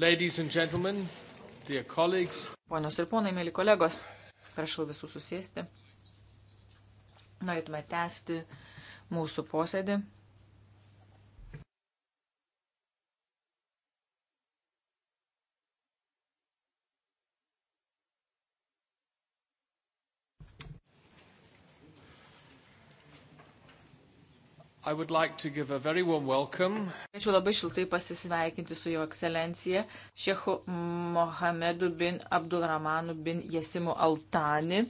Ladies and gentlemen, dear colleagues. Ponios ir ponai, mėly kolegos, prašau visų susėsti. Norėtume tęsti mūsų posėdį. Like Ačiū labai šiltai pasisveikinti su jo ekscelencija Šechu Mohamedu bin Abdulramanu bin Jesimu Altani,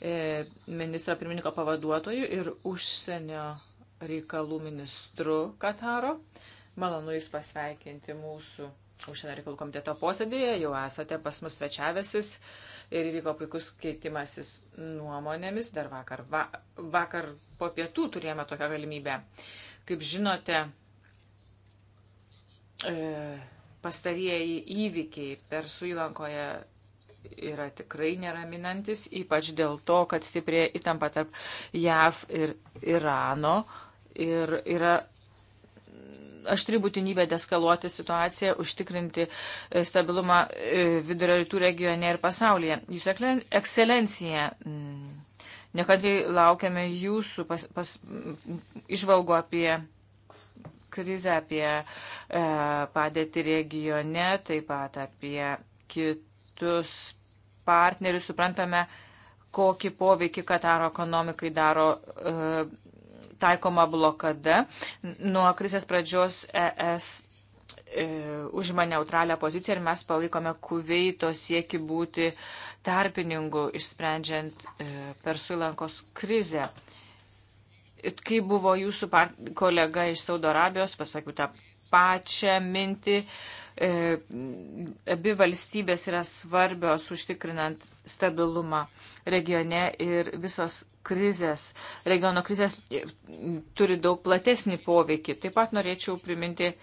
e, ministro pirmininko pavaduotoju ir užsienio reikalų ministru Kataro. Malonu Jūs pasveikinti mūsų užsienio reikalų komiteto posėdėje, jau esate pas mus svečiavęsis ir įvyko puikus keitimasis nuomonėmis. Dar vakar, va, vakar po pietų turėjome tokią galimybę. Kaip žinote, e, pastarieji įvykiai Persų įlankoje yra tikrai neraminantis, ypač dėl to, kad stiprėja įtampa tarp JAV ir Irano ir yra aštri būtinybė deskaluoti situaciją, užtikrinti e, stabilumą e, vidurio rytų regione ir pasaulyje. Jūs ekscelencija. Mm, Nekantriai laukiame jūsų pas, pas, mm, išvalgo apie krizę, apie e, padėtį regione, taip pat apie kitus partnerius. Suprantame, kokį poveikį Kataro ekonomikai daro e, taikoma blokada. Nuo krizės pradžios ES e, užima neutralią poziciją ir mes palaikome kuveito sieki būti tarpininku išsprendžiant e, Persų įlankos krizę. Kai buvo jūsų kolega iš Saudo Arabijos, pasakiau tą pačią mintį, E, abi valstybės yra svarbios užtikrinant stabilumą regione ir visos krizės, regiono krizės turi daug platesnį poveikį. Taip pat norėčiau priminti e,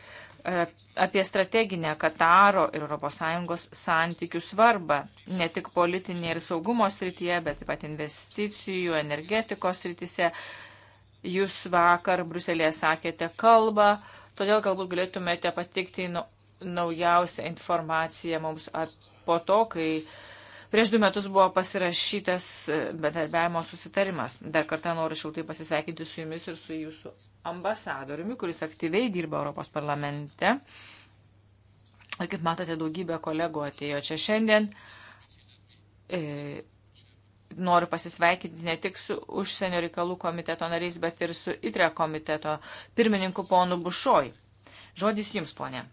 apie strateginę Kataro ir ES santykių svarbą, ne tik politinėje ir saugumo srityje, bet taip pat investicijų, energetikos srityse. Jūs vakar Bruselėje sakėte kalbą, todėl galbūt galėtumėte patikti nu, naujausią informaciją mums po to, kai prieš du metus buvo pasirašytas e, bendarbiavimo susitarimas. Dar kartą noriu šiltai pasisveikinti su jumis ir su jūsų ambasadoriumi, kuris aktyviai dirba Europos parlamente. Ir kaip matote, daugybė kolegų atėjo čia šiandien. E, noriu pasisveikinti ne tik su užsienio reikalų komiteto nariais, bet ir su ITRE komiteto pirmininku ponu Bušoj. Žodis jums, ponė.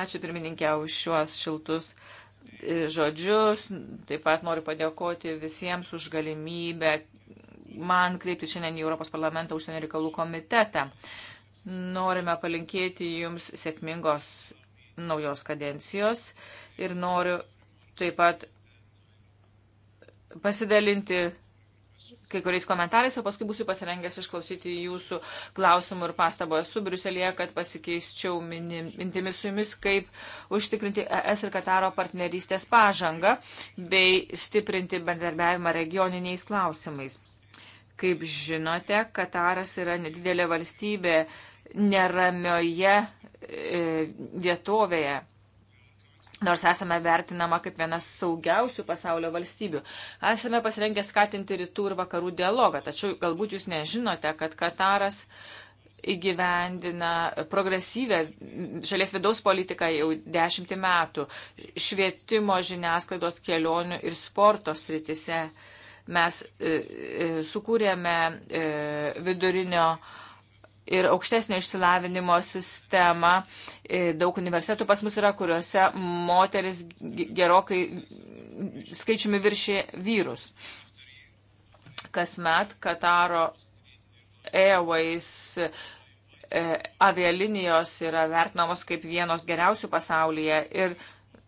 Ačiū pirmininkė už šiuos šiltus e, žodžius. Taip pat noriu padėkoti visiems už galimybę man kreipti šiandien į Europos parlamento užsienio reikalų komitetą. Norime palinkėti Jums sėkmingos naujos kadencijos ir noriu taip pat pasidalinti kai kuriais komentarais, o paskui būsiu pasirengęs išklausyti jūsų klausimų ir pastabų. Esu Briuselėje, kad pasikeisčiau mintimis su jumis, kaip užtikrinti ES ir Kataro partnerystės pažangą bei stiprinti bendradarbiavimą regioniniais klausimais. Kaip žinote, Kataras yra nedidelė valstybė neramioje e, vietovėje nors esame vertinama kaip vienas saugiausių pasaulio valstybių. Esame pasirengę skatinti rytų ir vakarų dialogą, tačiau galbūt jūs nežinote, kad Kataras įgyvendina progresyvę šalies vidaus politiką jau dešimtį metų švietimo, žiniasklaidos, kelionių ir sporto sritise. Mes e, e, sukūrėme e, vidurinio e, ir aukštesnio išsilavinimo sistemą. E, daug universitetų pas mus yra, kuriuose moteris gerokai skaičiumi viršė vyrus. Kasmet Kataro Airways e, avialinijos yra vertinamos kaip vienos geriausių pasaulyje ir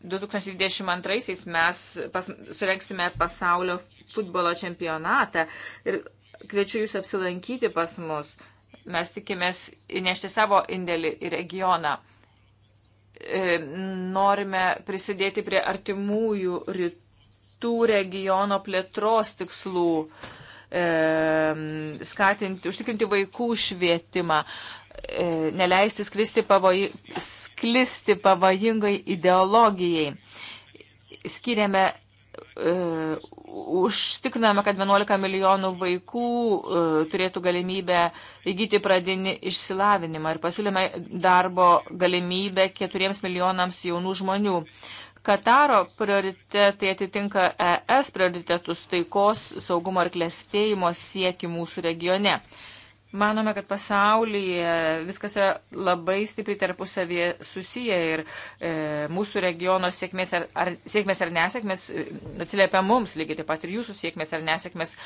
2022 mes pas, surenksime pasaulio futbolo čempionatą ir kviečiu jūs apsilankyti pas mus. Mes tikimės įnešti savo indėlį į regioną. E, norime prisidėti prie artimųjų rytų regiono plėtros tikslų, e, skatinti, užtikrinti vaikų švietimą, e, neleisti skristi, pavoj, sklisti pavojingai ideologijai. Skiriame E, užtikriname, kad 11 milijonų vaikų e, turėtų galimybę įgyti pradinį išsilavinimą ir pasiūlėme darbo galimybę 4 milijonams jaunų žmonių. Kataro prioritetai atitinka ES prioritetus taikos, saugumo ir klėstėjimo sieki mūsų regione. Manome, kad pasaulyje viskas yra labai stipriai tarpusavėje susiję ir e, mūsų regiono sėkmės ar, ar, sėkmės ar nesėkmės e, atsiliepia mums, lygiai taip pat ir jūsų sėkmės ar nesėkmės e,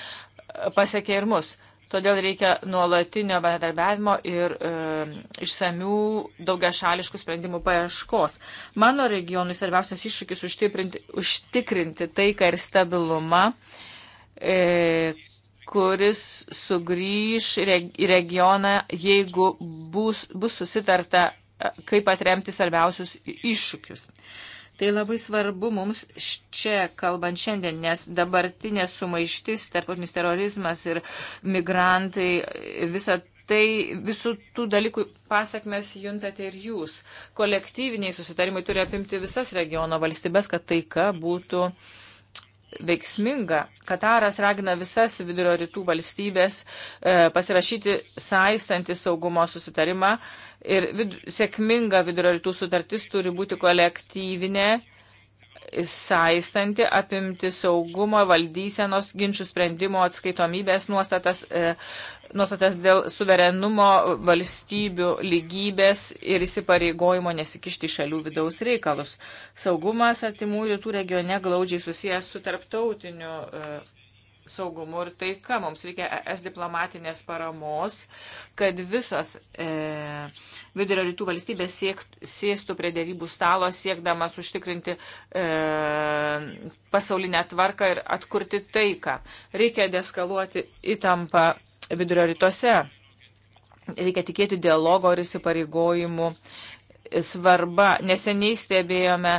pasiekia ir mus. Todėl reikia nuolatinio bendradarbiavimo ir e, išsamių daugia šališkų sprendimų paieškos. Mano regionui svarbiausias iššūkis užtikrinti, užtikrinti taiką ir stabilumą. E, kuris sugrįž į regioną, jeigu bus, bus susitarta, kaip atremti svarbiausius iššūkius. Tai labai svarbu mums čia kalbant šiandien, nes dabartinė sumaištis, tarptautinis terorizmas ir migrantai, visa tai visų tų dalykų pasakmes juntate ir jūs. Kolektyviniai susitarimai turi apimti visas regiono valstybės, kad taika būtų uh, veiksminga. Kataras ragina visas vidurio rytų valstybės e, pasirašyti saistantį saugumo susitarimą ir vid sėkminga vidurio rytų sutartis turi būti kolektyvinė saistanti apimti saugumo, valdysenos, ginčių sprendimo atskaitomybės nuostatas, e, nuostatas dėl suverenumo, valstybių lygybės ir įsipareigojimo nesikišti šalių vidaus reikalus. Saugumas artimų rytų regione glaudžiai susijęs su tarptautiniu e, saugumu ir taika. Mums reikia es diplomatinės paramos, kad visos e, vidurio rytų valstybės siek, sėstų prie dėrybų stalo, siekdamas užtikrinti e, pasaulinę tvarką ir atkurti taiką. Reikia deskaluoti įtampą vidurio rytuose. Reikia tikėti dialogo ir įsipareigojimų svarba. Neseniai stebėjome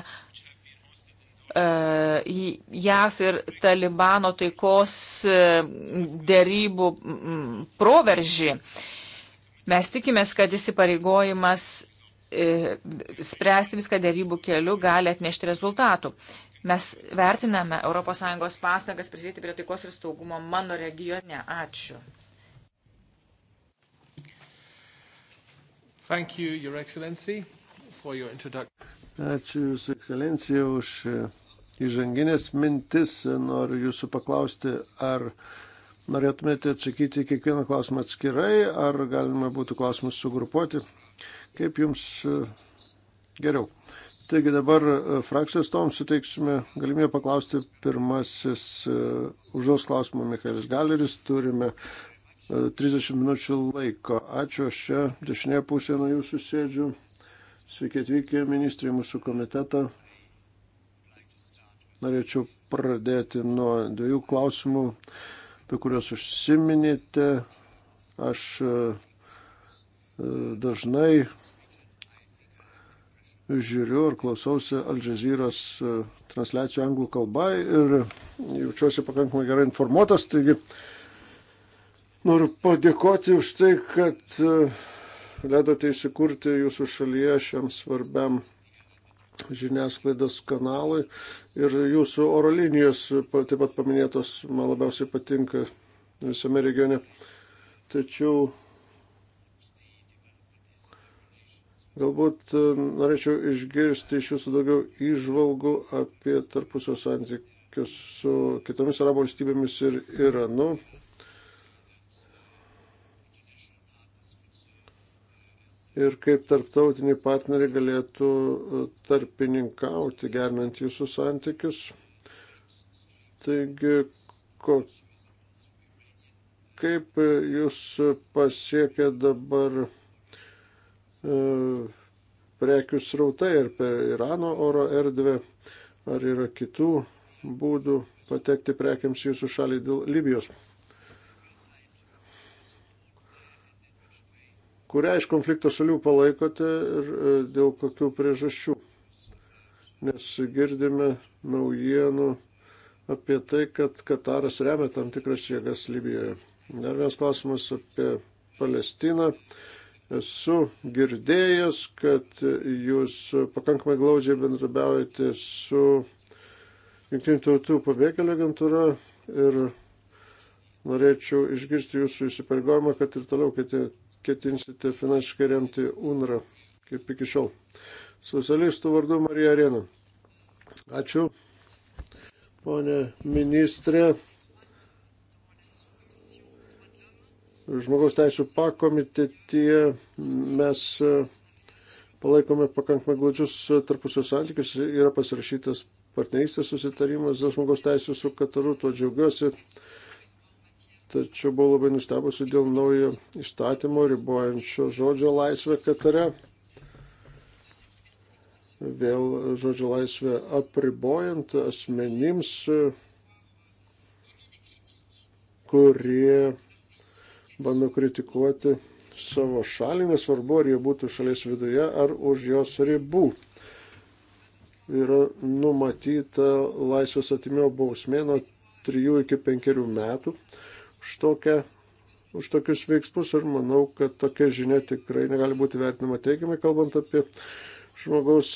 E, JAF ir Talibano taikos e, dėrybų proveržį. Mes tikimės, kad įsipareigojimas e, spręsti viską dėrybų keliu gali atnešti rezultatų. Mes vertiname ES pastangas prisidėti prie taikos ir saugumo mano regione. Ačiū. Thank you, Your Excellency, for your introduction. Ačiū Jūsų ekscelencija už įžanginės mintis. Noriu jūsų paklausti, ar norėtumėte atsakyti kiekvieną klausimą atskirai, ar galima būtų klausimus sugrupuoti, kaip jums e, geriau. Taigi dabar e, frakcijos tom suteiksime galimybę paklausti pirmasis e, užduos klausimą Michaelis Galeris. Turime 30 minučių laiko. Ačiū, aš čia dešinėje pusėje nuo jūsų sėdžiu. Sveiki atvykę ministrai mūsų komitetą norėčiau pradėti nuo dviejų klausimų, apie kuriuos užsiminėte. Aš e, e, dažnai žiūriu ir klausausi Al Jazeeros e, transliacijų anglų kalba ir jaučiuosi pakankamai gerai informuotas, taigi noriu padėkoti už tai, kad ledote įsikurti jūsų šalyje šiam svarbiam žiniasklaidos kanalui ir jūsų oro linijos taip pat paminėtos man labiausiai patinka visame regione. Tačiau galbūt e, norėčiau išgirsti iš jūsų daugiau išvalgų apie tarpusio santykius su kitomis arabo valstybėmis ir Iranu. ir kaip tarptautiniai partneriai galėtų e, tarpininkauti, gernant jūsų santykius. Taigi, ko, kaip jūs pasiekė dabar e, prekių srautai ir per Irano oro erdvę, ar yra kitų būdų patekti prekiams jūsų šaliai dėl Libijos? kurią iš konflikto šalių palaikote ir e, dėl kokių priežasčių. Nes girdime naujienų apie tai, kad Kataras remia tam tikras jėgas Libijoje. Dar vienas klausimas apie Palestiną. Esu girdėjęs, kad jūs pakankamai glaudžiai bendrabiaujate su Junktinių tautų pabėgėlio agentūra ir norėčiau išgirsti jūsų įsipareigojimą, kad ir toliau ketinate ketinsite finansiškai remti UNRA, kaip iki šiol. Socialistų vardu Marija Arena. Ačiū, ponė ministrė. Žmogaus teisų pakomitetyje mes e, palaikome pakankamai glaudžius tarpusio santykius, yra pasirašytas partnerystės susitarimas dėl žmogaus teisų su Kataru, tuo džiaugiuosi tačiau buvau labai nustebusi dėl naujo įstatymo ribojančio žodžio laisvę Katare. Vėl žodžio laisvę apribojant asmenims, kurie bando kritikuoti savo šalį, nesvarbu, ar jie būtų šalies viduje ar už jos ribų. Yra numatyta laisvės atimimo bausmė nuo 3 iki 5 metų už, tokią, už tokius veiksmus ir manau, kad tokia žinia tikrai negali būti vertinama teigiamai, kalbant apie žmogaus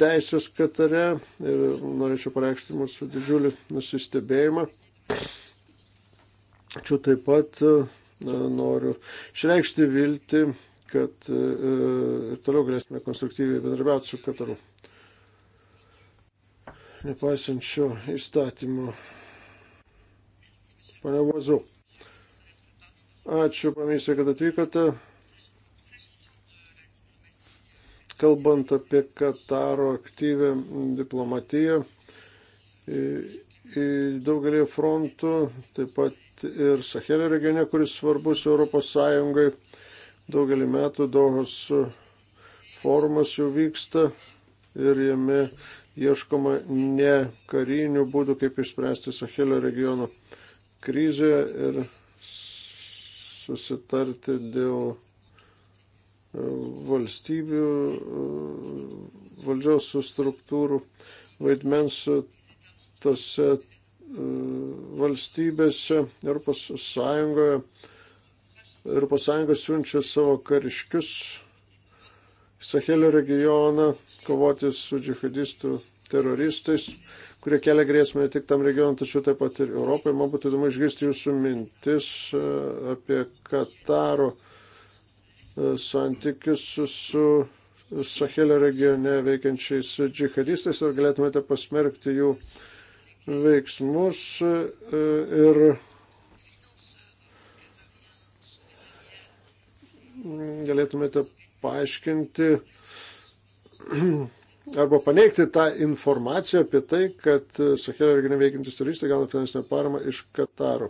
teisės Katare ir norėčiau pareikšti mūsų didžiulį nusistebėjimą. Čia taip pat noriu išreikšti viltį, kad e, ir toliau galėsime konstruktyviai bendrabiauti su Kataru. Nepaisant šio įstatymo Pane Vozu. Ačiū, pamysė, kad atvykote. Kalbant apie Kataro aktyvę diplomatiją, į daugelį frontų, taip pat ir Sahelio regione, kuris svarbus ES, daugelį metų Dohos formas jau vyksta ir jame ieškoma ne karinių būdų, kaip išspręsti Sahelio regiono krizę ir susitarti dėl e, valstybių e, valdžios struktūrų vaidmens tose e, valstybėse Europos Sąjungoje. Europos Sąjunga siunčia savo kariškius Sahelio regioną kovoti su džihadistų teroristais kurie kelia grėsmę ne tik tam regionui, tačiau taip pat ir Europai. Man būtų įdomu išgirsti jūsų mintis e, apie Kataro e, santykius su, su Sahelio regione veikiančiais džihadistais. Ar galėtumėte pasmerkti jų veiksmus e, ir galėtumėte paaiškinti arba paneigti tą informaciją apie tai, kad e, Sahelio regione veikiantis turistai gauna finansinę paramą iš Kataro.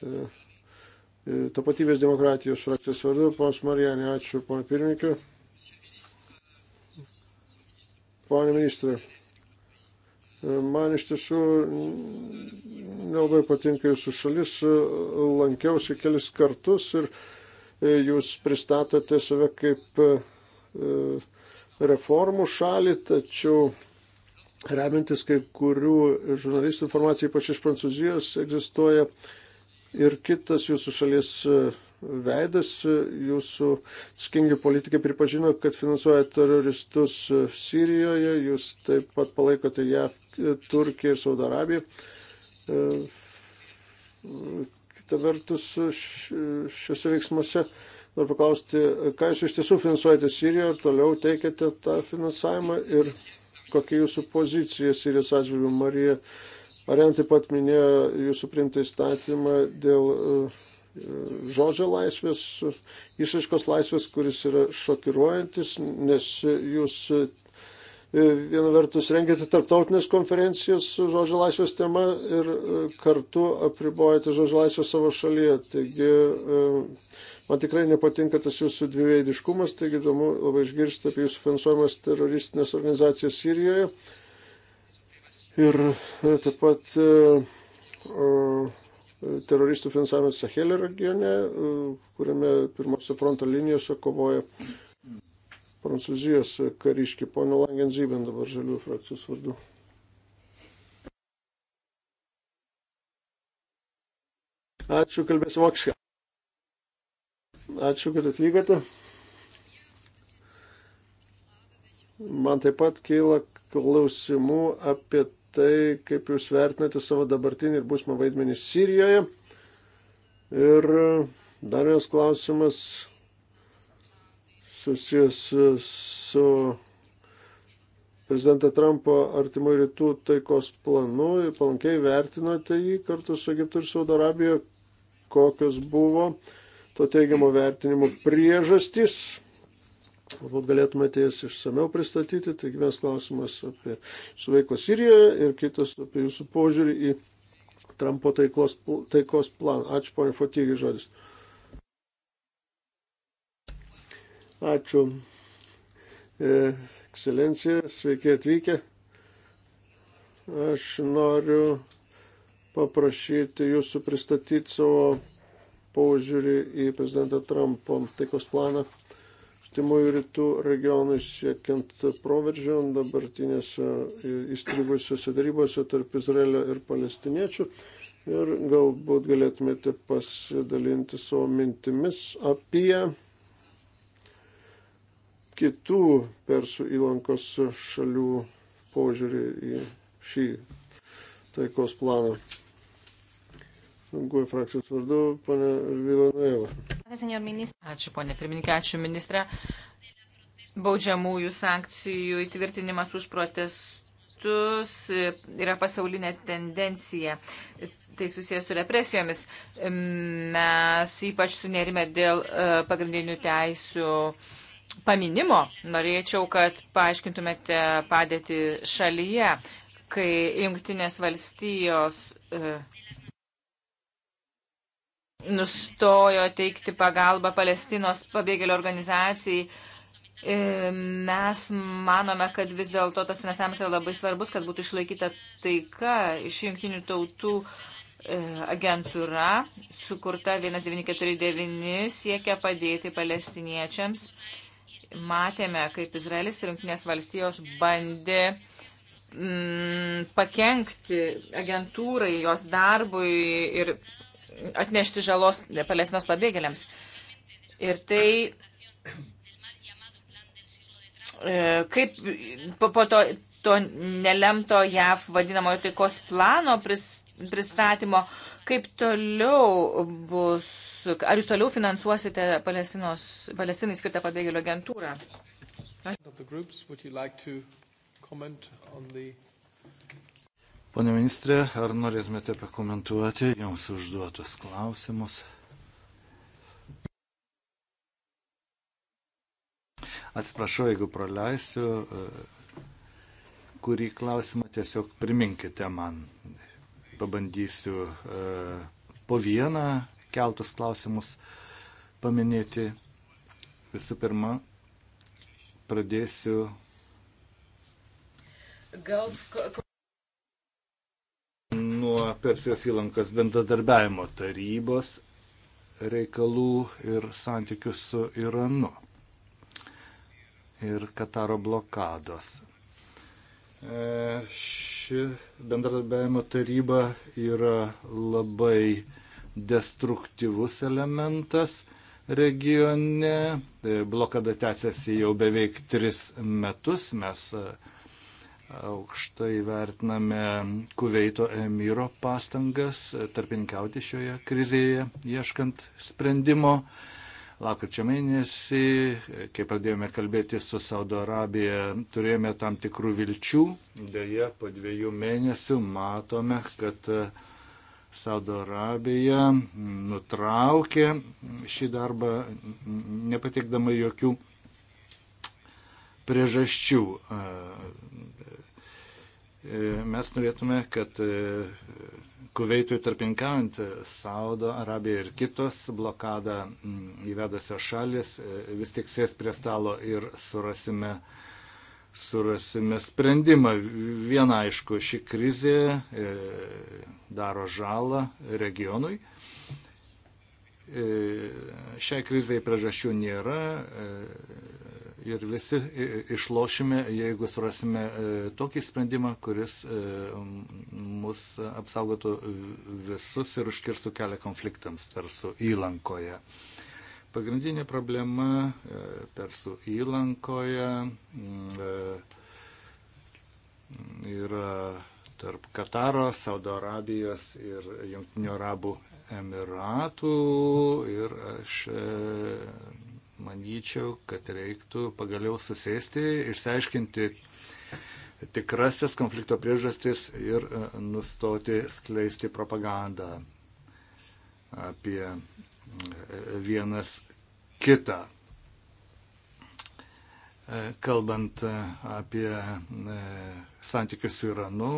E, e, tapatybės demokratijos frakcijos vardu, ponas Marijanė, ačiū, ponai pirmininkai. Pone ministrė, man iš tiesų nelabai patinka jūsų šalis, lankiausi kelis kartus ir jūs pristatote save kaip uh, reformų šalį, tačiau remiantis kai kurių žurnalistų informacija, ypač iš Prancūzijos, egzistuoja ir kitas jūsų šalies e, veidas. E, jūsų skingi politikai pripažino, kad finansuoja teroristus e, Sirijoje, jūs taip pat palaikote JAV, Turkiją ir Saudo Arabiją. Kita vertus, šiuose veiksmuose Noriu paklausti, ką jūs iš tiesų finansuojate Siriją, ar toliau teikiate tą finansavimą ir kokia jūsų pozicija Sirijos atžvilgių. Marija Aren taip pat minėjo jūsų primtą įstatymą dėl e, žodžio laisvės, išaiškos laisvės, kuris yra šokiruojantis, nes jūs e, viena vertus rengiate tarptautinės konferencijas žodžio laisvės tema ir e, kartu apribojate žodžio laisvę savo šalyje. Taigi Man tikrai nepatinka tas jūsų dviveidiškumas, taigi įdomu labai išgirsti apie jūsų finansuojamas teroristinės organizacijas Sirijoje. Ir e, taip pat e, teroristų finansavimas Sahelio regione, e, kuriame pirmose fronto linijose kovoja prancūzijos kariški. Pone Langenzyben dabar žalių frakcijos vardu. Ačiū, kalbėsiu vokiškai. Ačiū, kad atvykote. Man taip pat kyla klausimų apie tai, kaip jūs vertinate savo dabartinį ir būsimą vaidmenį Sirijoje. Ir dar vienas klausimas susijęs su prezidento Trumpo artimų rytų taikos planu ir palankiai vertinote jį kartu su Egiptu ir Saudo Arabija, kokios buvo to teigiamo vertinimo priežastis. Galbūt galėtumėte jas išsameu pristatyti. Taigi vienas klausimas apie jūsų veiklą Sirijoje ir kitas apie jūsų požiūrį į Trumpo taikos, taikos planą. Ačiū, ponė Fotygi, žodis. Ačiū. E, ekscelencija, sveiki atvykę. Aš noriu paprašyti jūsų pristatyti savo požiūrį į prezidentą Trumpo taikos planą. Artimųjų rytų regionui siekiant proveržio dabartinėse įstrigusiuose darybose tarp Izraelio ir palestiniečių. Ir galbūt galėtumėte pasidalinti savo mintimis apie kitų persų įlankos šalių požiūrį į šį taikos planą. Guoja e frakcijos vardu, ponė Vilanojeva. Ačiū, ponė pirmininkė, ačiū ministrė. Baudžiamųjų sankcijų įtvirtinimas už protestus yra pasaulinė tendencija. Tai susijęs su represijomis. Mes ypač sunerime dėl e, pagrindinių teisių paminimo. Norėčiau, kad paaiškintumėte padėti šalyje, kai jungtinės valstijos e, nustojo teikti pagalbą Palestinos pabėgėlių organizacijai. E, mes manome, kad vis dėlto tas finansavimas yra labai svarbus, kad būtų išlaikyta taika iš jungtinių tautų e, agentūra, sukurta 1949, siekia padėti palestiniečiams. Matėme, kaip Izraelis ir Junktinės valstijos bandė mm, pakenkti agentūrai, jos darbui ir atnešti žalos Palestinos pabėgėliams. Ir tai e, kaip po to, to nelemto JAV vadinamojo taikos plano pristatymo, kaip toliau bus, ar jūs toliau finansuosite Palestinos, Palestinai skirtą pabėgėlių agentūrą? Aš... Pone ministrė, ar norėtumėte pakomentuoti jums užduotus klausimus? Atsiprašau, jeigu praleisiu, e, kurį klausimą tiesiog priminkite man. Pabandysiu e, po vieną keltus klausimus paminėti. Visų pirma, pradėsiu. Gal nuo Persijos įlankos bendradarbiavimo tarybos reikalų ir santykių su Iranu ir Kataro blokados. E, ši bendradarbiavimo taryba yra labai destruktyvus elementas regione. E, blokada tęsiasi jau beveik tris metus. Mes e, aukštai vertiname Kuveito emyro pastangas tarpininkauti šioje krizėje, ieškant sprendimo. Lapkričio mėnesį, kai pradėjome kalbėti su Saudo Arabija, turėjome tam tikrų vilčių. Deja, po dviejų mėnesių matome, kad Saudo Arabija nutraukė šį darbą, nepateikdama jokių priežasčių. E, mes norėtume, kad e, Kuveitui tarpinkaujant e, Saudo Arabija ir kitos blokadą įvedusios šalis vis tik sės prie stalo ir surasime, surasime sprendimą. Viena aišku, ši krizė daro žalą regionui. Šiai krizai priežasčių nėra, ir visi išlošime, jeigu surasime e, tokį sprendimą, kuris e, mus apsaugotų visus ir užkirstų kelią konfliktams Persų įlankoje. Pagrindinė problema e, Persų įlankoje yra tarp Kataro, Saudo Arabijos ir Junktinių Arabų Emiratų ir aš manyčiau, kad reiktų pagaliau susėsti, išsiaiškinti tikrasis konflikto priežastis ir e, nustoti skleisti propagandą apie e, vienas kitą. E, kalbant apie santykius su Iranu,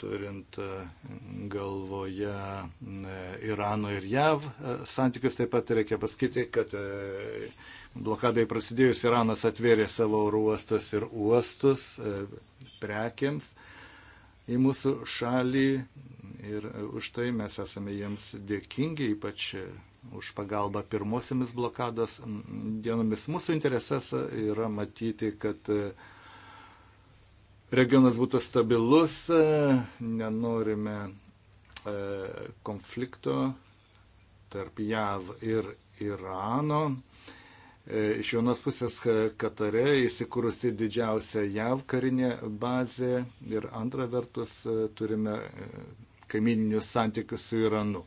turint e, galvoje e, Irano ir JAV e, santykius, taip pat reikia pasakyti, kad blokadai prasidėjus Iranas atvėrė savo uostus ir uostus prekiams į mūsų šalį ir už tai mes esame jiems dėkingi, ypač už pagalbą pirmosiamis blokados dienomis. Mūsų interesas yra matyti, kad regionas būtų stabilus, e, nenorime e, konflikto tarp JAV ir Irano. E, iš vienos pusės Katare įsikūrusi didžiausia JAV karinė bazė ir antra vertus turime kaimininius santykius su Iranu.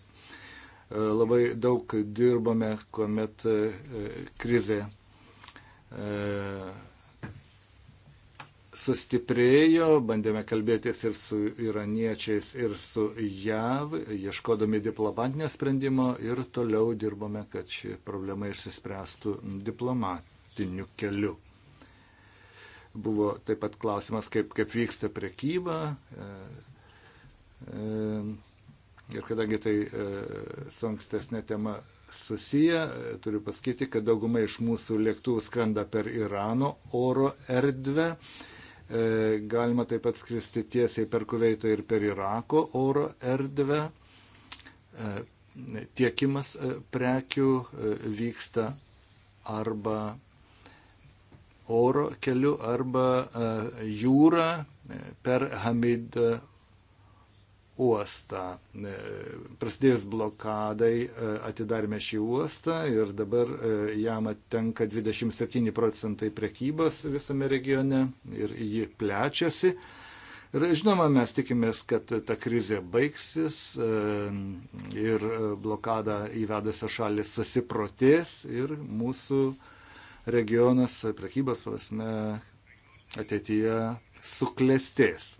Labai daug dirbame, kuomet krizė sustiprėjo, bandėme kalbėtis ir su iraniečiais, ir su JAV, ieškodami diplomatinio sprendimo ir toliau dirbome, kad ši problema išsispręstų diplomatiniu keliu. Buvo taip pat klausimas, kaip, kaip vyksta prekyba. E, e, ir kadangi tai e, su ankstesnė tema susiję, turiu pasakyti, kad dauguma iš mūsų lėktuvų skrenda per Irano oro erdvę. E, E, galima taip pat skristi tiesiai per Kuveitą ir per Irako oro erdvę. E, tiekimas e, prekių vyksta arba oro keliu, arba jūra per Hamid uostą. E, prasidėjus blokadai e, atidarėme šį uostą ir dabar e, jam atitenka 27 procentai prekybos visame regione ir ji plečiasi. Ir žinoma, mes tikimės, kad ta krizė baigsis ir blokadą įvedusios šalis susiprotės ir mūsų regionas prekybos prasme ateityje suklestės.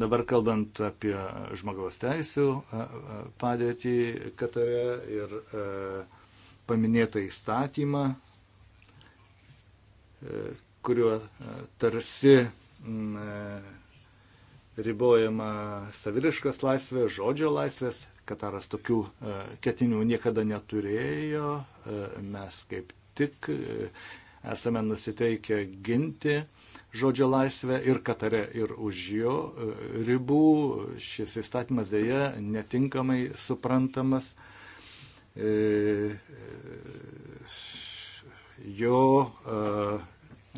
Dabar kalbant apie žmogaus teisų padėtį Katare ir paminėtą įstatymą, kuriuo tarsi ribojama saviriškos laisvės, žodžio laisvės. Kataras tokių ketinimų niekada neturėjo. Mes kaip tik esame nusiteikę ginti žodžio laisvę ir Katare, ir už jo e, ribų. Šis įstatymas dėja netinkamai suprantamas. E, e, jo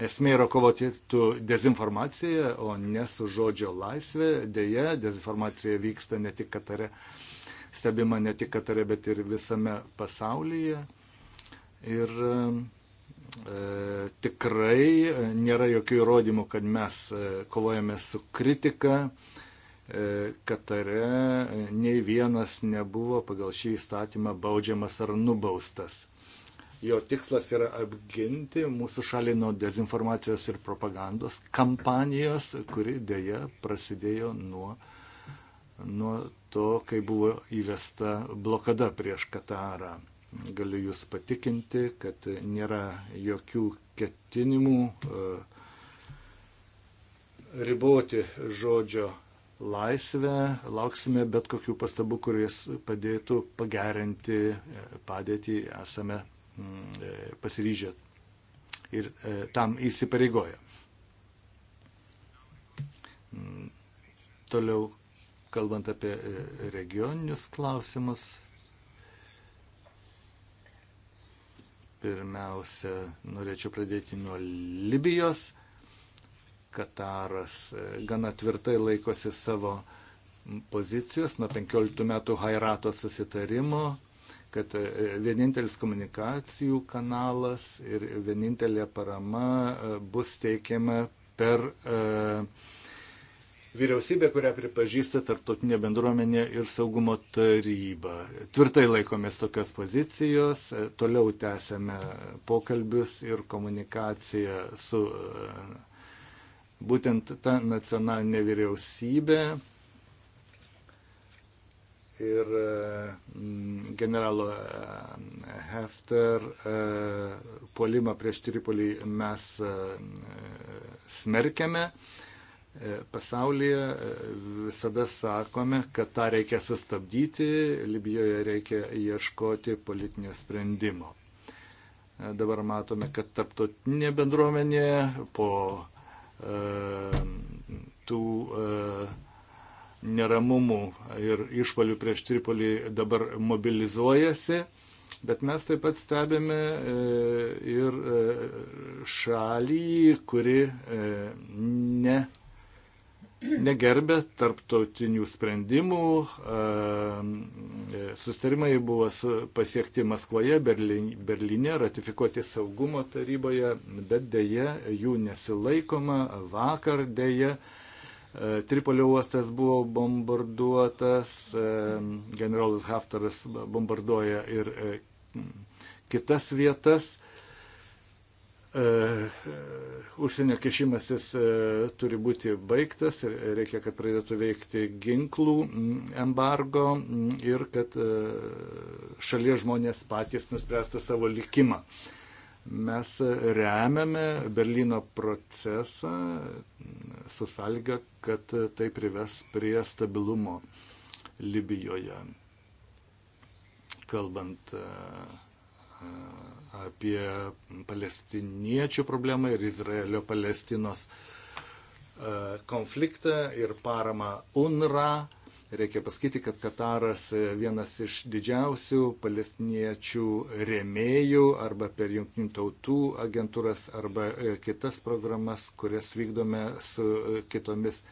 esmė yra kovoti su dezinformacija, o ne su žodžio laisvė. Dėja, dezinformacija vyksta ne tik Katare, stebima ne tik Katare, bet ir visame pasaulyje. Ir uh, E, tikrai e, nėra jokių įrodymų, kad mes e, kovojame su kritika. Katare nei vienas nebuvo pagal šį įstatymą baudžiamas ar nubaustas. Jo tikslas yra apginti mūsų šalį nuo dezinformacijos ir propagandos kampanijos, kuri dėja prasidėjo nuo, nuo to, kai buvo įvesta blokada prieš Katarą. Galiu Jūs patikinti, kad nėra jokių ketinimų e, riboti žodžio laisvę. Lauksime bet kokių pastabų, kuris padėtų pagerinti e, padėtį. Esame mm, e, pasiryžę ir tam įsipareigoję. Mm, toliau, kalbant apie regioninius klausimus, Pirmiausia, norėčiau pradėti nuo Libijos. Kataras e, gana tvirtai laikosi savo pozicijos nuo 15 metų Hairato susitarimo, kad e, vienintelis komunikacijų kanalas ir vienintelė parama e, bus teikiama per uh, vyriausybė, kurią pripažįsta tarptautinė bendruomenė ir saugumo taryba. Tvirtai laikomės tokios pozicijos, toliau tęsėme pokalbius ir komunikaciją su e, būtent ta nacionalinė vyriausybė ir e, generalo e, Hefter puolimą prieš Tripolį mes smerkėme. E, pasaulyje e, visada sakome, kad tą reikia sustabdyti, Libijoje reikia ieškoti politinio sprendimo. E, dabar matome, kad taptotinė bendruomenė po e, tų e, neramumų ir išvalių prieš Tripolį dabar mobilizuojasi, bet mes taip pat stebime ir šalį, kuri ne negerbė tarptautinių sprendimų. Ehm, sustarimai buvo pasiekti Maskvoje, Berlyne, ratifikuoti saugumo taryboje, bet dėje jų nesilaikoma. Vakar dėje Tripolio uostas buvo bombarduotas, ehm, generolas Haftaras bombarduoja ir e, kitas vietas. E, e, užsienio kešimasis e, turi būti baigtas, reikia, kad pradėtų veikti ginklų mm, embargo mm, ir kad šalies žmonės patys nuspręstų savo likimą. Mes remiame Berlyno procesą mm, su salga, kad tai prives prie stabilumo Libijoje. Kalbant apie palestiniečių problemą ir Izraelio Palestinos e, konfliktą ir paramą UNRA. Reikia pasakyti, kad Kataras e, vienas iš didžiausių palestiniečių rėmėjų arba per jungtinių tautų agentūras arba e, kitas programas, kurias vykdome su kitomis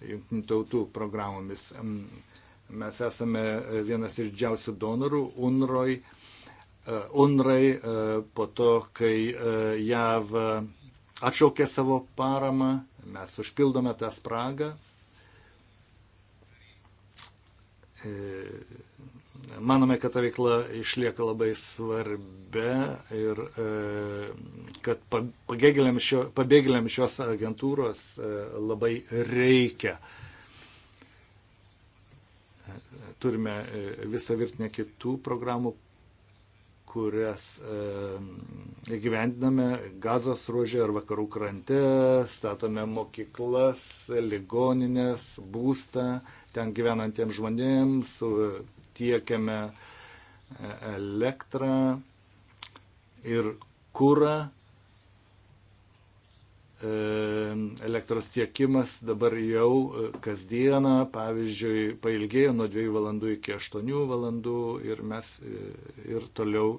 jungtinių tautų programomis. Mes esame vienas iš didžiausių donorų UNROI Uh, UNRAI uh, po to, kai uh, JAV atšaukė savo paramą, mes užpildome tą spragą. E, manome, kad ta veikla išlieka labai svarbia ir e, kad pabėgėliams šio, pabėgėliam šios agentūros e, labai reikia turime visą virtinę kitų programų kurias gyvendiname gazos ruožė ar vakarų krante, statome mokyklas, ligoninės, būstą ten gyvenantiems žmonėms, tiekiame e, elektrą ir kūrą E, elektros tiekimas dabar jau e, kasdieną, pavyzdžiui, pailgėjo nuo 2 valandų iki 8 valandų ir mes e, ir toliau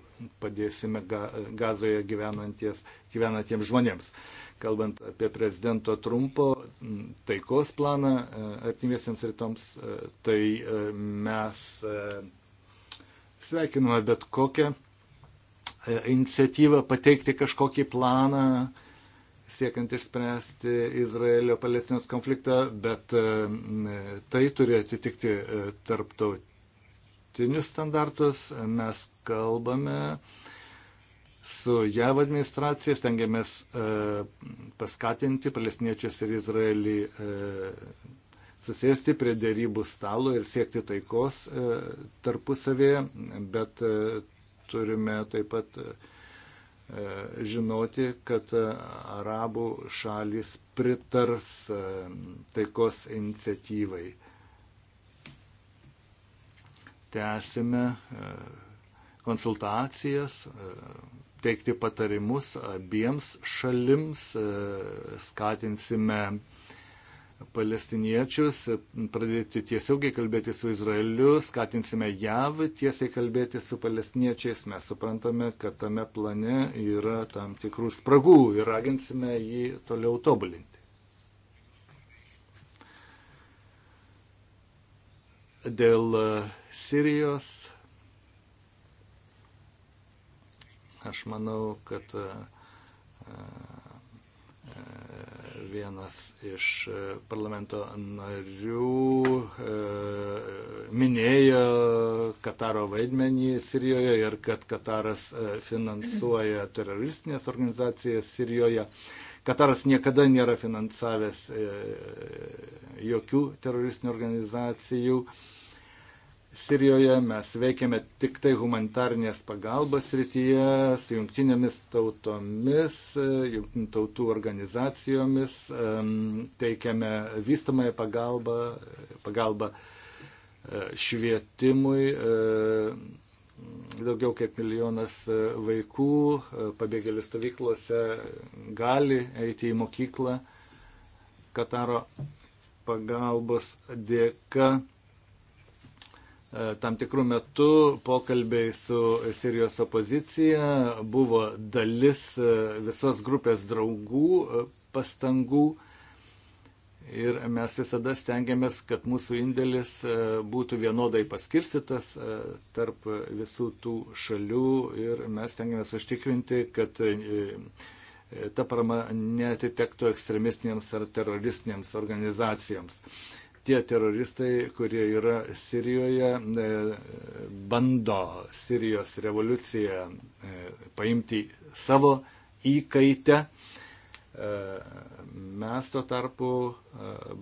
padėsime gazoje gyvenantiems žmonėms. Kalbant apie prezidento Trumpo taikos planą artimiesiams rytoms, tai mes sveikiname bet kokią iniciatyvą pateikti kažkokį planą, siekiant išspręsti Izraelio-Palestinos konfliktą, bet e, tai turi atitikti e, tarptautinius standartus. Mes kalbame su JAV administracija, stengiamės e, paskatinti palestiniečius ir Izraelį susėsti prie dėrybų stalo ir siekti taikos tarpusavėje, bet turime taip pat E, žinoti, kad e, arabų šalis pritars e, taikos iniciatyvai. Tęsime konsultacijas, teikti patarimus abiems šalims, skatinsime palestiniečius, pradėti tiesiogiai kalbėti su Izraeliu, skatinsime JAV tiesiai kalbėti su palestiniečiais. Mes suprantame, kad tame plane yra tam tikrų spragų ir raginsime jį toliau tobulinti. Dėl e, Sirijos aš manau, kad e, e, vienas iš e, parlamento narių e, minėjo Kataro vaidmenį Sirijoje ir kad Kataras e, finansuoja teroristinės organizacijas Sirijoje. Kataras niekada nėra finansavęs jokių teroristinių organizacijų. E, Sirijoje, mes veikiame tik tai humanitarnės pagalbos rytyje su jungtinėmis tautomis, e, jungtinių tautų organizacijomis, teikiame vystamąją pagalbą, pagalbą e, švietimui. E, daugiau kaip milijonas vaikų pabėgėlių stovyklose gali eiti į mokyklą Kataro pagalbos dėka E, tam tikrų metų pokalbiai su Sirijos opozicija buvo dalis e, visos grupės draugų e, pastangų. Ir mes visada stengiamės, kad mūsų indėlis būtų vienodai paskirstytas tarp visų tų šalių ir mes stengiamės užtikrinti, kad ta parama netitektų ekstremistinėms ar teroristinėms organizacijoms tie teroristai, kurie yra Sirijoje, e, bando Sirijos revoliuciją e, paimti savo įkaitę. E, mes tuo tarpu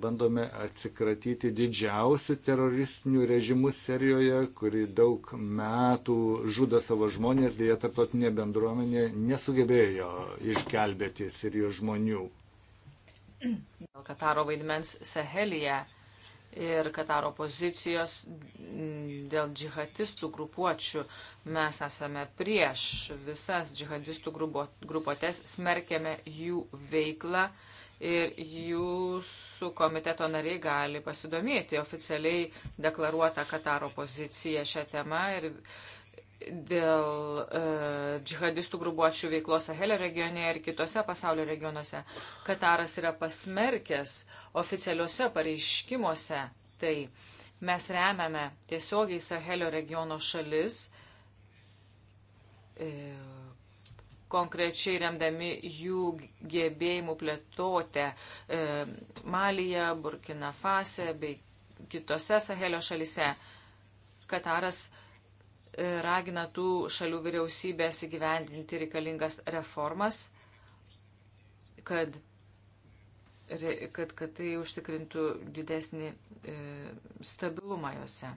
bandome atsikratyti didžiausių teroristinių režimų Sirijoje, kuri daug metų žudo savo žmonės, dėja tarptautinė bendruomenė nesugebėjo išgelbėti Sirijos žmonių. Dėl Kataro vaidmens Sahelyje ir Kataro pozicijos dėl džihadistų grupuočių. Mes esame prieš visas džihadistų grupuotės, smerkėme jų veiklą ir jūsų komiteto nariai gali pasidomėti oficialiai deklaruotą Kataro poziciją šią temą ir dėl e, džihadistų grubuočių veiklos Sahelio regione ir kitose pasaulio regionuose. Kataras yra pasmerkęs oficialiuose pareiškimuose. Tai mes remiame tiesiogiai Sahelio regiono šalis, e, konkrečiai remdami jų gebėjimų plėtotę e, Malyje, Burkina Fase bei kitose Sahelio šalise. Kataras e, E, ragina tų šalių vyriausybės įgyvendinti reikalingas reformas, kad, kad, kad tai užtikrintų didesnį e, stabilumą juose.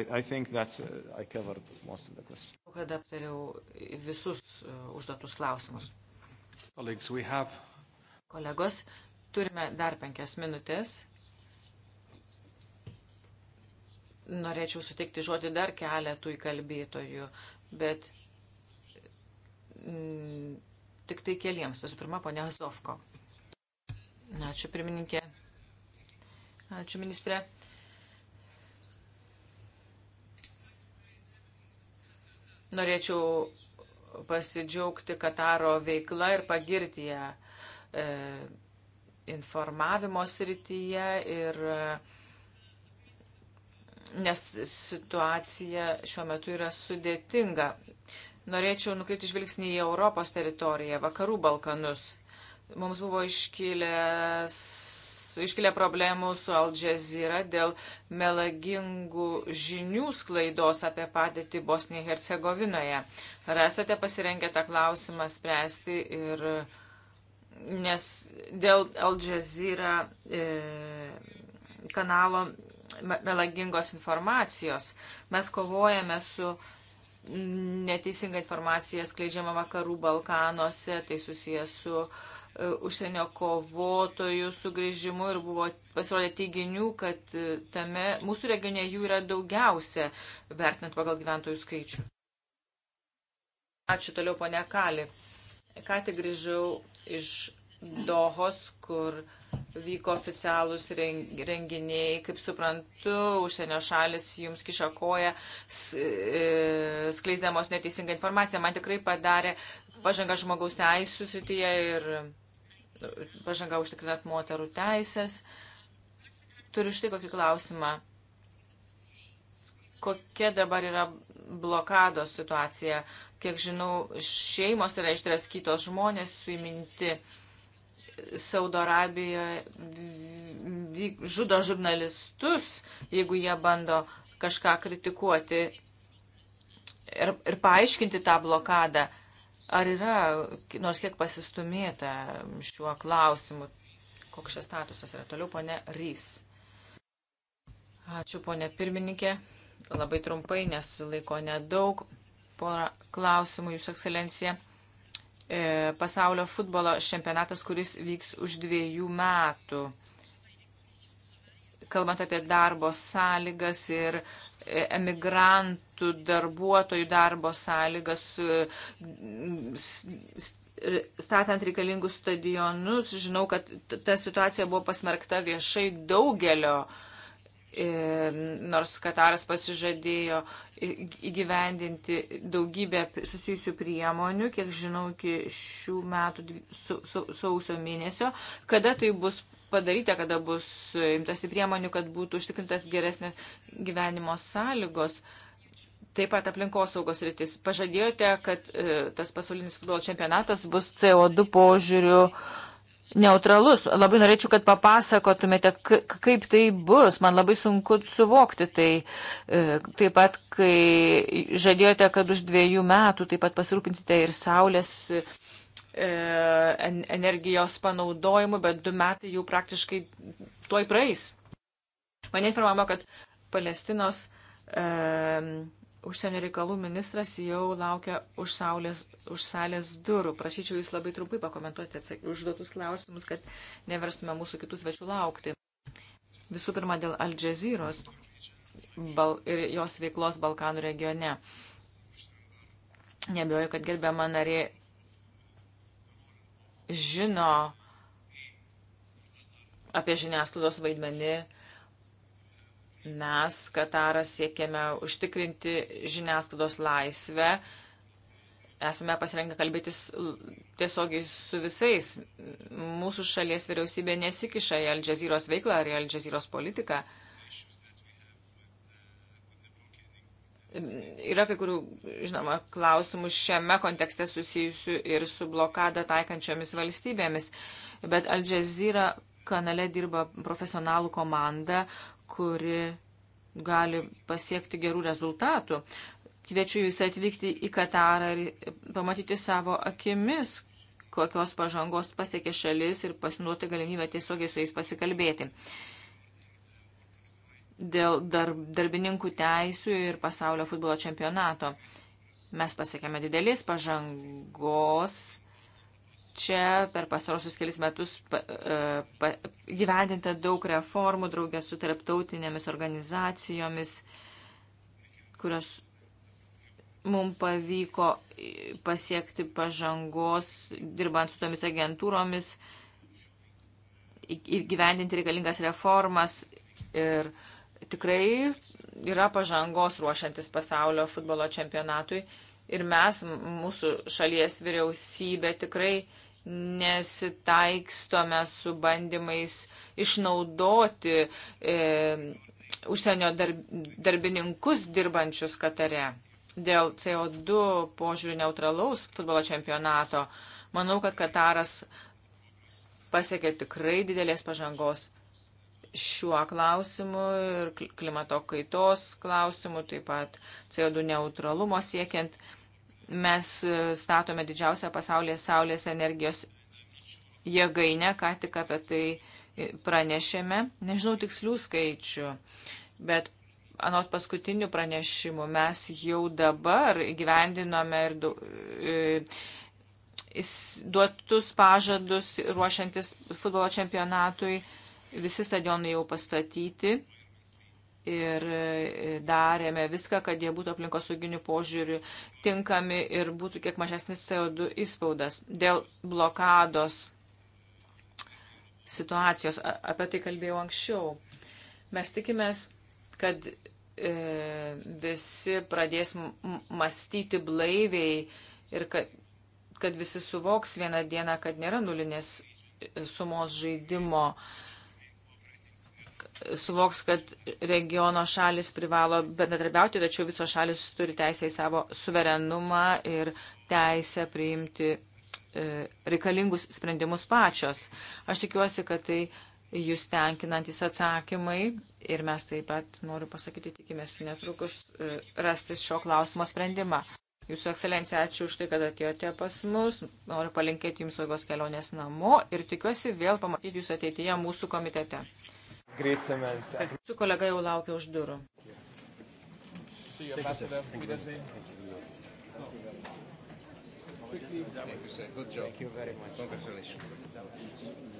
I, I think that's, uh, I covered most of the questions. Kad aptariau visus uh, užduotus klausimus. Colleagues, we have... Kolegos, turime dar penkias minutės. norėčiau sutikti žodį dar keletui kalbėtojų, bet m, mm, tik tai keliems. Visų pirma, ponia Zovko. Ačiū, pirmininkė. Ačiū, ministrė. Norėčiau pasidžiaugti Kataro veikla ir pagirti ją e, informavimo srityje ir e, nes situacija šiuo metu yra sudėtinga. Norėčiau nukreipti žvilgsnį į Europos teritoriją, vakarų Balkanus. Mums buvo iškilęs, iškilę problemų su Al Jazeera dėl melagingų žinių sklaidos apie padėtį Bosnijoje Hercegovinoje. Ar esate pasirengę tą klausimą spręsti ir nes dėl Al Jazeera e, kanalo melagingos informacijos. Mes kovojame su neteisinga informacija skleidžiama vakarų Balkanuose, tai susijęs su uh, užsienio kovotojų sugrįžimu ir buvo pasirodė teiginių, kad e, tame mūsų regione jų yra daugiausia, vertinant pagal gyventojų skaičių. Ačiū toliau, ponia Kali. Ką tik grįžau iš Dohos, kur vyko oficialūs renginiai, kaip suprantu, užsienio šalis jums kišakoja, e, skleisdamos neteisingą informaciją. Man tikrai padarė pažanga žmogaus teisų srityje ir nu, pažanga užtikrinat moterų teisės. Turiu štai kokį klausimą. Kokia dabar yra blokados situacija? Kiek žinau, šeimos yra ištraskytos, žmonės suiminti. Uh, Saudo Arabijoje žudo žurnalistus, jeigu jie bando kažką kritikuoti ir, ir paaiškinti tą blokadą. Ar yra nors kiek pasistumėta šiuo klausimu? Koks šis statusas yra toliau, ponė Rys? Ačiū, ponė pirmininkė. Labai trumpai, nes laiko nedaug. Porą klausimų, Jūsų ekscelencija. E, pasaulio futbolo čempionatas, kuris vyks už dviejų metų. Kalbant apie darbo sąlygas ir e, emigrantų darbuotojų darbo sąlygas, e, statant reikalingus stadionus, žinau, kad ta situacija buvo pasmerkta viešai daugelio uh, E, nors Kataras pasižadėjo įgyvendinti daugybę susijusių priemonių, kiek žinau, iki šių metų sausio mėnesio. Kada tai bus padaryta, kada bus imtasi priemonių, kad būtų užtikrintas geresnės gyvenimo sąlygos? Taip pat aplinkosaugos rytis. Pažadėjote, kad e, tas pasaulinis futbolo čempionatas bus CO2 požiūriu e, neutralus. Labai norėčiau, kad papasakotumėte, kaip tai bus. Man labai sunku suvokti tai. E, taip pat, kai žadėjote, kad už dviejų metų taip pat pasirūpinsite ir saulės e, energijos panaudojimu, bet du metai jau praktiškai tuoj praeis. Mane informavo, kad Palestinos um, užsienio reikalų ministras jau laukia už, saulės, už salės durų. Prašyčiau Jūs labai trumpai pakomentuoti atsak, užduotus klausimus, kad neverstume mūsų kitus svečių laukti. Visų pirma, dėl Al Jazeeros ir jos veiklos Balkanų regione. Nebijoju, kad gerbiama narė žino apie žiniasklaidos vaidmenį Mes, Kataras, siekėme užtikrinti žiniasklaidos laisvę. Esame pasirengę kalbėtis tiesiogiai su visais. Mūsų šalies vyriausybė nesikiša į Aldžazyros veiklą ar į Aldžazyros politiką. Yra kai kurių, žinoma, klausimų šiame kontekste susijusių ir su blokada taikančiomis valstybėmis, bet Al Jazeera kanale dirba profesionalų komanda, kuri gali pasiekti gerų rezultatų. Kviečiu jūs atvykti į Katarą ir pamatyti savo akimis, kokios pažangos pasiekė šalis ir pasinuoti galimybę tiesiogiai su jais pasikalbėti. Dėl dar, darbininkų teisų ir pasaulio futbolo čempionato mes pasiekėme didelės pažangos čia per pastarosius kelis metus pa, e, pa, gyvendinta daug reformų draugė su tarptautinėmis organizacijomis, kurios mums pavyko pasiekti pažangos, dirbant su tomis agentūromis, įgyvendinti reikalingas reformas ir tikrai yra pažangos ruošiantis pasaulio futbolo čempionatui. Uh, ir mes, mūsų šalies vyriausybė, tikrai nesitaikstome su bandymais išnaudoti e, užsienio darb, darbininkus dirbančius Katare. Dėl CO2 požiūrių neutralaus futbolo čempionato manau, kad Kataras pasiekė tikrai didelės pažangos šiuo klausimu ir klimato kaitos klausimu, taip pat CO2 neutralumo siekiant. Mes e, statome didžiausią pasaulyje saulės energijos jėgainę, ką tik apie tai pranešėme. Nežinau tikslių skaičių, bet anot paskutinių pranešimų mes jau dabar gyvendinome ir du, e, duotus pažadus ruošiantis futbolo čempionatui. Visi stadionai jau pastatyti ir e, darėme viską, kad jie būtų aplinkosauginių požiūrių tinkami ir būtų kiek mažesnis CO2 įspaudas. Dėl blokados situacijos, apie tai kalbėjau anksčiau, mes tikimės, kad e, visi pradės mąstyti blaiviai ir kad, kad visi suvoks vieną dieną, kad nėra nulinės e, sumos žaidimo. E, suvoks, kad regiono šalis privalo bendradarbiauti, tačiau visos šalis turi teisę į savo suverenumą ir teisę priimti e, reikalingus sprendimus pačios. Aš tikiuosi, kad tai jūs tenkinantis atsakymai ir mes taip pat, noriu pasakyti, tikimės netrukus e, rasti šio klausimo sprendimą. Jūsų ekscelencija, ačiū už tai, kad atėjote pas mus. Noriu palinkėti jums saugos kelionės namo ir tikiuosi vėl pamatyti jūs ateityje mūsų komitete. Greitsemense. Su kolega jau laukia už durų. Thank you very much. Congratulations.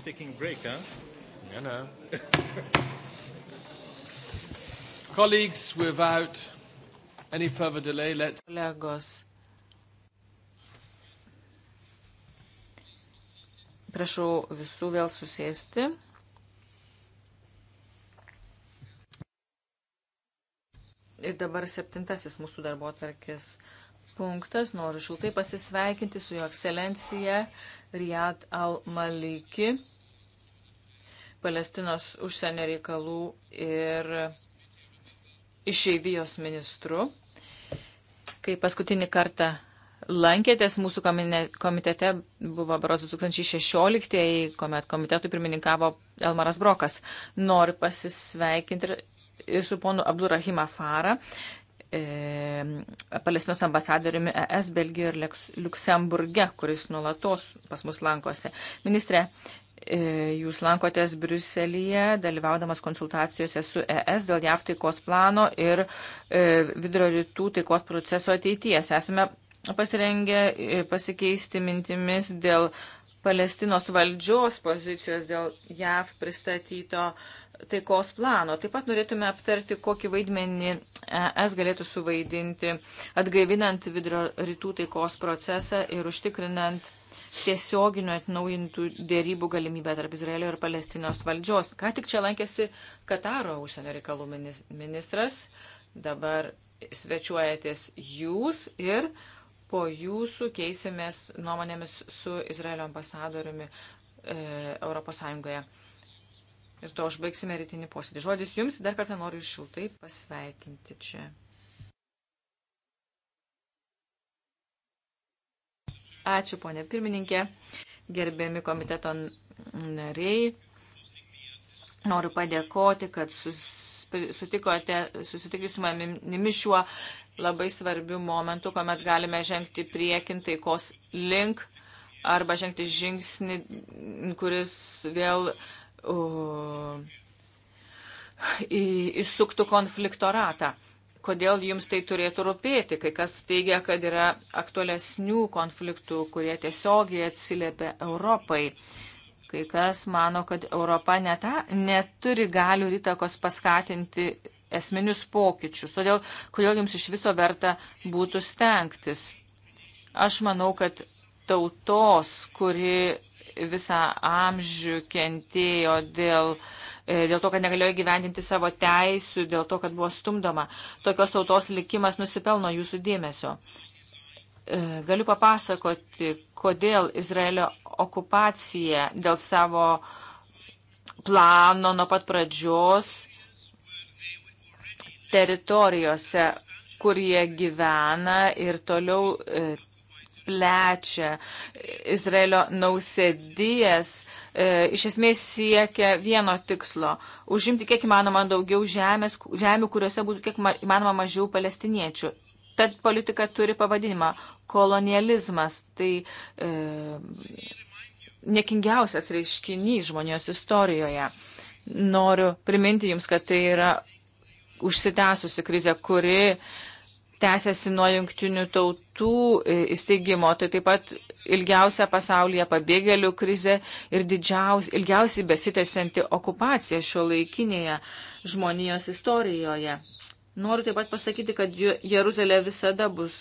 not taking break, huh? No, no. Colleagues, without any further delay, let's... Kolegos. Prašau visų vėl susėsti. Ir dabar septintasis mūsų darbo atvarkės punktas. Noriu šiltai pasisveikinti su jo ekscelencija Riyad al-Maliki, Palestinos užsienio reikalų ir išeivijos ministru. Kai paskutinį kartą lankėtės mūsų komitete, buvo baros 2016, kuomet komitetui pirmininkavo Elmaras Brokas. Noriu pasisveikinti ir su ponu Abdurahima Farą, E, palestinos ambasadoriumi ES Belgijoje ir Luksemburge, kuris nulatos pas mus lankosi. Ministre, e, jūs lankotės Briuselyje, dalyvaudamas konsultacijose su ES dėl JAV taikos plano ir e, vidurio rytų taikos proceso ateities. Esame pasirengę pasikeisti mintimis dėl Palestinos valdžios pozicijos dėl JAV pristatyto taikos plano. Taip pat norėtume aptarti, kokį vaidmenį ES galėtų suvaidinti, atgaivinant vidurio rytų taikos procesą ir užtikrinant tiesioginių atnaujintų dėrybų galimybę tarp Izraelio ir Palestinos valdžios. Ką tik čia lankėsi Kataro užsienio reikalų ministras, dabar svečiuojatės jūs ir po jūsų keisimės nuomonėmis su Izraelio ambasadoriumi e, Europos Sąjungoje. Ir to užbaigsime rytinį posėdį. Žodis jums, dar kartą noriu jūs šiltai pasveikinti čia. Ačiū, ponė pirmininkė, gerbėmi komiteto nariai. Noriu padėkoti, kad sus sutikote susitikti su manimi šiuo labai svarbiu momentu, kuomet galime žengti priekin taikos link arba žengti žingsnį, kuris vėl uh, įsuktų konflikto ratą. Kodėl jums tai turėtų rūpėti, kai kas teigia, kad yra aktualesnių konfliktų, kurie tiesiogiai atsiliepia Europai. Uh, Kai kas mano, kad Europa neta, neturi galių įtakos paskatinti esminius pokyčius. Todėl, kodėl jums iš viso verta būtų stengtis? Aš manau, kad tautos, kuri visą amžių kentėjo dėl, e, dėl to, kad negalėjo gyvendinti savo teisių, dėl to, kad buvo stumdoma, tokios tautos likimas nusipelno jūsų dėmesio. E, galiu papasakoti, kodėl Izraelio okupacija dėl savo plano nuo pat pradžios teritorijose, kur jie gyvena ir toliau e, plečia Izraelio nausėdijas, e, iš esmės siekia vieno tikslo - užimti kiek įmanoma daugiau žemės, žemių, kuriuose būtų kiek įmanoma mažiau palestiniečių ta politika turi pavadinimą - kolonializmas. Tai e, nekingiausias reiškinys žmonijos istorijoje. Noriu priminti Jums, kad tai yra užsitęsusi krizė, kuri tęsiasi nuo jungtinių tautų e, įsteigimo. Tai taip pat ilgiausia pasaulyje pabėgėlių krizė ir didžiaus, ilgiausiai besitęsianti okupacija šio laikinėje žmonijos istorijoje. Noriu taip pat pasakyti, kad Jeruzalė visada bus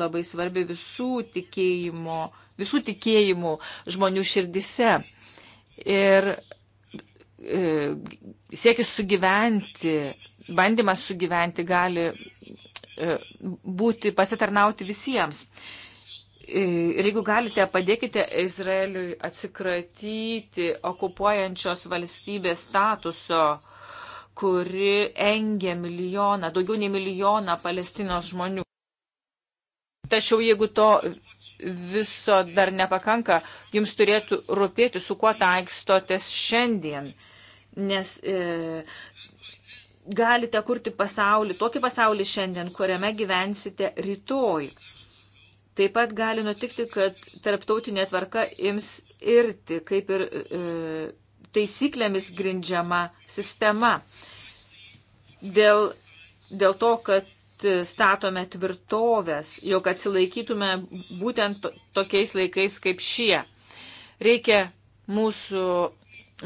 labai svarbi visų tikėjimo, visų tikėjimų žmonių širdise. Ir e, siekis sugyventi, bandymas sugyventi gali e, būti pasitarnauti visiems. E, ir jeigu galite, padėkite Izraeliui atsikratyti okupuojančios valstybės statuso uh, kuri engia milijoną, daugiau nei milijoną Palestinos žmonių. Tačiau jeigu to viso dar nepakanka, jums turėtų rūpėti, su kuo taikstotės šiandien. Nes e, galite kurti pasaulį, tokį pasaulį šiandien, kuriame gyvensite rytoj. Taip pat gali nutikti, kad tarptautinė tvarka ims irti, kaip ir e, taisyklėmis grindžiama sistema. Dėl, dėl to, kad statome tvirtovės, jog atsilaikytume būtent tokiais laikais kaip šie. Reikia mūsų,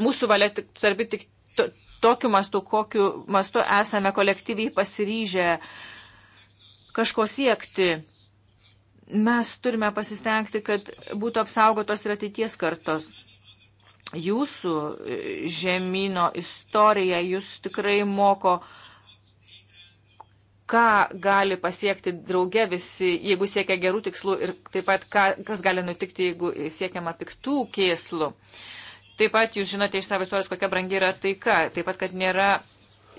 mūsų valia tik, svarbi tik to, tokiu mastu, kokiu mastu esame kolektyviai pasiryžę kažko siekti. Mes turime pasistengti, kad būtų apsaugotos ir ateities kartos jūsų e, žemynų istorija jūs tikrai moko, ką gali pasiekti drauge visi, jeigu siekia gerų tikslų ir taip pat ką, kas gali nutikti, jeigu siekiama piktų kėslų. Taip pat jūs žinote iš savo istorijos, kokia brangi yra taika, taip pat, kad nėra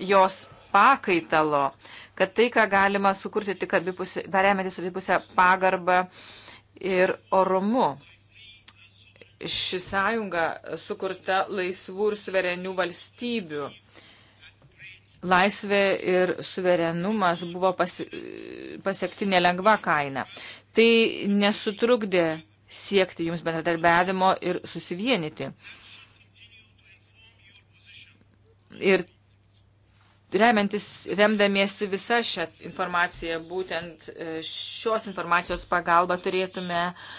jos pakaitalo, kad tai, ką galima sukurti tik abipusę, remiantis abipusę pagarbą ir orumu ši sąjunga sukurta laisvų ir suverenių valstybių. Laisvė ir suverenumas buvo pasi, pasiekti nelengva kaina. Tai nesutrukdė siekti jums bendradarbiavimo ir susivienyti. Ir remiantis, remdamiesi visą šią informaciją, būtent e, šios informacijos pagalba turėtume uh,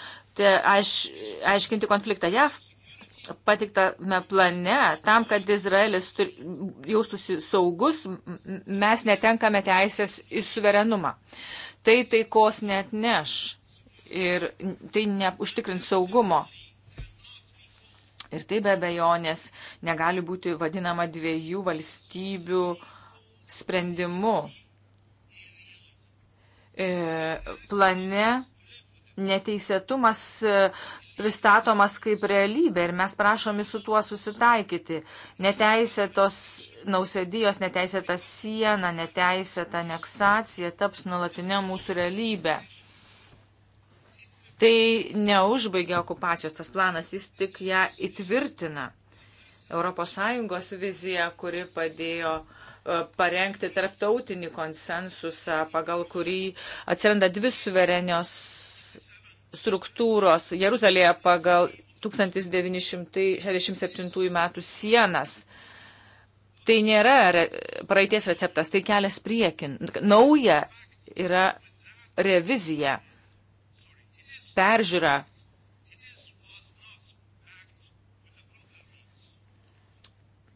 aiš, aiškinti konfliktą JAV patiktame plane, tam, kad Izraelis turi, jaustųsi saugus, mes netenkame teisės į suverenumą. Tai taikos net neš ir tai neužtikrins saugumo. Ir tai be abejonės negali būti vadinama dviejų valstybių sprendimu. E, plane neteisėtumas e, pristatomas kaip realybė ir mes prašomi su tuo susitaikyti. Neteisėtos nausėdijos, neteisėta siena, neteisėta aneksacija taps nulatinė mūsų realybė. Tai neužbaigia okupacijos tas planas, jis tik ją įtvirtina. ES vizija, kuri padėjo e, parengti tarptautinį konsensusą, pagal kurį atsiranda dvi suverenios struktūros Jeruzalėje pagal 1967 metų sienas. Tai nėra re, praeities receptas, tai kelias priekin. Nauja yra revizija, peržiūra.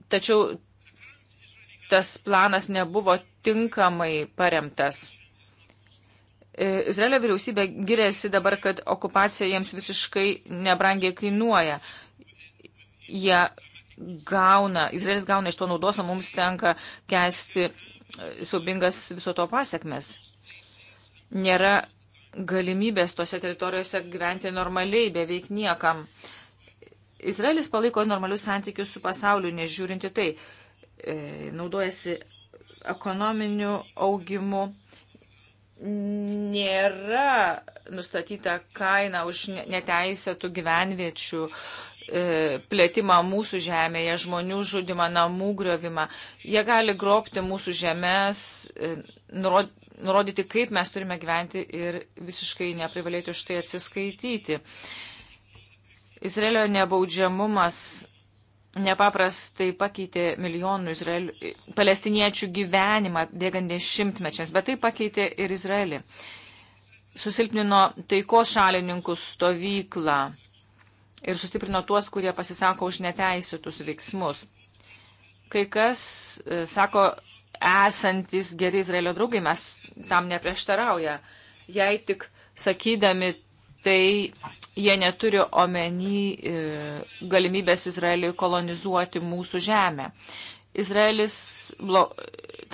Tačiau tas planas nebuvo tinkamai paremtas E, Izraelio vyriausybė giriasi dabar, kad okupacija jiems visiškai nebrangiai kainuoja. Jie gauna, Izraelis gauna iš to naudos, o mums tenka kesti e, siaubingas viso to pasiekmes. Nėra galimybės tose teritorijose gyventi normaliai, beveik niekam. Izraelis palaiko normalius santykius su pasauliu, nežiūrinti tai. E, naudojasi ekonominiu augimu nėra nustatyta kaina už neteisėtų gyvenviečių e, plėtimą mūsų žemėje, žmonių žudimą, namų griovimą. Jie gali grobti mūsų žemės, e, nurodyti, kaip mes turime gyventi ir visiškai neprivalėti už tai atsiskaityti. Izraelio nebaudžiamumas nepaprastai pakeitė milijonų Izraeli, palestiniečių gyvenimą bėgant dešimtmečiams, bet tai pakeitė ir Izraelį. Susilpnino taikos šalininkų stovyklą ir sustiprino tuos, kurie pasisako už neteisėtus veiksmus. Kai kas e, sako, esantis geri Izraelio draugai, mes tam neprieštarauja. Jei tik sakydami tai jie neturi omeny e, galimybės Izraeliui kolonizuoti mūsų žemę. Izraelis blo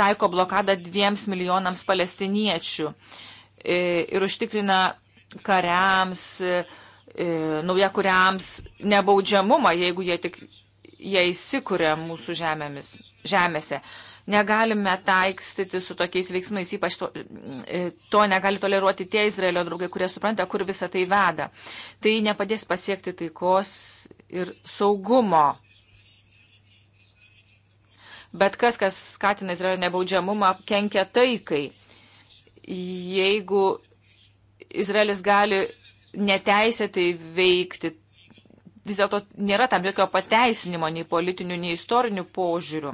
taiko blokadą dviems milijonams palestiniečių e, ir užtikrina kariams, e, naujakuriams nebaudžiamumą, jeigu jie tik jie įsikuria mūsų žemėmis, žemėse. Negalime taikstyti su tokiais veiksmais, ypač to, e, to negali toleruoti tie Izraelio draugai, kurie supranta, kur visa tai veda. Tai nepadės pasiekti taikos ir saugumo. Bet kas, kas skatina Izraelio nebaudžiamumą, kenkia taikai. Jeigu Izraelis gali neteisėtai veikti, vis dėlto nėra tam jokio pateisinimo nei politinių, nei istorinių požiūrių.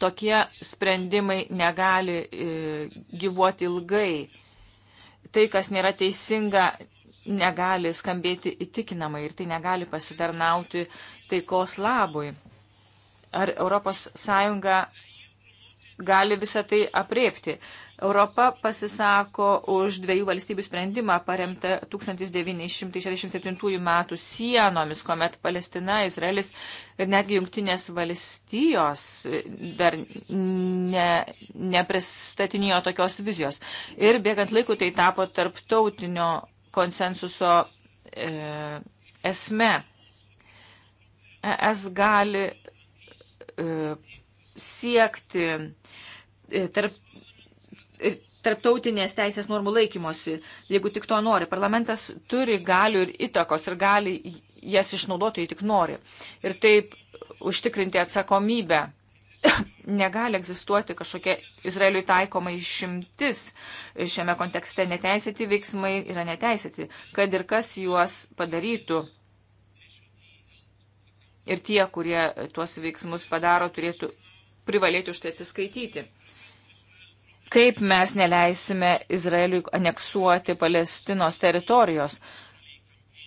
Tokie sprendimai negali e, gyvuoti ilgai. Tai, kas nėra teisinga, negali skambėti įtikinamai ir tai negali pasitarnauti taikos labui. Ar ES gali visą tai apriepti? Europa pasisako už dviejų valstybių sprendimą paremtą 1967 metų sienomis, kuomet Palestina, Izraelis ir netgi jungtinės valstijos dar ne, nepristatinėjo tokios vizijos. Ir bėgant laikų tai tapo tarptautinio konsensuso e, esme. ES gali e, siekti e, tarp tarptautinės teisės normų laikymosi, jeigu tik to nori. Parlamentas turi galių ir įtakos ir gali jas išnaudoti, jei tik nori. Ir taip užtikrinti atsakomybę. Negali egzistuoti kažkokia Izraeliui taikoma išimtis šiame kontekste. Neteisėti veiksmai yra neteisėti, kad ir kas juos padarytų. Ir tie, kurie tuos veiksmus padaro, turėtų privalėti už tai atsiskaityti kaip mes neleisime Izraeliui aneksuoti Palestinos teritorijos.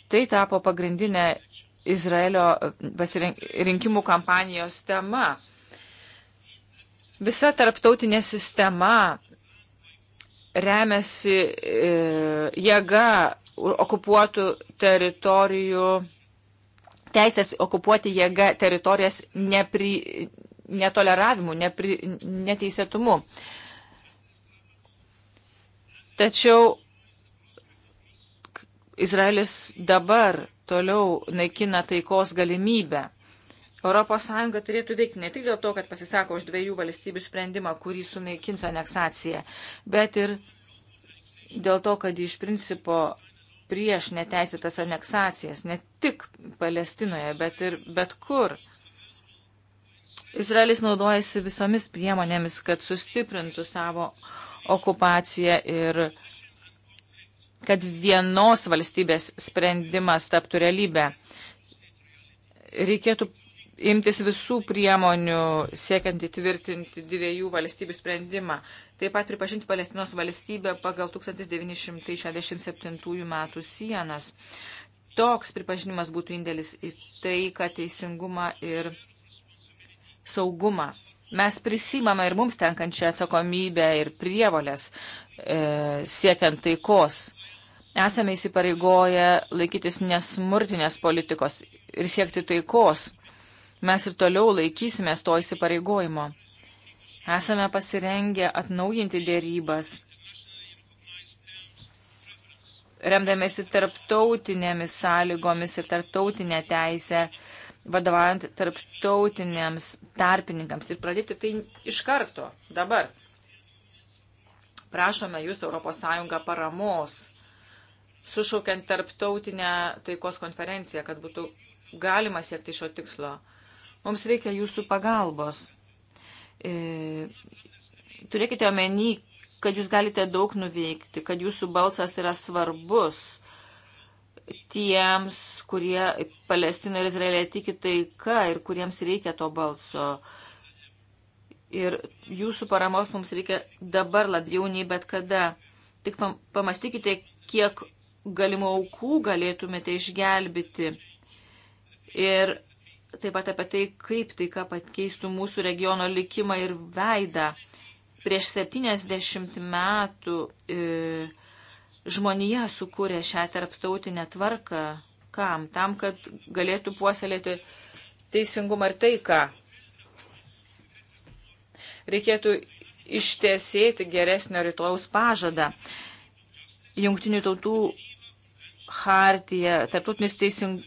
Tai tapo pagrindinė Izraelio rinkimų kampanijos tema. Visa tarptautinė sistema remiasi e, jėga okupuotų teritorijų, teisės okupuoti jėga teritorijas nepri, netoleravimu, nepri, neteisėtumu. E, Tačiau Izraelis dabar toliau naikina taikos galimybę. ES turėtų veikti ne tik dėl to, kad pasisako už dviejų valstybių sprendimą, kurį sunaikins aneksacija, bet ir dėl to, kad iš principo prieš neteisėtas aneksacijas, ne tik Palestinoje, bet ir bet kur. Izraelis naudojasi visomis priemonėmis, kad sustiprintų savo okupaciją ir kad vienos valstybės sprendimas taptų realybę. Reikėtų imtis visų priemonių siekiant įtvirtinti dviejų valstybių sprendimą. Taip pat pripažinti Palestinos valstybę pagal 1967 metų sienas. Toks pripažinimas būtų indėlis į tai, kad teisingumą ir saugumą Mes prisimame ir mums tenkančią atsakomybę ir prievolės e, siekiant taikos. Esame įsipareigoję laikytis nesmurtinės politikos ir siekti taikos. Mes ir toliau laikysimės to įsipareigojimo. Esame pasirengę atnaujinti dėrybas, remdamėsi tarptautinėmis sąlygomis ir tarptautinę teisę vadovaujant tarptautiniams tarpininkams ir pradėti tai iš karto, dabar. Prašome jūs ES paramos, sušaukiant tarptautinę taikos konferenciją, kad būtų galima siekti šio tikslo. Mums reikia jūsų pagalbos. E, turėkite omeny, kad jūs galite daug nuveikti, kad jūsų balsas yra svarbus tiems, kurie Palestina ir Izraelė tiki taika ir kuriems reikia to balso. Ir jūsų paramos mums reikia dabar labiau nei bet kada. Tik pamastykite, kiek galimų aukų galėtumėte išgelbėti. Ir taip pat apie tai, kaip tai ką pakeistų mūsų regiono likimą ir veidą. Prieš 70 metų. E, žmonija sukūrė šią tarptautinę tvarką. Kam? Tam, kad galėtų puoselėti teisingumą ir taiką. Reikėtų ištiesėti geresnio rytojaus pažadą. Jungtinių tautų hartija, tarptautinis teising,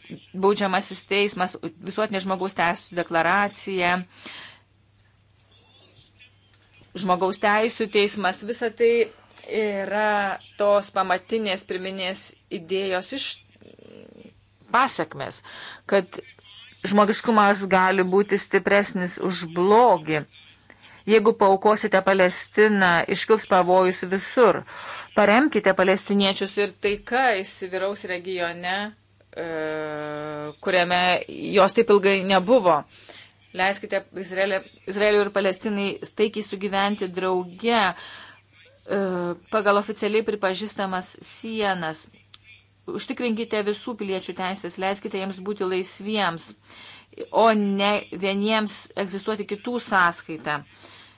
baudžiamasis teismas, visuotinė žmogaus teisų deklaracija, žmogaus teisų teismas, visa tai yra tos pamatinės pirminės idėjos iš pasakmes, kad žmogiškumas gali būti stipresnis už blogį. Jeigu paukosite Palestiną, iškils pavojus visur. Paremkite palestiniečius ir taika įsivyraus regione, e, kuriame jos taip ilgai nebuvo. Leiskite Izraelio ir Palestinai staikiai sugyventi drauge E, pagal oficialiai pripažįstamas sienas. Užtikrinkite visų piliečių teisės, leiskite jiems būti laisviems, o ne vieniems egzistuoti kitų sąskaitą.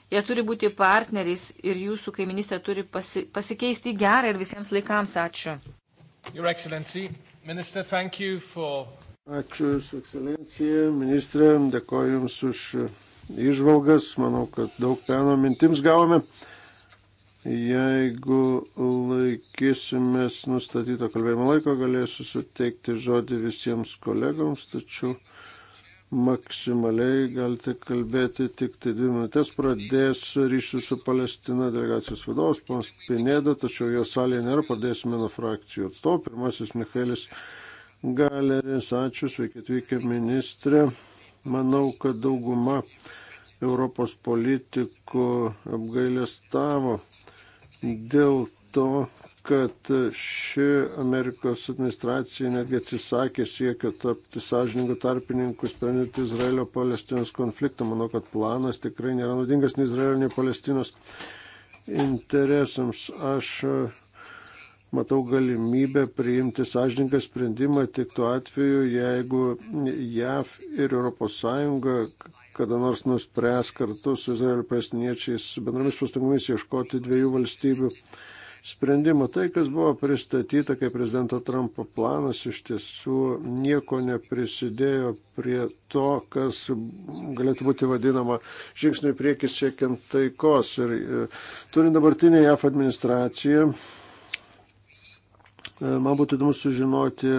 Jie turi būti partneriais ir jūsų kaiminystė turi pasi, pasikeisti į gerą ir visiems laikams. Ačiū. Your Excellency, Minister, thank you for... Ačiū Jūsų ekscelencija, ministrė, dėkoju Jums už išvalgas, manau, kad daug peno mintims gavome. Jeigu laikysimės nustatyto kalbėjimo laiko, galėsiu suteikti žodį visiems kolegoms, tačiau maksimaliai galite kalbėti tik tai dvi minutės. Pradės ryšių su Palestina delegacijos vadovas, panas Pinėda, tačiau jo salėje nėra, pradėsime nuo frakcijų atstovų. Pirmasis Michaelis Galeris, ačiū, sveiki atvykę ministrė. Manau, kad dauguma Europos politikų apgailestavo dėl to, kad ši Amerikos administracija netgi atsisakė siekio tapti sąžiningų tarpininkų sprendinti Izraelio-Palestinos konfliktą. Manau, kad planas tikrai nėra naudingas nei Izraelio, nei Palestinos interesams. Aš e, matau galimybę priimti sąžininką sprendimą tik tuo atveju, jeigu JAV ir ES kada nors nuspręs kartu su Izraelio palestiniečiais bendromis pastangomis ieškoti dviejų valstybių sprendimo. Tai, kas buvo pristatyta kaip prezidento Trumpo planas, iš tiesų nieko neprisidėjo prie to, kas galėtų būti vadinama žingsnių priekis siekiant taikos. Ir e, turint dabartinę JAF administraciją, e, man būtų įdomu sužinoti,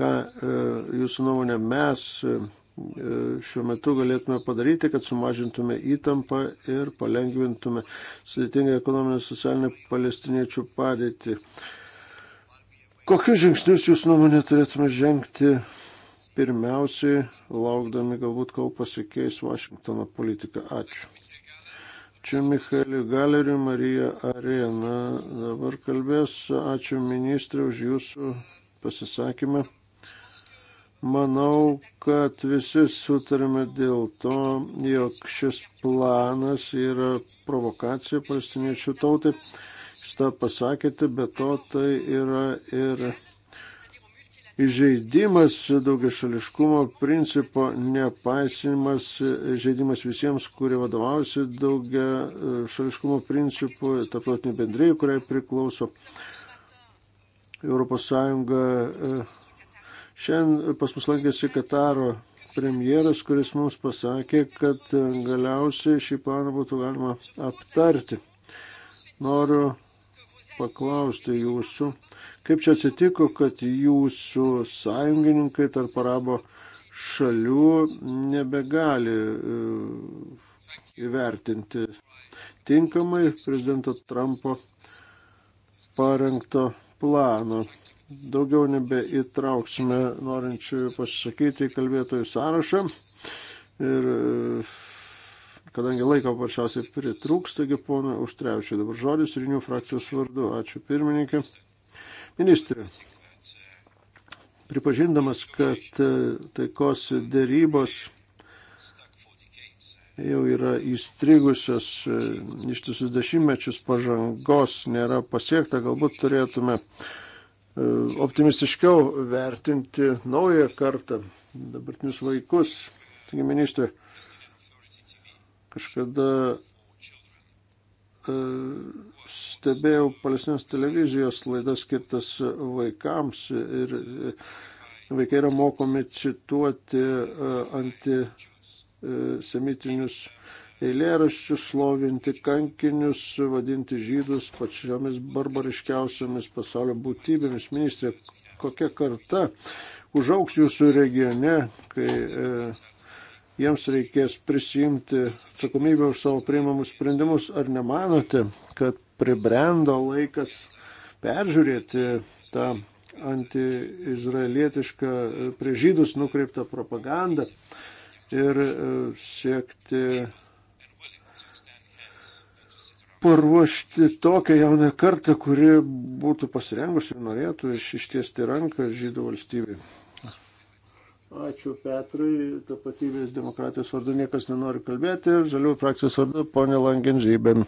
ką e, jūsų nuomonė mes E, šiuo metu galėtume padaryti, kad sumažintume įtampą ir palengvintume sudėtingą ekonominę ir socialinę palestiniečių padėtį. Kokius žingsnius jūs nuomonė turėtume žengti pirmiausiai, laukdami galbūt, kol pasikeis Vašingtono politika? Ačiū. Čia Michaeliu Galeriu, Marija Arena. Dabar kalbės. Ačiū ministrė už jūsų pasisakymą. Manau, kad visi sutarime dėl to, jog šis planas yra provokacija palestiniečių tautai. Jūs tą pasakėte, bet to tai yra ir įžeidimas daugiašališkumo principo, nepaisinimas, įžeidimas visiems, kurie vadovaujasi daugiašališkumo principu, tarptautinių bendrėjų, kuriai priklauso ES Šiandien pas mus lankėsi Kataro premjeras, kuris mums pasakė, kad galiausiai šį planą būtų galima aptarti. Noriu paklausti jūsų, kaip čia atsitiko, kad jūsų sąjungininkai tarp arabo šalių nebegali e, įvertinti tinkamai prezidento Trumpo parengto plano daugiau nebeįtrauksime norinčių pasisakyti į kalbėtojų sąrašą. Ir e, kadangi laiko paprasčiausiai pritrūks, taigi ponui Užtrevičiui dabar žodis Rinių frakcijos vardu. Ačiū pirmininkė. Ministrė, pripažindamas, kad e, taikos dėrybos jau yra įstrigusios e, ištisus dešimtmečius pažangos nėra pasiekta, galbūt turėtume uh, E, optimistiškiau vertinti naują kartą, dabartinius vaikus. Taigi, ministrė, kažkada e, stebėjau Palestinos televizijos laidas skirtas vaikams ir e, vaikai yra mokomi cituoti antisemitinius eilėraščius, slovinti kankinius, vadinti žydus pačiomis barbariškiausiamis pasaulio būtybėmis. Ministrė, kokia karta užauks jūsų regione, kai e, jiems reikės prisimti atsakomybę už savo priimamus sprendimus, ar nemanote, kad pribrendo laikas peržiūrėti tą antiizraelietišką e, prie žydus nukreiptą propagandą ir e, siekti paruošti tokią jauną kartą, kuri būtų pasirengusi ir norėtų ištiesti ranką žydų valstybei. Ačiū Petrai, tapatybės demokratijos vardu niekas nenori kalbėti, žaliųjų frakcijos vardu ponė Langenžybėn.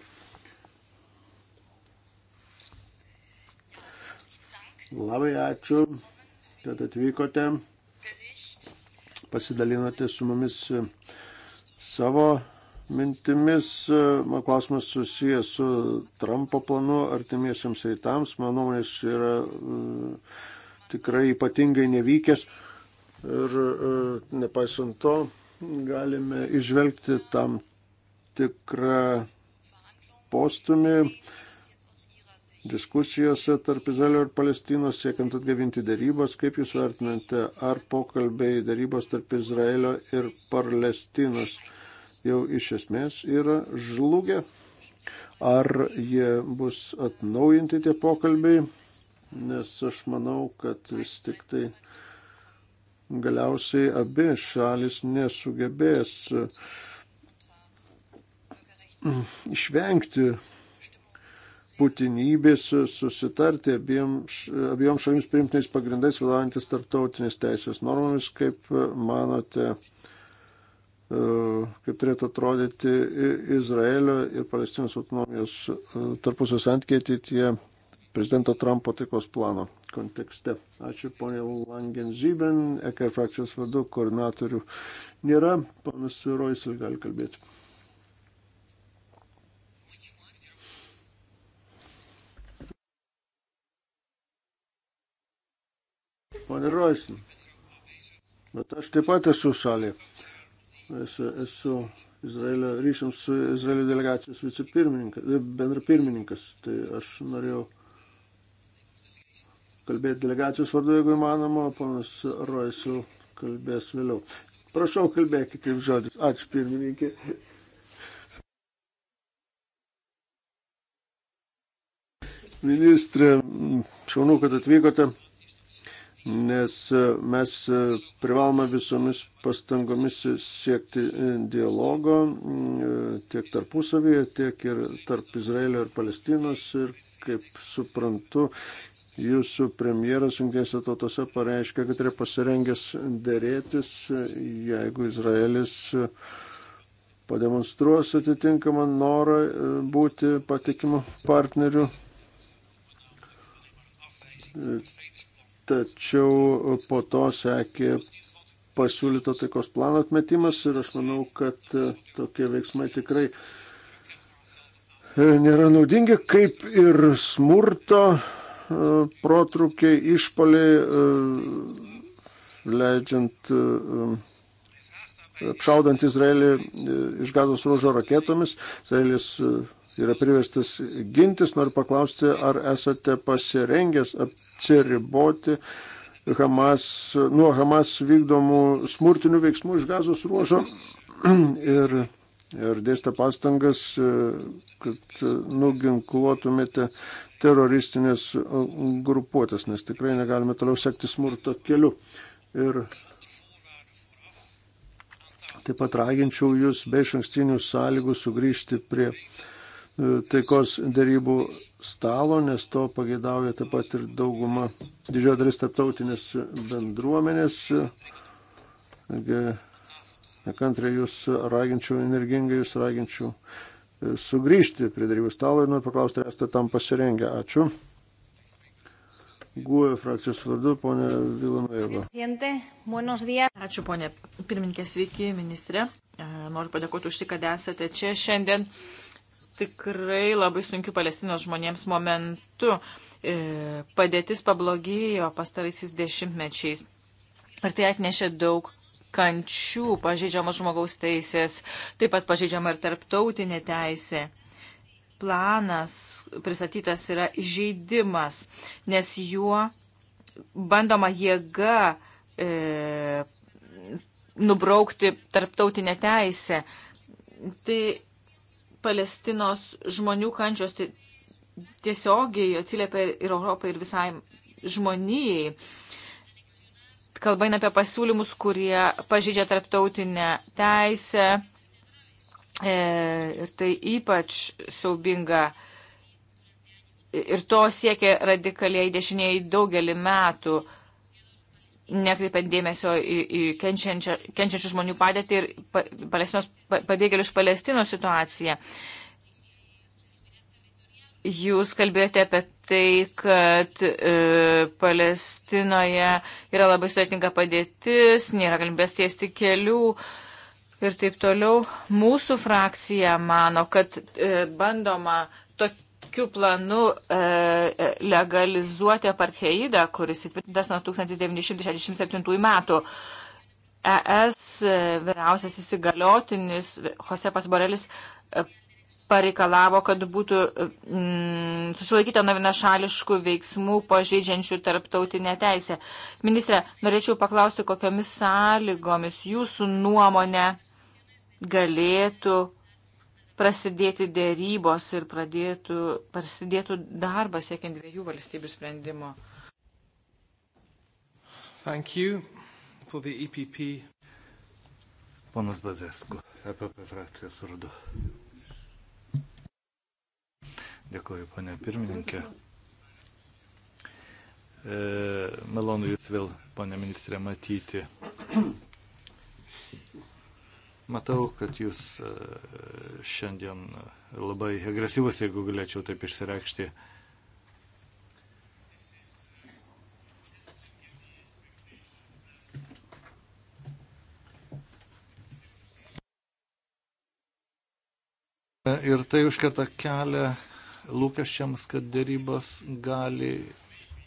Labai ačiū, kad atvykote, pasidalinote su mumis savo mintimis. E, Man klausimas susijęs su Trumpo planu artimiesiams reitams. Mano nuomonės yra e, tikrai ypatingai nevykęs. Ir e, nepaisant to, galime išvelgti tam tikrą postumį diskusijose tarp Izraelio ir Palestinos siekiant atgavinti darybos. Kaip Jūs vertinate, ar pokalbiai darybos tarp Izraelio ir Palestinos? jau iš esmės yra žlugę, ar jie bus atnaujinti tie pokalbiai, nes aš manau, kad vis tik tai galiausiai abi šalis nesugebės mm, išvengti būtinybės susitarti abiem, abiem šalims priimtiniais pagrindais vadovantis tarptautinės teisės normomis, kaip manote, uh, E, kaip turėtų atrodyti Izraelio ir Palestinos autonomijos e, tarpusio santykiai ateityje prezidento Trumpo taikos plano kontekste. Ačiū ponė Langenzyben, EK frakcijos vadu, koordinatorių nėra, panas Roisas gali kalbėti. Pane Roisin, bet aš taip pat esu salėje esu, esu Izraelio ryšiams su Izraelio delegacijos vicepirmininkas, bendrapirmininkas. Tai aš norėjau kalbėti delegacijos vardu, jeigu įmanoma, panas Roisil kalbės vėliau. Prašau, kalbėkite jums žodis. Ačiū pirmininkė. Ministrė, šaunu, kad atvykote nes e, mes e, privalome visomis pastangomis siekti e, dialogo tiek tarpusavyje, tiek ir tarp Izraelio ir Palestinos. Ir kaip suprantu, jūsų premjeras Junktinėse tautose pareiškia, kad yra pasirengęs dėrėtis, jeigu Izraelis pademonstruos atitinkamą norą būti patikimu partneriu tačiau e, po to sekė pasiūlyto taikos plano atmetimas ir aš manau, kad e, tokie veiksmai tikrai e, nėra naudingi, kaip ir smurto protrukiai, išpoliai, leidžiant, apšaudant Izraelį iš gazos ruožo raketomis. Izraelis yra priverstas gintis, noriu paklausti, ar esate pasirengęs apsiriboti Hamas, nuo Hamas vykdomų smurtinių veiksmų iš gazos ruožo ir, ir dėstė pastangas, kad nuginkluotumėte teroristinės grupuotės, nes tikrai negalime toliau sekti smurto keliu. Ir taip pat raginčiau jūs be iš ankstinių sąlygų sugrįžti prie uh, E, taikos darybų stalo, nes to pageidauja taip pat ir dauguma didžioji dalis tarptautinės bendruomenės. Nekantrai jūs raginčiau, energingai jūs raginčiau e, sugrįžti prie darybų stalo ir noriu paklausti, ar esate tam pasirengę. Ačiū. Guoja frakcijos vardu, ponė Vilanojeva. Ačiū, ponė pirmininkė, sveiki, ministrė. E, noriu padėkoti už tai, kad esate čia šiandien. Uh, tikrai labai sunkiu Palestinos žmonėms momentu. E, padėtis pablogėjo pastaraisiais dešimtmečiais. Ir tai atnešė daug kančių, pažeidžiamos žmogaus teisės, taip pat pažeidžiama ir tarptautinė teisė. Planas pristatytas yra žaidimas, nes juo bandoma jėga e, nubraukti tarptautinę teisę. Tai Palestinos žmonių kančios tiesiogiai atsiliepia ir Europai, ir visai žmonijai. Kalba eina apie pasiūlymus, kurie pažydžia tarptautinę teisę. E, ir tai ypač siaubinga. Ir to siekia radikaliai dešiniai daugelį metų. E, nekreipiant dėmesio į, į kenčiančių žmonių padėtį ir pa, pabėgėlių iš Palestinos situaciją. Jūs kalbėjote apie tai, kad e, Palestinoje yra labai sudėtinga padėtis, nėra galimybės tiesti kelių ir taip toliau. Mūsų frakcija mano, kad e, bandoma kokiu planu e, e, legalizuoti apartheidą, kuris įtvirtintas nuo 1967 metų. ES e, vyriausias įsigaliotinis Josepas Borelis e, pareikalavo, kad būtų mm, susilaikyta nuo vienašališkų veiksmų pažeidžiančių tarptautinę teisę. Ministre, norėčiau paklausti, kokiomis sąlygomis jūsų nuomonė galėtų prasidėti dėrybos ir pradėtų, prasidėtų darbas siekiant dviejų valstybių sprendimo. Thank you for the EPP. Ponas Bazesku, EPP frakcijas vardu. Dėkuoju, ponė pirmininkė. E, malonu Jūs vėl, ponė ministrė, matyti. Matau, kad jūs e, šiandien e, labai agresyvus, jeigu galėčiau taip išsireikšti. E, ir tai užkerta kelią lūkesčiams, kad dėrybos gali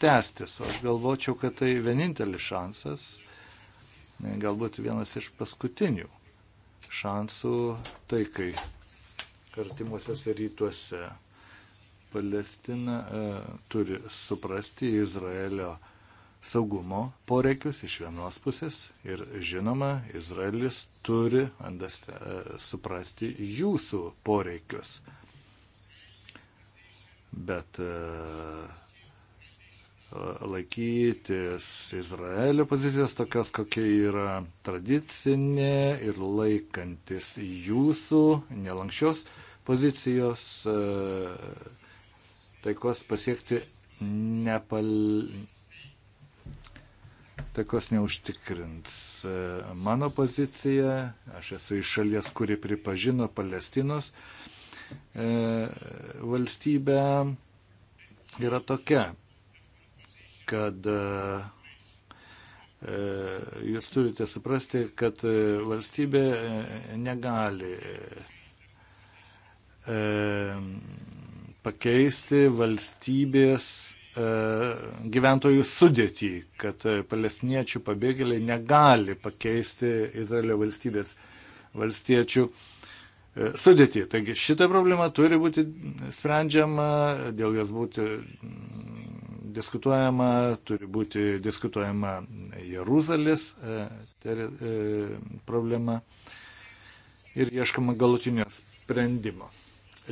tęstis. Aš galvočiau, kad tai vienintelis šansas, galbūt vienas iš paskutinių šansų taikai artimuosiuose rytuose. Palestina e, turi suprasti Izraelio saugumo poreikius iš vienos pusės ir žinoma, Izraelis turi andaste, suprasti jūsų poreikius. Bet e, laikytis Izraelio pozicijos tokios, kokia yra tradicinė ir laikantis jūsų nelankščios pozicijos e, taikos pasiekti nepal... taikos neužtikrins. E, mano pozicija, aš esu iš šalies, kuri pripažino Palestinos e, valstybę, yra tokia kad e, e, jūs turite suprasti, kad e, valstybė negali pakeisti valstybės gyventojų sudėtį, kad palestiniečių pabėgėliai negali pakeisti Izraelio valstybės valstiečių sudėtį. Taigi šita problema turi būti sprendžiama, dėl jos būti, diskutuojama, turi būti diskutuojama Jeruzalės e, e, problema ir ieškoma galutinio sprendimo.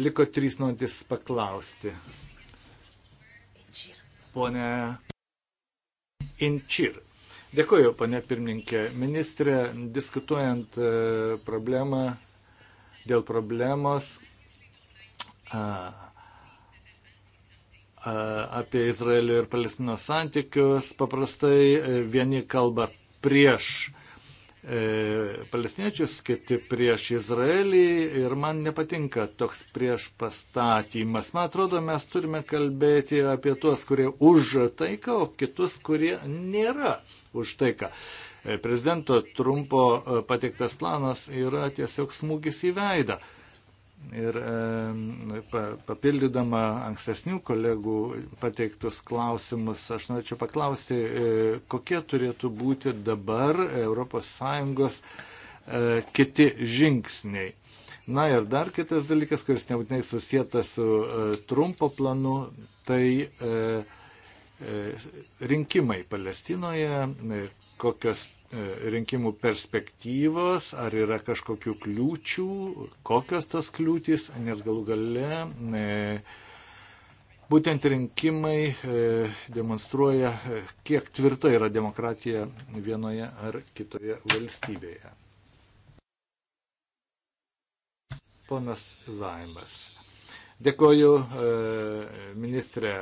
Liko trys notis paklausti. Pone Inčir. Dėkuoju, pane pirmininkė. Ministrė, diskutuojant e, problemą dėl problemos, a, apie Izraelio ir Palestinos santykius, paprastai e, vieni kalba prieš e, palestiniečius, kiti prieš Izraelį ir man nepatinka toks prieš pastatymas. Man atrodo, mes turime kalbėti apie tuos, kurie už taiką, o kitus, kurie nėra už taiką. E, prezidento Trumpo pateiktas planas yra tiesiog smūgis į veidą. Ir papildydama ankstesnių kolegų pateiktus klausimus, aš norėčiau paklausti, e, kokie turėtų būti dabar ES e, kiti žingsniai. Na ir dar kitas dalykas, kuris nebūtinai susijęs su e, Trumpo planu, tai rinkimai Palestinoje, kokios E, rinkimų perspektyvos, ar yra kažkokių kliūčių, kokios tos kliūtis, nes galų gale e, būtent rinkimai e, demonstruoja, e, kiek tvirta yra demokratija vienoje ar kitoje valstybėje. Ponas Vaimas. Dėkoju e, ministrė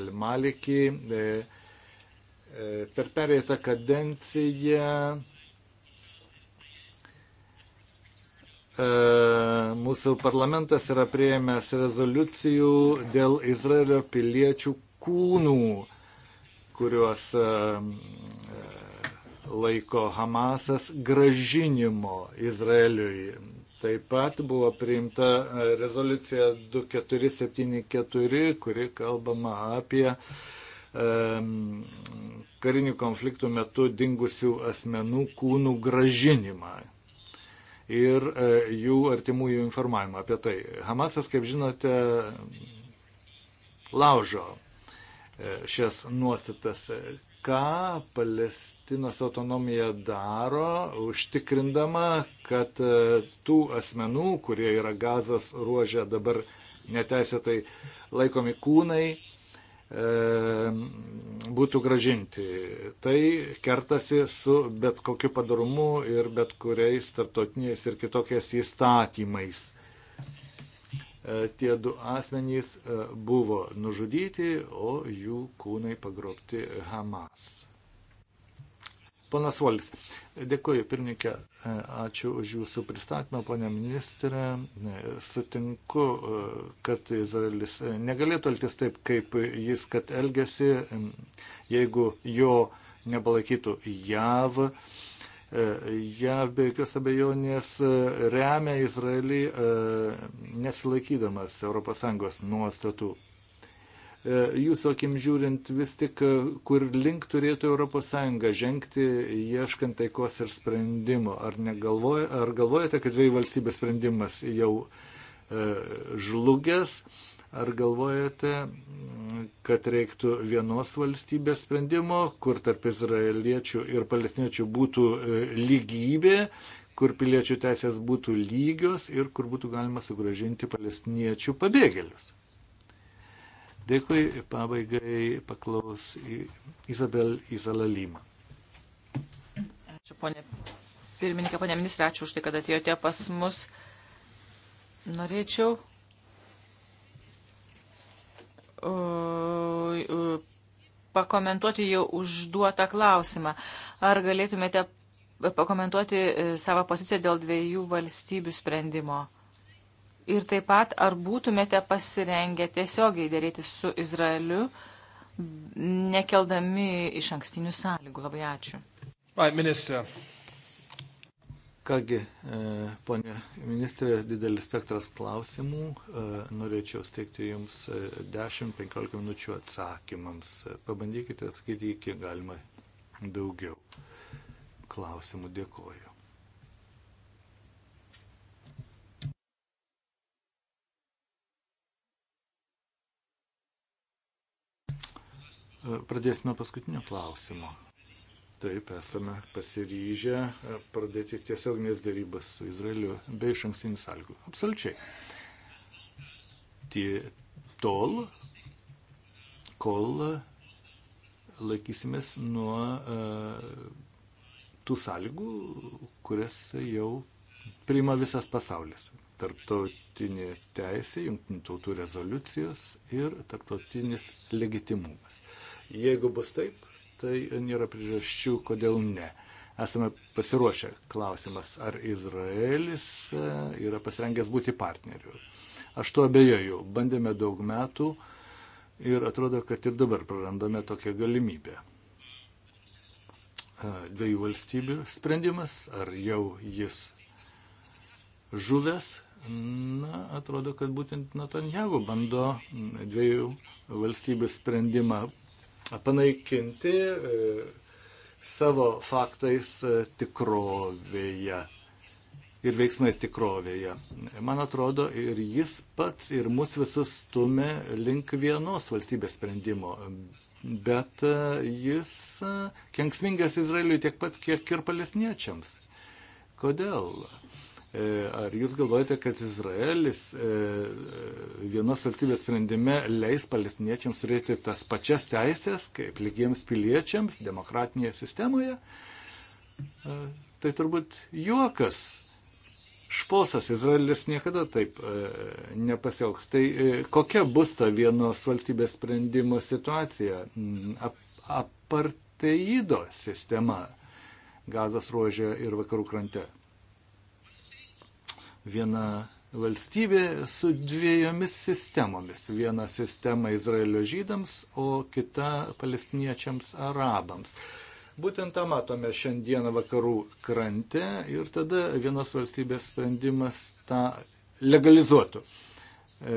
Elmalikį. E, Per pereitą kadenciją e, mūsų parlamentas yra prieėmęs rezoliucijų dėl Izraelio piliečių kūnų, kuriuos e, e, laiko Hamasas gražinimo Izraeliui. Taip pat buvo priimta rezoliucija 2474, kuri kalbama apie um, karinių konfliktų metu dingusių asmenų kūnų gražinimą ir e, jų artimųjų informavimą apie tai. Hamasas, kaip žinote, laužo e, šias nuostatas, ką Palestinos autonomija daro, užtikrindama, kad e, tų asmenų, kurie yra gazas ruožė dabar neteisėtai laikomi kūnai, E, būtų gražinti. Tai kertasi su bet kokiu padarumu ir bet kuriais tartotiniais ir kitokiais įstatymais. E, tie du asmenys e, buvo nužudyti, o jų kūnai pagrobti Hamas. Ponas Volis, dėkuoju pirmininkė, ačiū už jūsų pristatymą, ponė ministrė. Sutinku, kad Izraelis negalėtų elgtis taip, kaip jis, kad elgesi, jeigu jo nebalaikytų JAV. JAV be jokios abejonės remia Izraelį nesilaikydamas ES nuostatų. E, jūsų akim žiūrint vis tik, e, kur link turėtų ES žengti, ieškant taikos ir sprendimo? Ar, negalvoj, ar galvojate, kad dviejų valstybių sprendimas jau e, žlugęs? Ar galvojate, kad reiktų vienos valstybės sprendimo, kur tarp izraeliečių ir palestiniečių būtų lygybė, kur piliečių teisės būtų lygios ir kur būtų galima sugražinti palestiniečių pabėgėlius? Dėkui, pabaigai paklaus Izabel Izalalyma. Ačiū, ponė pirmininkė, ponė ministrė, ačiū už tai, kad atėjote pas mus. Norėčiau pakomentuoti jau užduotą klausimą. Ar galėtumėte pakomentuoti e, savo poziciją dėl dviejų valstybių sprendimo? Ir taip pat, ar būtumėte pasirengę tiesiogiai dėrėti su Izraeliu, nekeldami iš ankstinių sąlygų. Labai ačiū. Right, minister. Kągi, e, ponė ministrė, didelis spektras klausimų. E, norėčiau steikti Jums 10-15 e, minučių atsakymams. Pabandykite atsakyti, kiek galima daugiau klausimų. Dėkoju. Pradėsiu nuo paskutinio klausimo. Taip, esame pasiryžę e, pradėti tiesioginės darybas su Izraeliu be iš ankstinių sąlygų. Absoliučiai. Tie tol, kol laikysimės nuo uh, tų sąlygų, kurias jau priima visas pasaulis. Tarptautinė teisė, jungtinių tautų rezoliucijos ir tarptautinis legitimumas. Jeigu bus taip, tai nėra priežasčių, kodėl ne. Esame pasiruošę. Klausimas, ar Izraelis e, yra pasirengęs būti partneriu. Aš tuo abejoju. Bandėme daug metų ir atrodo, kad ir dabar prarandame tokią galimybę e, dviejų valstybių sprendimas, ar jau jis žuvęs. Na, atrodo, kad būtent Netanjahu bando dviejų valstybių sprendimą panaikinti e, savo faktais e, tikrovėje ir veiksmais tikrovėje. Man atrodo, ir jis pats, ir mus visus stumia link vienos valstybės sprendimo. Bet e, jis kenksmingas Izraeliui tiek pat, kiek ir palestiniečiams. Kodėl? E, ar jūs galvojate, kad Izraelis e, e, vienos valstybės sprendime leis palestiniečiams turėti tas pačias teisės kaip lygiems piliečiams demokratinėje sistemoje? Tai turbūt juokas. Šposas Izraelis niekada taip nepasielgs. Tai kokia bus ta vienos valstybės sprendimo situacija? Mm, ap aparteido sistema gazos ruožė ir vakarų krante viena valstybė su dviejomis sistemomis. Viena sistema Izraelio žydams, o kita palestiniečiams arabams. Būtent tą matome šiandieną vakarų krante ir tada vienos valstybės sprendimas tą legalizuotų. E,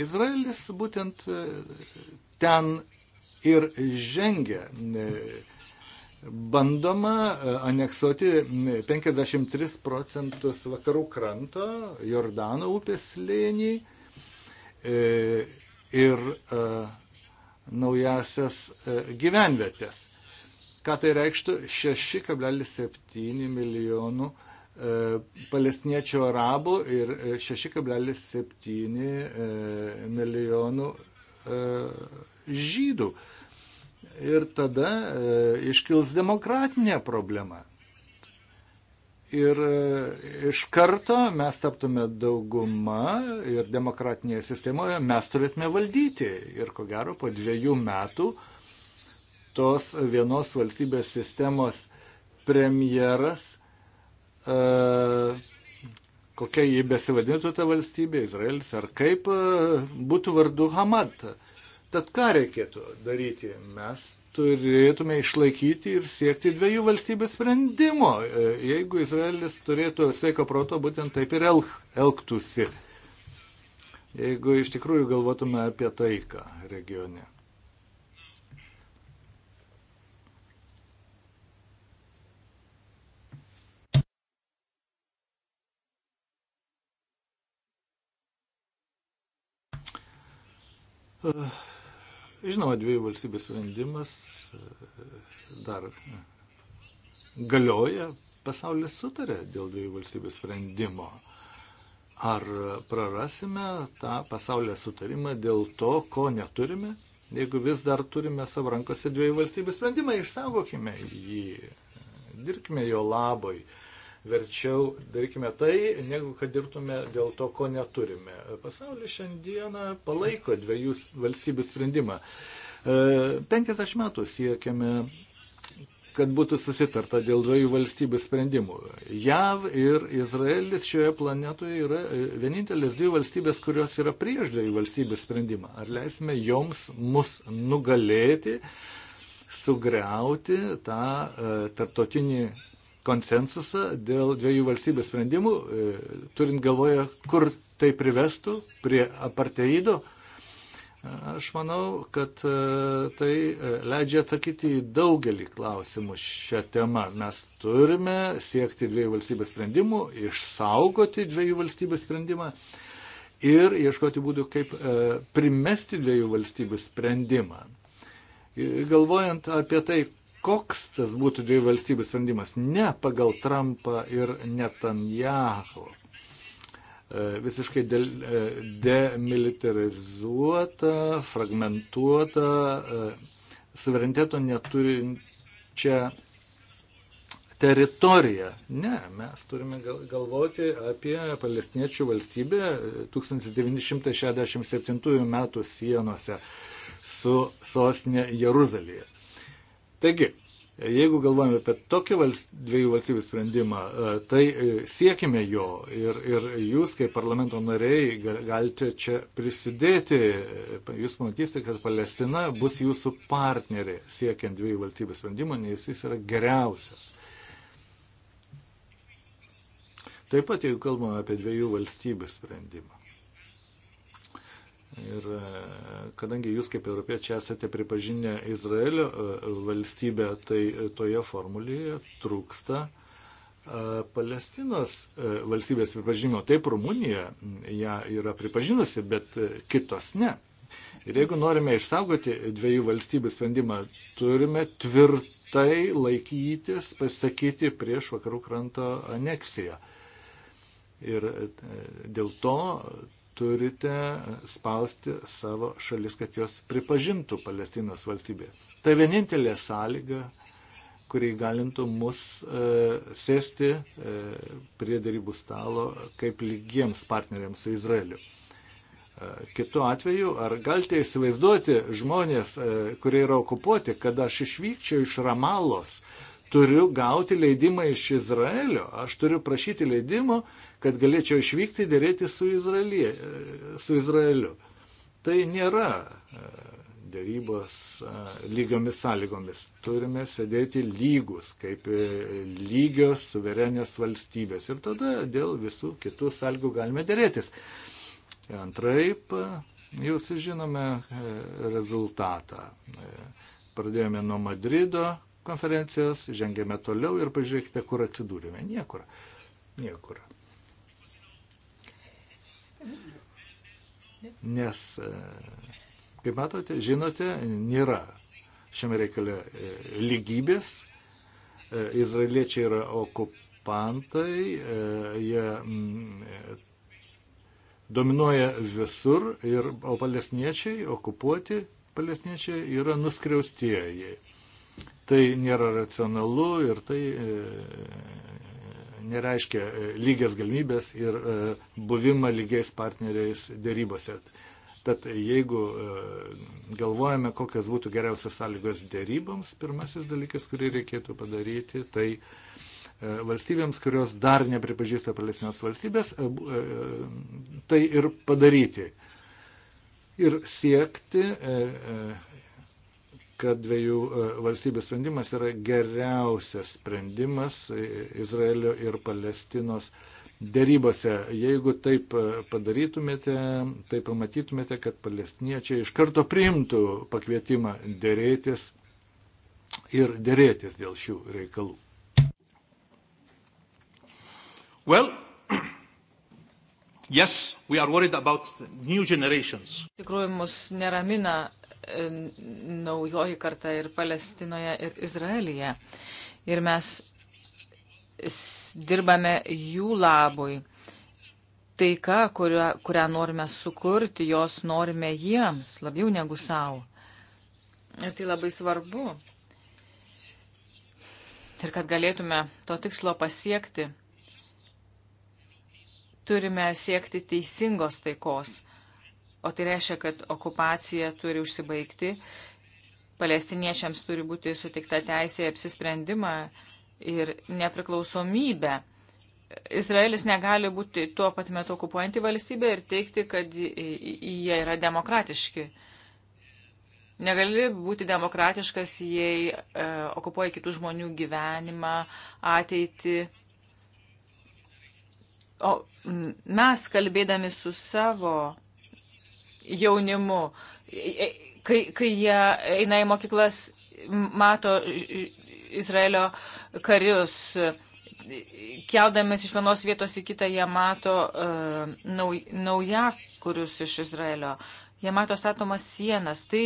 Izraelis būtent e, ten ir žengia. E, bandoma e, aneksuoti 53 procentus vakarų kranto, Jordano upės slėnį e, ir e, naujasias gyvenvietės. Ką tai reikštų? 6,7 milijonų palestiniečių arabų ir 6,7 milijonų žydų ir tada e, iškils demokratinė problema. Ir e, iš karto mes taptume dauguma ir demokratinėje sistemoje mes turėtume valdyti. Ir ko gero po dviejų metų tos vienos valstybės sistemos premjeras, e, kokia jį besivadintų ta valstybė, Izraelis ar kaip, būtų vardu Hamad Tad ką reikėtų daryti? Mes turėtume išlaikyti ir siekti dviejų valstybių sprendimo, e, jeigu Izraelis turėtų sveiko proto, būtent taip ir elg, elgtųsi. Jeigu iš tikrųjų galvotume apie taiką regione. Uh. Žinoma, dviejų valstybių sprendimas e, dar galioja, pasaulis sutarė dėl dviejų valstybių sprendimo. Ar prarasime tą pasaulio sutarimą dėl to, ko neturime? Jeigu vis dar turime savo rankose dviejų valstybių sprendimą, išsaugokime jį, dirbkime jo labui. Uh, Verčiau darykime tai, negu kad dirbtume dėl to, ko neturime. Pasaulis šiandieną palaiko dviejų valstybių sprendimą. 50 e, metų siekiame kad būtų susitarta dėl dviejų valstybių sprendimų. JAV ir Izraelis šioje planetoje yra e, vienintelės dvi valstybės, kurios yra prieš dviejų valstybių sprendimą. Ar leisime joms mus nugalėti, sugriauti tą e, tarptautinį konsensusą dėl dviejų valstybių sprendimų, e, turint galvoje, kur tai privestų prie aparteido. Aš manau, kad e, tai e, leidžia atsakyti į daugelį klausimų šią temą. Mes turime siekti dviejų valstybių sprendimų, išsaugoti dviejų valstybių sprendimą ir ieškoti būdų, kaip primesti dviejų valstybių sprendimą. Galvojant apie tai, koks tas būtų dviejų valstybių sprendimas, ne pagal Trumpą ir Netanjahu. E, visiškai de, e, demilitarizuota, fragmentuota, e, suvereniteto neturinčia teritoriją. Ne, mes turime galvoti apie palestiniečių valstybę 1967 m. sienose su sostinė Jeruzalėje. Taigi, jeigu galvojame apie tokį valst, dviejų valstybių sprendimą, e, tai e, siekime jo ir, ir jūs, kaip parlamento nariai, galite čia prisidėti. Jūs pamatysite, kad Palestina bus jūsų partnerė siekiant dviejų valstybių sprendimo, nes jis yra geriausias. Taip pat, jeigu kalbame apie dviejų valstybių sprendimą. Ir e, kadangi jūs kaip europiečiai esate pripažinę Izraelio e, valstybę, tai e, toje formulėje trūksta Palestinos valstybės pripažinimo. Taip, Rumunija ją yra pripažinusi, bet kitos ne. Ir jeigu norime išsaugoti dviejų valstybių sprendimą, turime tvirtai laikytis, pasakyti prieš vakarų kranto aneksiją. Ir dėl to turite spausti savo šalis, kad jos pripažintų Palestinos valstybę. Tai vienintelė sąlyga, kuri galintų mus e, sėsti e, prie darybų stalo kaip lygiems partneriams su Izraeliu. E, kitu atveju, ar galite įsivaizduoti žmonės, e, kurie yra okupuoti, kad aš išvykčiau iš Ramalos, e, turiu gauti leidimą iš Izraelio, aš turiu prašyti leidimo, kad galėčiau išvykti dėrėti su, Izraelie, e, su Izraeliu. Tai nėra e, dėrybos e, lygiomis sąlygomis. Turime sėdėti lygus, kaip lygios suverenios valstybės. Ir tada dėl visų kitų sąlygų galime dėrėtis. Antraip, jūs žinome rezultatą. Pradėjome nuo Madrido, konferencijas, žengėme toliau ir pažiūrėkite, kur atsidūrėme. Niekur. Niekur. Nes, e, kaip matote, žinote, nėra šiame reikale e, lygybės. E, izraeliečiai yra okupantai, jie mm, dominuoja visur, ir, o palestiniečiai, okupuoti palestiniečiai yra nuskriaustieji. Tai nėra racionalu ir tai e, nereiškia e, lygias galimybės ir e, buvimą lygiais partneriais dėrybose. Tad jeigu galvojame, kokias būtų geriausias sąlygos dėryboms, pirmasis dalykas, kurį reikėtų padaryti, tai valstybėms, kurios dar nepripažįsta Palestinos valstybės, tai ir padaryti. Ir siekti kad dviejų e, valstybių sprendimas yra geriausias sprendimas Izraelio ir Palestinos dėrybose. Jeigu taip e, padarytumėte, tai pamatytumėte, kad palestiniečiai iš karto priimtų pakvietimą dėrėtis ir dėrėtis dėl šių reikalų. Well, yes, we are worried about new generations. Tikrųjų mus neramina naujoji karta ir Palestinoje, ir Izraelyje. Ir mes dirbame jų labui. Taika, kurią, kurią norime sukurti, jos norime jiems labiau negu savo. Ir tai labai svarbu. Ir kad galėtume to tikslo pasiekti, turime siekti teisingos taikos. O tai reiškia, kad okupacija turi užsibaigti, palestiniečiams turi būti sutikta teisė apsisprendimą ir nepriklausomybę. Izraelis negali būti tuo pat metu okupuojanti valstybė ir teikti, kad jie yra demokratiški. Negali būti demokratiškas, jei e, okupuoja kitų žmonių gyvenimą, ateitį. O mes, kalbėdami su savo jaunimu. Kai, kai jie eina į mokyklas, mato Izraelio karius, keldamis iš vienos vietos į kitą, jie mato uh, nau, naujakurius iš Izraelio. Jie mato statomas sienas. Tai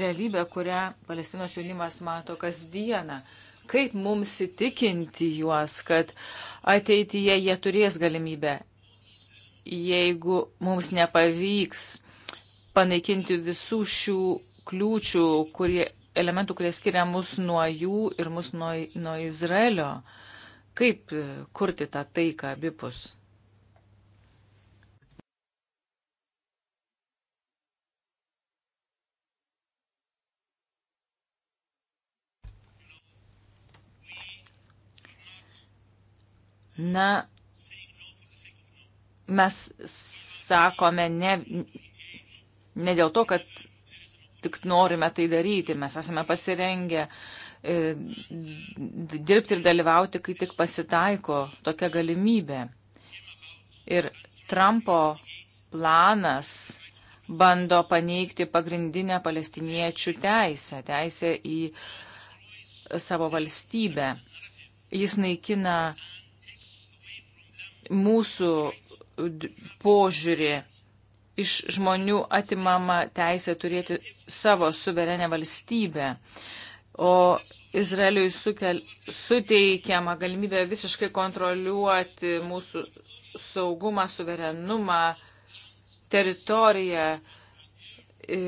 realybė, kurią Palestinos jaunimas mato kasdieną. Kaip mums įtikinti juos, kad ateityje jie turės galimybę, jeigu mums nepavyks panaikinti visų šių kliūčių, kurie, elementų, kurie skiria mus nuo jų ir mus nuo, nuo Izraelio. Kaip e, kurti tą taiką abipus? Na, mes sakome ne, Ne dėl to, kad tik norime tai daryti, mes esame pasirengę e, dirbti ir dalyvauti, kai tik pasitaiko tokia galimybė. Ir Trumpo planas bando paneigti pagrindinę palestiniečių teisę, teisę į savo valstybę. Jis naikina mūsų požiūrį iš žmonių atimama teisė turėti savo suverenę valstybę, o Izraeliui sukel, suteikiama galimybė visiškai kontroliuoti mūsų saugumą, suverenumą, teritoriją, e,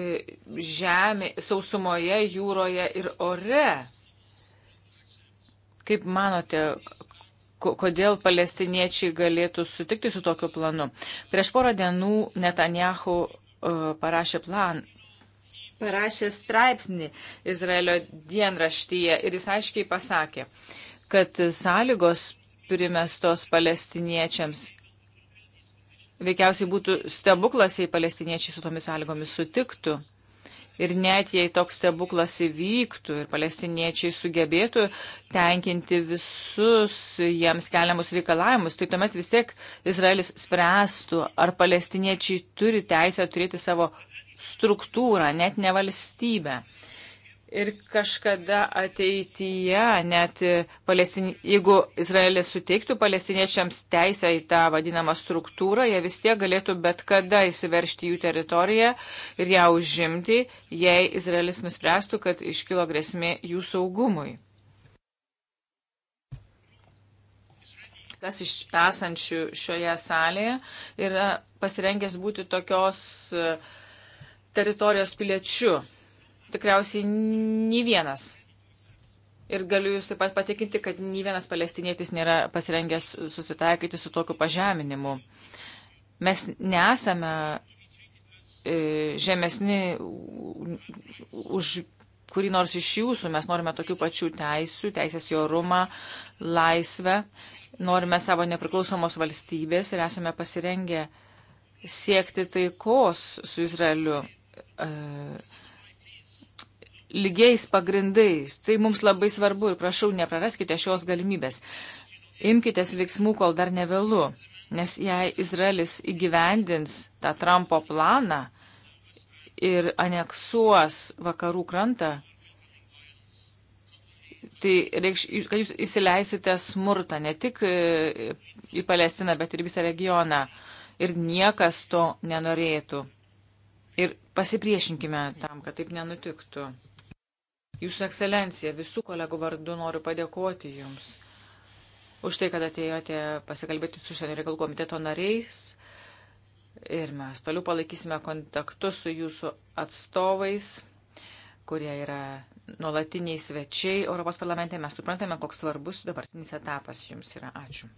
žemė, sausumoje, jūroje ir ore. Kaip manote, kodėl palestiniečiai galėtų sutikti su tokiu planu. Prieš porą dienų Netanjahu e, parašė plan, parašė straipsnį Izraelio dienraštyje ir jis aiškiai pasakė, kad sąlygos primestos palestiniečiams veikiausiai būtų stebuklas, jei palestiniečiai su tomis sąlygomis sutiktų. Ir net jei toks stebuklas įvyktų ir palestiniečiai sugebėtų tenkinti visus jiems keliamus reikalavimus, tai tuomet vis tiek Izraelis spręstų, ar palestiniečiai turi teisę turėti savo struktūrą, net ne valstybę. Ir kažkada ateityje, net e, palestin... jeigu Izraelis suteiktų palestiniečiams teisę į tą vadinamą struktūrą, jie vis tiek galėtų bet kada įsiveršti jų teritoriją ir ją užimti, jei Izraelis nuspręstų, kad iškilo grėsmė jų saugumui. Kas iš esančių šioje salėje yra pasirengęs būti tokios e, teritorijos piliečiu? tikriausiai nei vienas. Ir galiu jūs taip pat patikinti, kad nei vienas palestinietis nėra pasirengęs susitaikyti su tokiu pažeminimu. Mes nesame e, žemesni už kurį nors iš jūsų, mes norime tokių pačių teisių, teisės jorumą, laisvę, norime savo nepriklausomos valstybės ir esame pasirengę siekti taikos su Izraeliu. Uh, lygiais pagrindais. Tai mums labai svarbu ir prašau, nepraraskite šios galimybės. Imkitės veiksmų, kol dar nevėlu, nes jei Izraelis įgyvendins tą Trumpo planą ir aneksuos vakarų krantą, tai reikš, kad jūs įsileisite smurtą ne tik e, į Palestiną, bet ir visą regioną. Ir niekas to nenorėtų. Ir pasipriešinkime tam, kad taip nenutiktų. Jūsų ekscelencija, visų kolegų vardu noriu padėkoti Jums už tai, kad atėjote pasikalbėti su užsienio reikalų komiteto nariais. Ir mes toliau palaikysime kontaktus su Jūsų atstovais, kurie yra nuolatiniai svečiai Europos parlamente. Mes suprantame, koks svarbus dabartinis etapas Jums yra. Ačiū.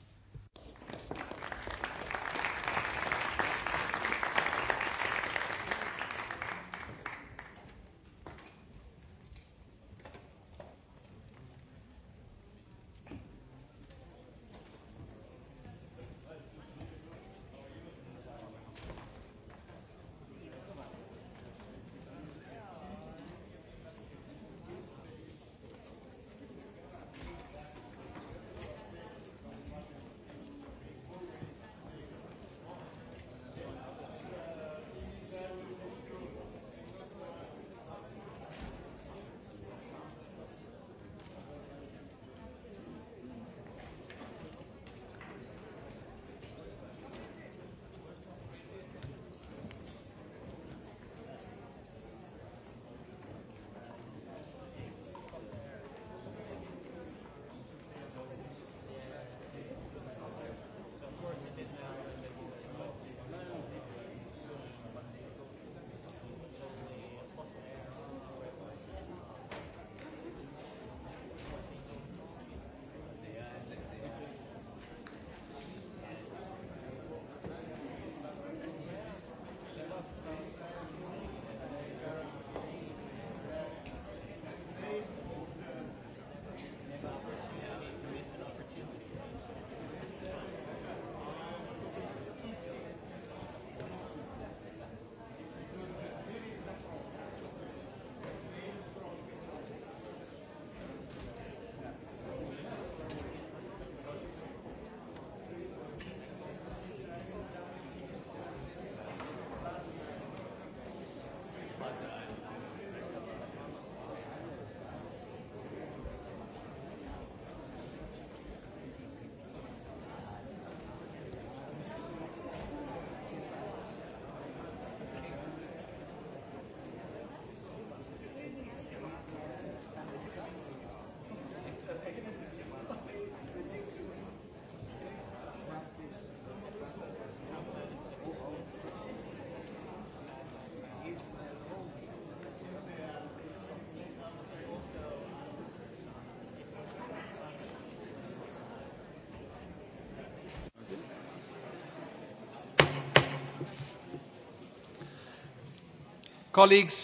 Colleagues,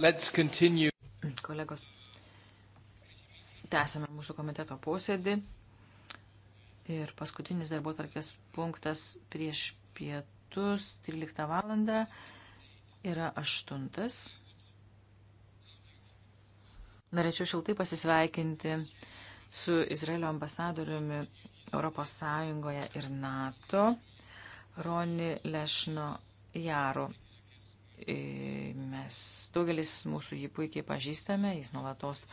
let's continue. Kolegos, tęsime mūsų komiteto posėdį. Ir paskutinis darbo tarkės punktas prieš pietus 13 val. yra 8. Norėčiau šiltai pasisveikinti su Izraelio ambasadoriumi Europos Sąjungoje ir NATO, Roni Lešno Jaru. E, mes daugelis mūsų jį puikiai pažįstame, jis nuolatos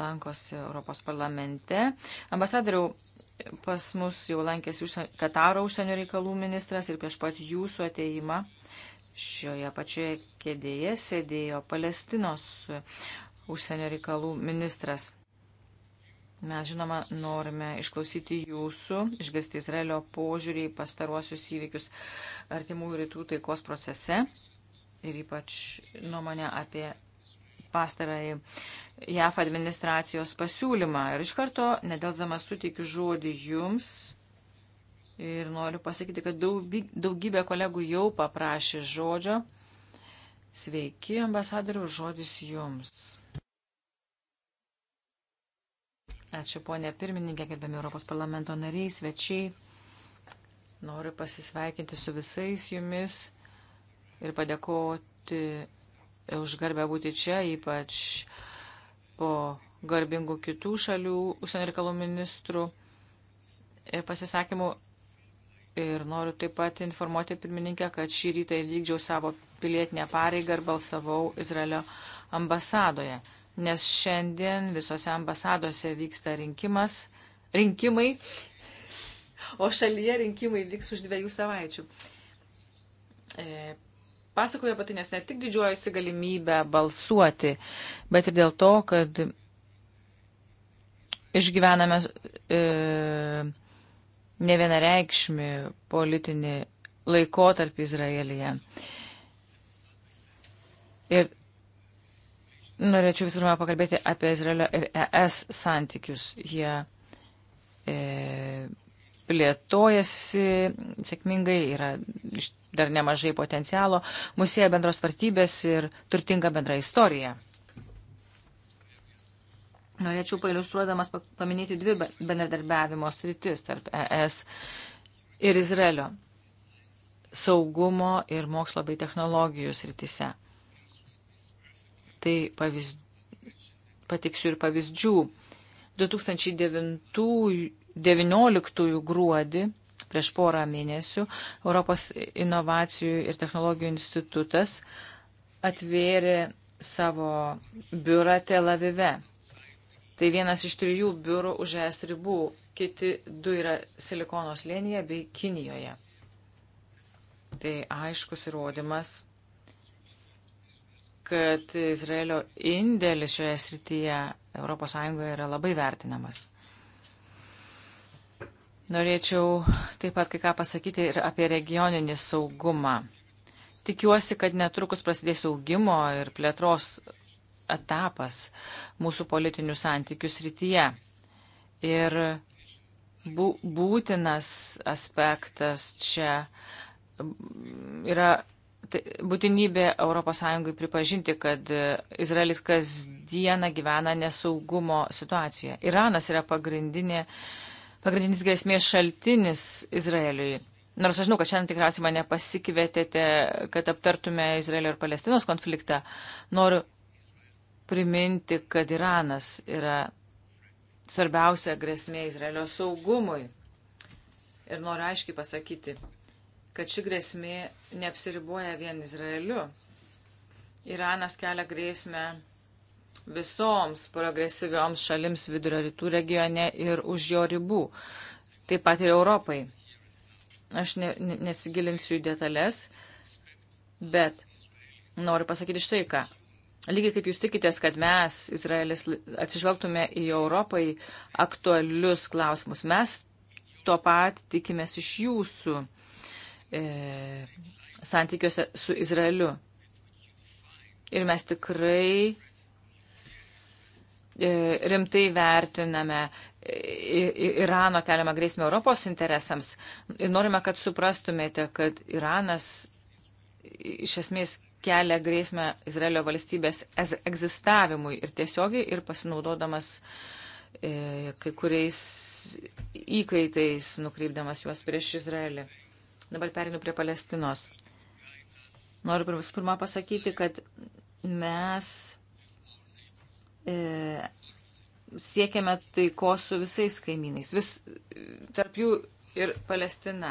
lankosi Europos parlamente. Ambasadoriau, pas mus jau lankėsi Kataro užsienio reikalų ministras ir prieš pat jūsų ateimą šioje pačioje kėdėje sėdėjo Palestinos užsienio reikalų ministras. Mes, žinoma, norime išklausyti jūsų, išgirsti Izraelio požiūrį į pastaruosius įvykius artimų rytų taikos procese ir ypač nuomonę apie pastarąjį JAF administracijos pasiūlymą. Ir iš karto, nedelzamas, suteikiu žodį jums. Ir noriu pasakyti, kad daugybė kolegų jau paprašė žodžio. Sveiki, ambasadoriu, žodis jums. Ačiū, ponė pirmininkė, gerbiami Europos parlamento nariai, svečiai. Noriu pasisveikinti su visais jumis ir padėkoti e, už garbę būti čia, ypač po garbingų kitų šalių užsienio reikalų ministrų e, pasisakymų. Ir noriu taip pat informuoti pirmininkę, kad šį rytą įvykdžiau savo pilietinę pareigą ir balsavau Izraelio ambasadoje, nes šiandien visose ambasadose vyksta rinkimas, rinkimai, o šalyje rinkimai vyks už dviejų savaičių. E, Pasakoju apie tai, nes ne tik didžiuojasi galimybę balsuoti, bet ir dėl to, kad išgyvename e, ne vienareikšmi politinį laikotarpį Izraelyje. Ir norėčiau visų pirma pakalbėti apie Izraelio ir ES santykius. Jie e, plėtojasi sėkmingai, yra dar nemažai potencialo, musėja bendros vartybės ir turtinga bendra istorija. Norėčiau pailustruodamas paminėti dvi bendradarbiavimo sritis tarp ES ir Izraelio - saugumo ir mokslo bei technologijų sritise. Tai pavyzd... pateiksiu ir pavyzdžių. 2009 19 gruodį, prieš porą mėnesių, Europos inovacijų ir technologijų institutas atvėrė savo biurą Tel Avive. Tai vienas iš trijų biurų už es ribų, kiti du yra Silikonos lėnėje bei Kinijoje. Tai aiškus įrodymas, kad Izraelio indėlis šioje srityje ES yra labai vertinamas. Norėčiau taip pat kai ką pasakyti ir apie regioninį saugumą. Tikiuosi, kad netrukus prasidės augimo ir plėtros etapas mūsų politinių santykių srityje. Ir būtinas aspektas čia yra tai būtinybė ES pripažinti, kad Izraelis kasdieną gyvena nesaugumo situacijoje. Iranas yra pagrindinė uh, pagrindinis grėsmės šaltinis Izraeliui. Nors aš žinau, kad šiandien tikriausiai mane pasikvietėte, kad aptartume Izraelio ir Palestinos konfliktą. Noriu priminti, kad Iranas yra svarbiausia grėsmė Izraelio saugumui. Ir noriu aiškiai pasakyti, kad ši grėsmė neapsiriboja vien Izraeliu. Iranas kelia grėsmę visoms progresyvioms šalims vidurio rytų regione ir už jo ribų, taip pat ir Europai. Aš ne, nesigilinsiu į detalės, bet noriu pasakyti štai ką. Lygiai kaip jūs tikitės, kad mes, Izraelis, atsižvelgtume į Europai aktualius klausimus, mes to pat tikimės iš jūsų e, santykiuose su Izraeliu. Ir mes tikrai E, rimtai vertiname e, Irano keliamą grėsmę Europos interesams. Ir norime, kad suprastumėte, kad Iranas iš esmės kelia grėsmę Izraelio valstybės egzistavimui ir tiesiogiai ir pasinaudodamas e, kai kuriais įkaitais nukreipdamas juos prieš Izraelį. Dabar perinu prie Palestinos. Noriu pirmą pasakyti, kad mes E, siekiame taikos su visais kaimynais, vis, tarp jų ir Palestina.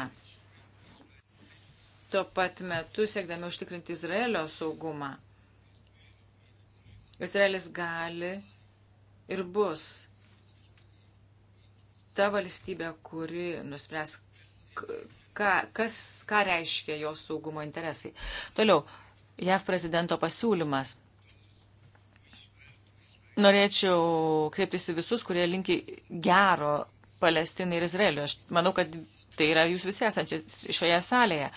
Tuo pat metu siekdami užtikrinti Izraelio saugumą. Izraelis gali ir bus ta valstybė, kuri nuspręs, ką, kas, ką reiškia jos saugumo interesai. Toliau, JAV prezidento pasiūlymas Norėčiau kreiptis į visus, kurie linki gero Palestinai ir Izraeliui. Aš manau, kad tai yra jūs visi esančiai šioje salėje.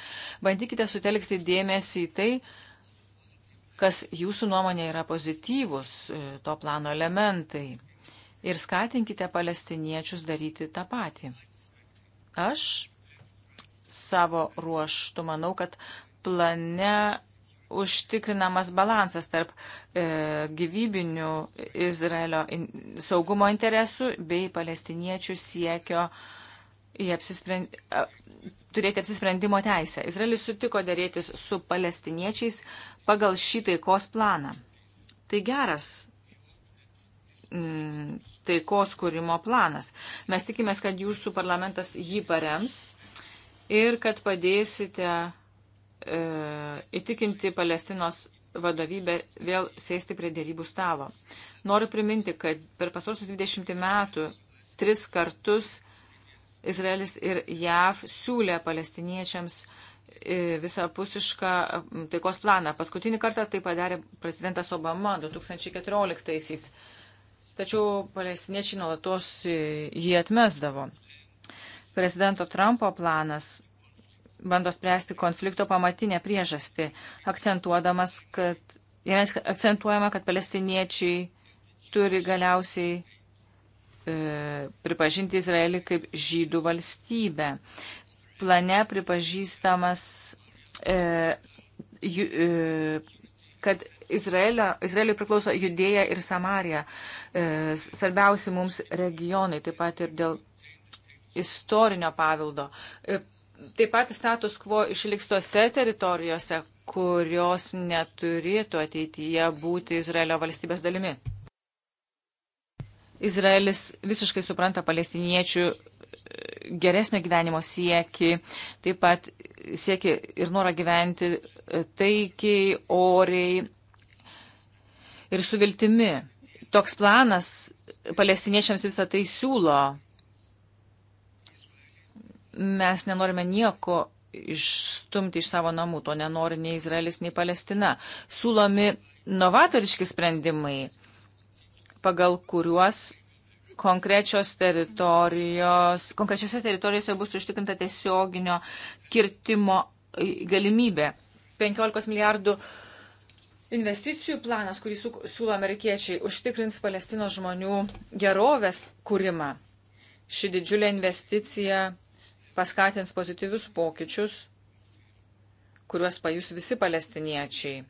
Bandykite sutelkti dėmesį į tai, kas jūsų nuomonė yra pozityvus e, to plano elementai. Ir skatinkite palestiniečius daryti tą patį. Aš savo ruoštų manau, kad plane užtikrinamas balansas tarp e, gyvybinių Izraelio in, saugumo interesų bei palestiniečių siekio apsisprend, a, turėti apsisprendimo teisę. Izraelis sutiko dėrėtis su palestiniečiais pagal šį taikos planą. Tai geras m, mm, taikos kūrimo planas. Mes tikimės, kad jūsų parlamentas jį parems ir kad padėsite E, įtikinti Palestinos vadovybę vėl sėsti prie dėrybų stalo. Noriu priminti, kad per pasaulius 20 metų tris kartus Izraelis ir JAV siūlė palestiniečiams e, visapusišką taikos planą. Paskutinį kartą tai padarė prezidentas Obama 2014-aisiais. Tačiau palestiniečiai nuolatos e, jį atmesdavo. Prezidento Trumpo planas bando spręsti konflikto pamatinę priežastį, akcentuodamas, kad jame akcentuojama, kad palestiniečiai turi galiausiai e, pripažinti Izraelį kaip žydų valstybę. Plane pripažįstamas, e, ju, e, kad Izraelio, Izraeliui priklauso Judėja ir Samarija, e, svarbiausi mums regionai, taip pat ir dėl istorinio pavildo. E, taip pat status quo išliks tose teritorijose, kurios neturėtų ateityje būti Izraelio valstybės dalimi. Izraelis visiškai supranta palestiniečių e, geresnio gyvenimo sieki, taip pat sieki ir norą gyventi e, taikiai, oriai ir su viltimi. Toks planas palestiniečiams visą tai siūlo mes nenorime nieko išstumti iš savo namų, to nenori nei Izraelis, nei Palestina. Sūlomi novatoriški sprendimai, pagal kuriuos konkrečios teritorijos, konkrečiose teritorijose bus užtikrinta tiesioginio kirtimo galimybė. 15 milijardų investicijų planas, kurį siūlo amerikiečiai, užtikrins Palestinos žmonių gerovės kūrimą. Ši didžiulė investicija paskatins pozityvius pokyčius, kuriuos pajus visi palestiniečiai.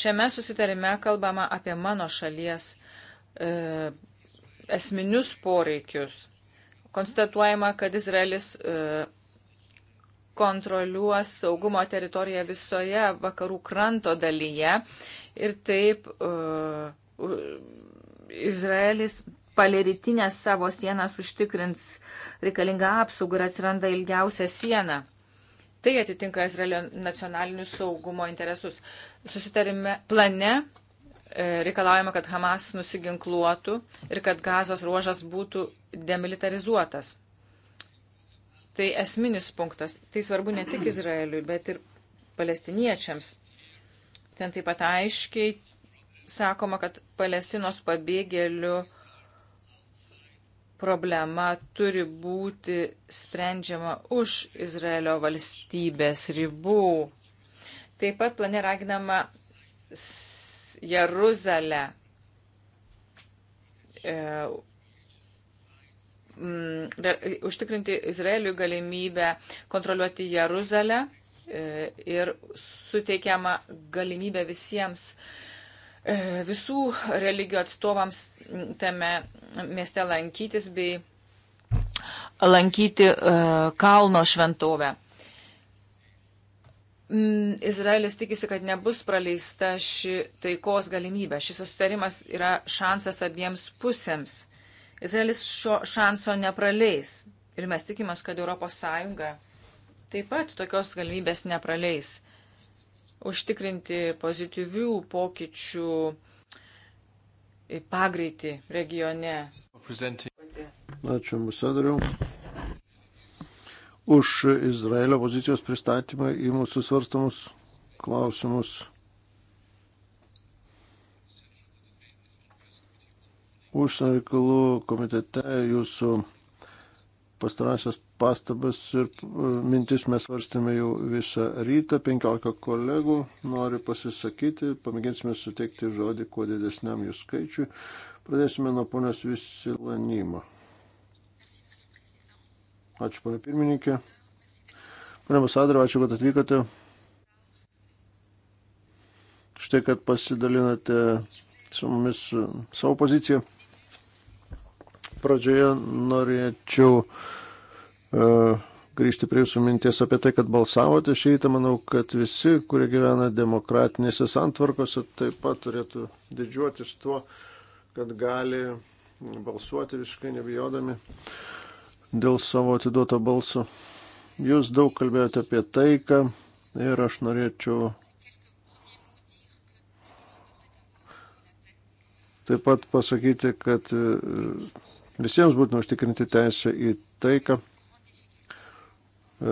Šiame susitarime kalbama apie mano šalies e, esminius poreikius. Konstatuojama, kad Izraelis e, kontroliuos saugumo teritoriją visoje vakarų kranto dalyje ir taip uh, Izraelis palėrytinės savo sienas užtikrins reikalingą apsaugą ir atsiranda ilgiausia siena. Tai atitinka Izraelio nacionalinius saugumo interesus. Susitarime plane e, reikalaujama, kad Hamas nusiginkluotų ir kad gazos ruožas būtų demilitarizuotas. Tai esminis punktas. Tai svarbu ne tik Izraeliui, bet ir palestiniečiams. Ten taip pat aiškiai sakoma, kad Palestinos pabėgėlių uh, problema turi būti sprendžiama už Izraelio valstybės ribų. Taip pat plane raginama Jeruzalę e, m, mm, užtikrinti Izraeliui galimybę kontroliuoti Jeruzalę e, ir suteikiama galimybė visiems e, E, visų religijų atstovams tame mieste lankytis bei lankyti e, kalno šventovę. Mm, Izraelis tikisi, kad nebus praleista ši taikos galimybė. Šis susitarimas yra šansas abiems pusėms. Izraelis šio šanso nepraleis. Ir mes tikimės, kad ES taip pat tokios galimybės nepraleis užtikrinti pozityvių pokyčių pagreitį regione. Ačiū, ambasadoriau. Už Izraelio pozicijos pristatymą į mūsų svarstamus klausimus. Užsienio reikalų komitete jūsų pastarąsias pastabas ir e, mintis mes varstėme jau visą rytą. 15 kolegų nori pasisakyti, pamėginsime suteikti žodį kuo didesniam jų skaičiui. Pradėsime nuo ponios Visilanimo. Ačiū, ponė pirmininkė. Pane ambasadoriu, ačiū, kad atvykote. Štai, kad pasidalinote su mumis e, savo poziciją. Pradžioje norėčiau uh, grįžti prie jūsų minties apie tai, kad balsavote šį rytą. Manau, kad visi, kurie gyvena demokratinėse santvarkose, taip pat turėtų didžiuotis tuo, kad gali balsuoti visiškai nebijodami dėl savo atiduoto balso. Jūs daug kalbėjote apie taiką ir aš norėčiau taip pat pasakyti, kad Visiems būtina užtikrinti teisę į taiką.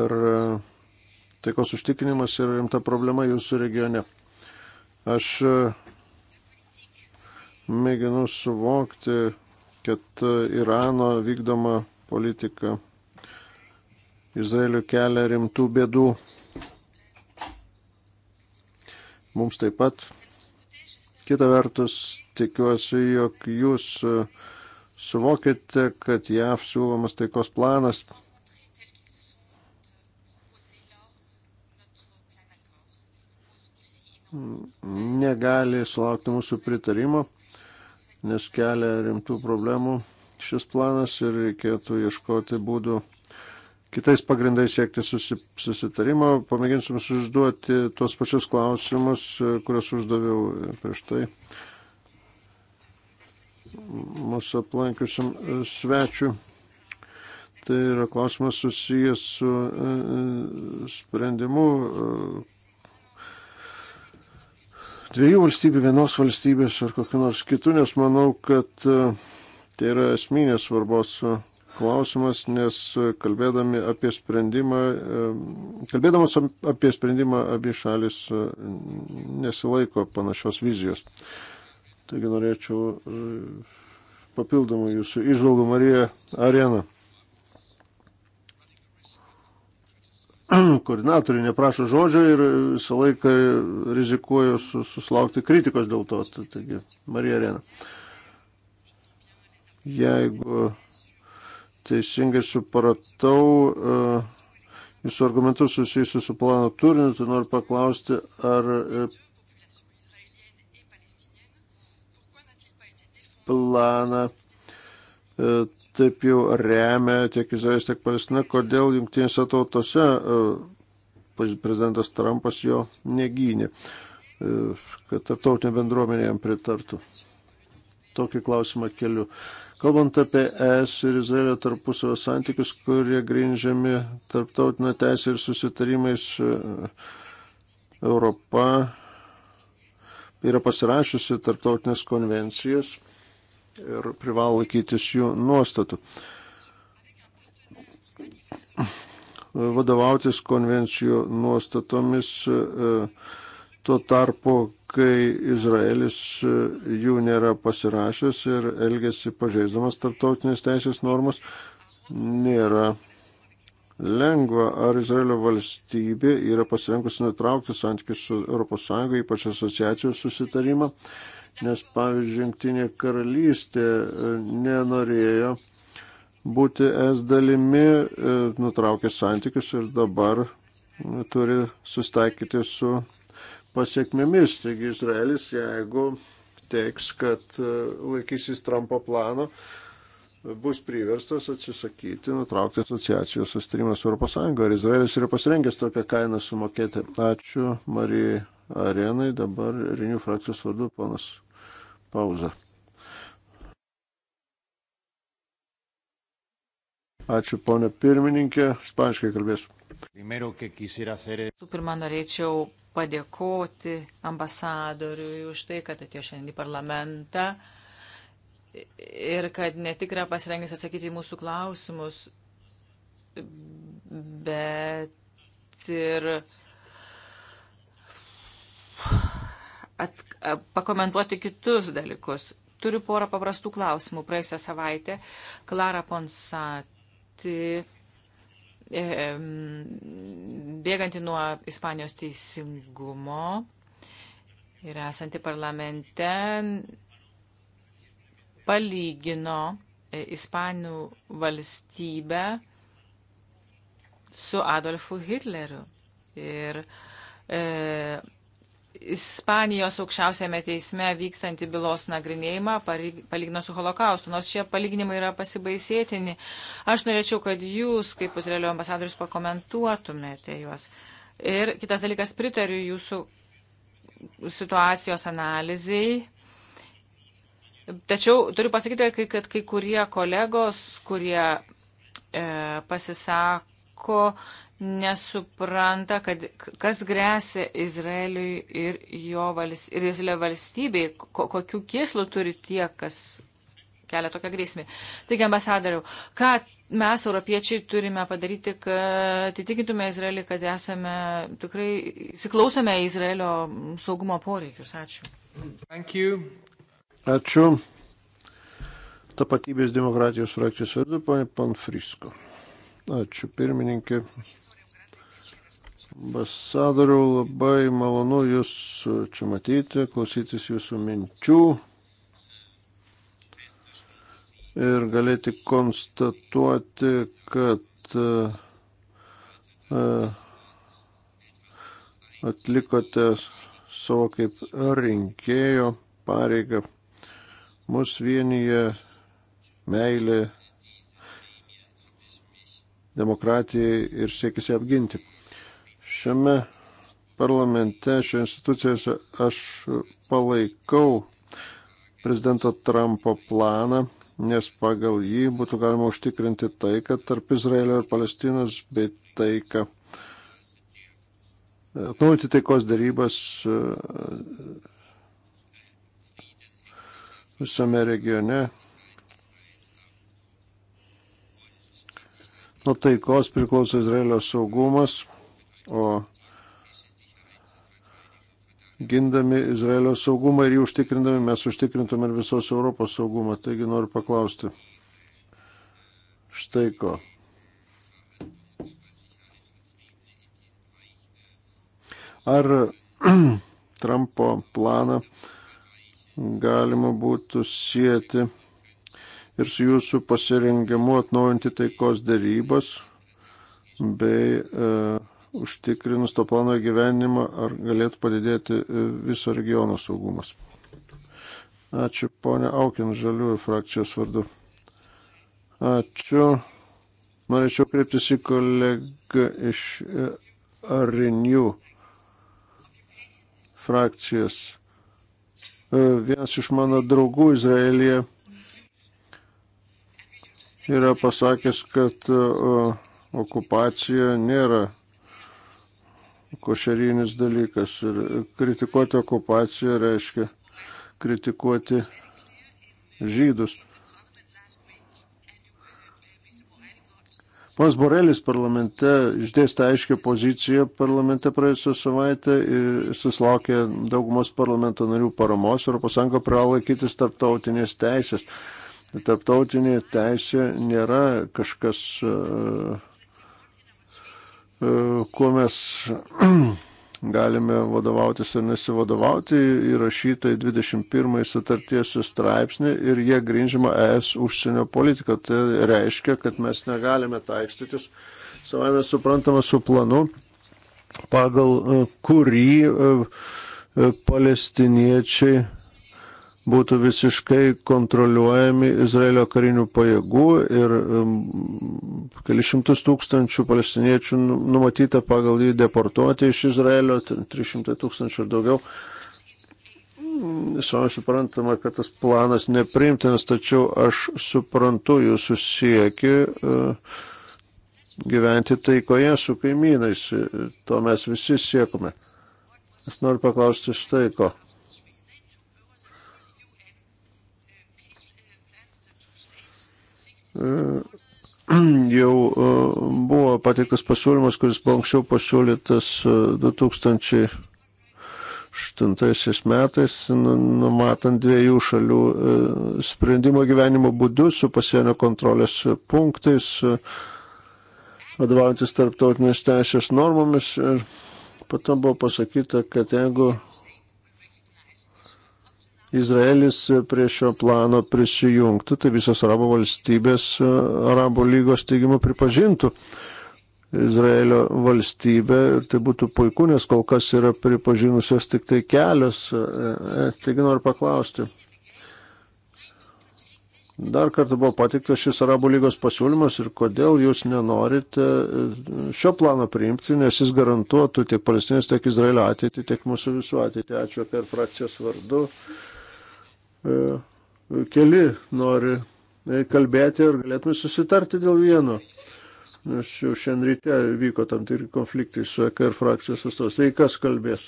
Ir e, taikos užtikrinimas yra rimta problema jūsų regione. Aš e, mėginu suvokti, kad Irano vykdoma politika Izraeliu kelia rimtų bėdų. Mums taip pat. Kita vertus, tikiuosi, jog jūs uh, Suvokite, kad JAV siūlomas taikos planas negali sulaukti mūsų pritarimo, nes kelia rimtų problemų šis planas ir reikėtų ieškoti būdų kitais pagrindais siekti susi, susitarimo. Pamėginsim užduoti tuos pačius klausimus, kuriuos uždaviau prieš tai. Uh, mūsų aplankiusiam e, svečiu. Tai yra klausimas susijęs su e, e, sprendimu dviejų valstybių, vienos valstybės ar kokiu nors kitu, nes manau, kad tai yra esminės svarbos klausimas, nes kalbėdami apie sprendimą, kalbėdamas apie sprendimą abi šalis nesilaiko panašios vizijos. Taigi norėčiau e, papildomų jūsų išvalgų Marija Arena. Koordinatoriai neprašo žodžio ir visą laiką rizikuoju susilaukti kritikos dėl to. Taigi, Marija Arena. Jeigu teisingai supratau e, jūsų argumentus susijusius su plano turiniu, tai noriu paklausti, ar e, planą e, taip jau remia tiek Izraelis, tiek Palestina, kodėl jungtinėse tautose e, prezidentas Trumpas jo negynė, e, kad tarptautinė bendruomenė jam pritartų. Tokį klausimą keliu. Kalbant apie ES ir Izraelio tarpusavio santykius, kurie grindžiami tarptautinio teisė ir susitarimais Europa yra pasirašiusi tarptautinės konvencijas ir privalo laikytis jų nuostatų. Vadovautis konvencijų nuostatomis e, tuo tarpu, kai Izraelis e, jų nėra pasirašęs ir elgesi pažeisdamas tarptautinės teisės normas, nėra lengva, ar Izraelio valstybė yra pasirengusi nutraukti santykius su ES, ypač asociacijos susitarimą nes pavyzdžiui, Junktinė karalystė e, nenorėjo būti es dalimi, e, nutraukė santykius ir dabar e, turi sustaikyti su pasiekmėmis. Taigi Izraelis, jeigu teiks, kad laikysis Trumpo plano, bus priverstas atsisakyti, nutraukti asociacijos sustarimą su ES. Ar Izraelis yra pasirengęs tokią kainą sumokėti? Ačiū Marijai Arenai, dabar Rinių frakcijos vardu ponas pauzę. Ačiū, ponė pirmininkė, spaniškai kalbėsiu. Su pirma, norėčiau padėkoti ambasadoriui už tai, kad atėjo šiandien į parlamentą ir kad ne tik yra pasirengęs atsakyti į mūsų klausimus, bet ir at, a, pakomentuoti kitus dalykus. Turiu porą paprastų klausimų. Praėjusią savaitę Klara Ponsati, e, bėganti nuo Ispanijos teisingumo ir esanti parlamente, palygino e, Ispanų valstybę su Adolfu Hitleriu. Ir e, Ispanijos aukščiausiame teisme vykstantį bylos nagrinėjimą palygino su holokaustu, nors šie palyginimai yra pasibaisėtini. Aš norėčiau, kad jūs, kaip Izraelio ambasadorius, pakomentuotumėte juos. Ir kitas dalykas, pritariu jūsų situacijos analizai. Tačiau turiu pasakyti, kad kai kurie kolegos, kurie e, pasisako, nesupranta, kad kas grėsia Izraeliui ir jo vals, ir Izraelio valstybei, ko, kokių kieslų turi tie, kas kelia tokią grėsmę. Taigi, ambasadoriau, ką mes, europiečiai, turime padaryti, kad įtikintume Izraelį, kad esame tikrai, įsiklausome Izraelio saugumo poreikius. Ačiū. Ačiū. Tapatybės demokratijos frakcijos vardu, ponė Panfrisko. Ačiū pirmininkė. Ambasadoriau, labai malonu Jūs čia matyti, klausytis Jūsų minčių ir galėti konstatuoti, kad e, e, atlikote savo kaip rinkėjo pareigą. Mūsų vienyje meilė demokratijai ir siekis ją apginti šiame parlamente, šioje institucijose aš palaikau prezidento Trumpo planą, nes pagal jį būtų galima užtikrinti taiką tarp Izraelio ir Palestinos bei taiką. E, atnaujinti taikos darybas e, visame regione. Nuo taikos priklauso Izraelio saugumas. O gindami Izraelio saugumą ir jį užtikrindami, mes užtikrintume ir visos Europos saugumą. Taigi noriu paklausti. Štai ko. Ar Trumpo planą galima būtų sieti ir su jūsų pasirengimu atnaujinti taikos darybas bei uh, užtikrinus to plano gyvenimą, ar galėtų padidėti e, viso regiono saugumas. Ačiū, ponia Aukin, žaliųjų frakcijos vardu. Ačiū. Norėčiau kreiptis į kolegą iš Arinių e, frakcijas. E, vienas iš mano draugų Izraelija yra pasakęs, kad okupacija nėra košerinis dalykas. Ir kritikuoti okupaciją reiškia kritikuoti žydus. Pons Borelis parlamente išdėstė aiškę poziciją parlamente praėjusią savaitę ir susilaukė daugumos parlamento narių paramos. ES privalo laikytis tarptautinės teisės. Tarptautinė teisė nėra kažkas uh, E, kuo mes galime vadovautis ar nesivadovauti, įrašyta į 21 sutarties straipsnį ir jie grindžiama ES užsienio politika. Tai reiškia, kad mes negalime taikstytis savame suprantama su planu, pagal e, kurį e, palestiniečiai būtų visiškai kontroliuojami Izraelio karinių pajėgų ir kelišimtus tūkstančių palestiniečių nu, numatyta pagal jį deportuoti iš Izraelio, 300 tūkstančių ir daugiau. Savai suprantama, kad tas planas nepriimtinas, tačiau aš suprantu jūsų sieki e, gyventi taikoje su kaimynais. E, to mes visi siekome. Aš noriu paklausti štai ko jau e, buvo pateiktas pasiūlymas, kuris buvo anksčiau pasiūlytas 2008 e, metais, nu, numatant dviejų šalių e, sprendimo gyvenimo būdu su pasienio kontrolės punktais, vadovaujantis tarptautinės teisės normomis. Ir po to buvo pasakyta, kad jeigu Izraelis prie šio plano prisijungtų, tai visos arabo valstybės e, arabo lygos teigimu pripažintų Izraelio valstybę ir tai būtų puiku, nes kol kas yra pripažinusios tik tai kelios. E, e, taigi noriu paklausti. Dar kartą buvo patiktas šis Arabų lygos pasiūlymas ir kodėl jūs nenorite šio plano priimti, nes jis garantuotų tiek Palestinės, tiek Izraelio ateitį, tiek mūsų visų ateitį. Ačiū per frakcijos vardu. E, keli nori e, kalbėti ir galėtume susitarti dėl vieno. Nes jau šiandien ryte vyko tam tikri konfliktai su EKR frakcijos atstovais. Tai kas kalbės?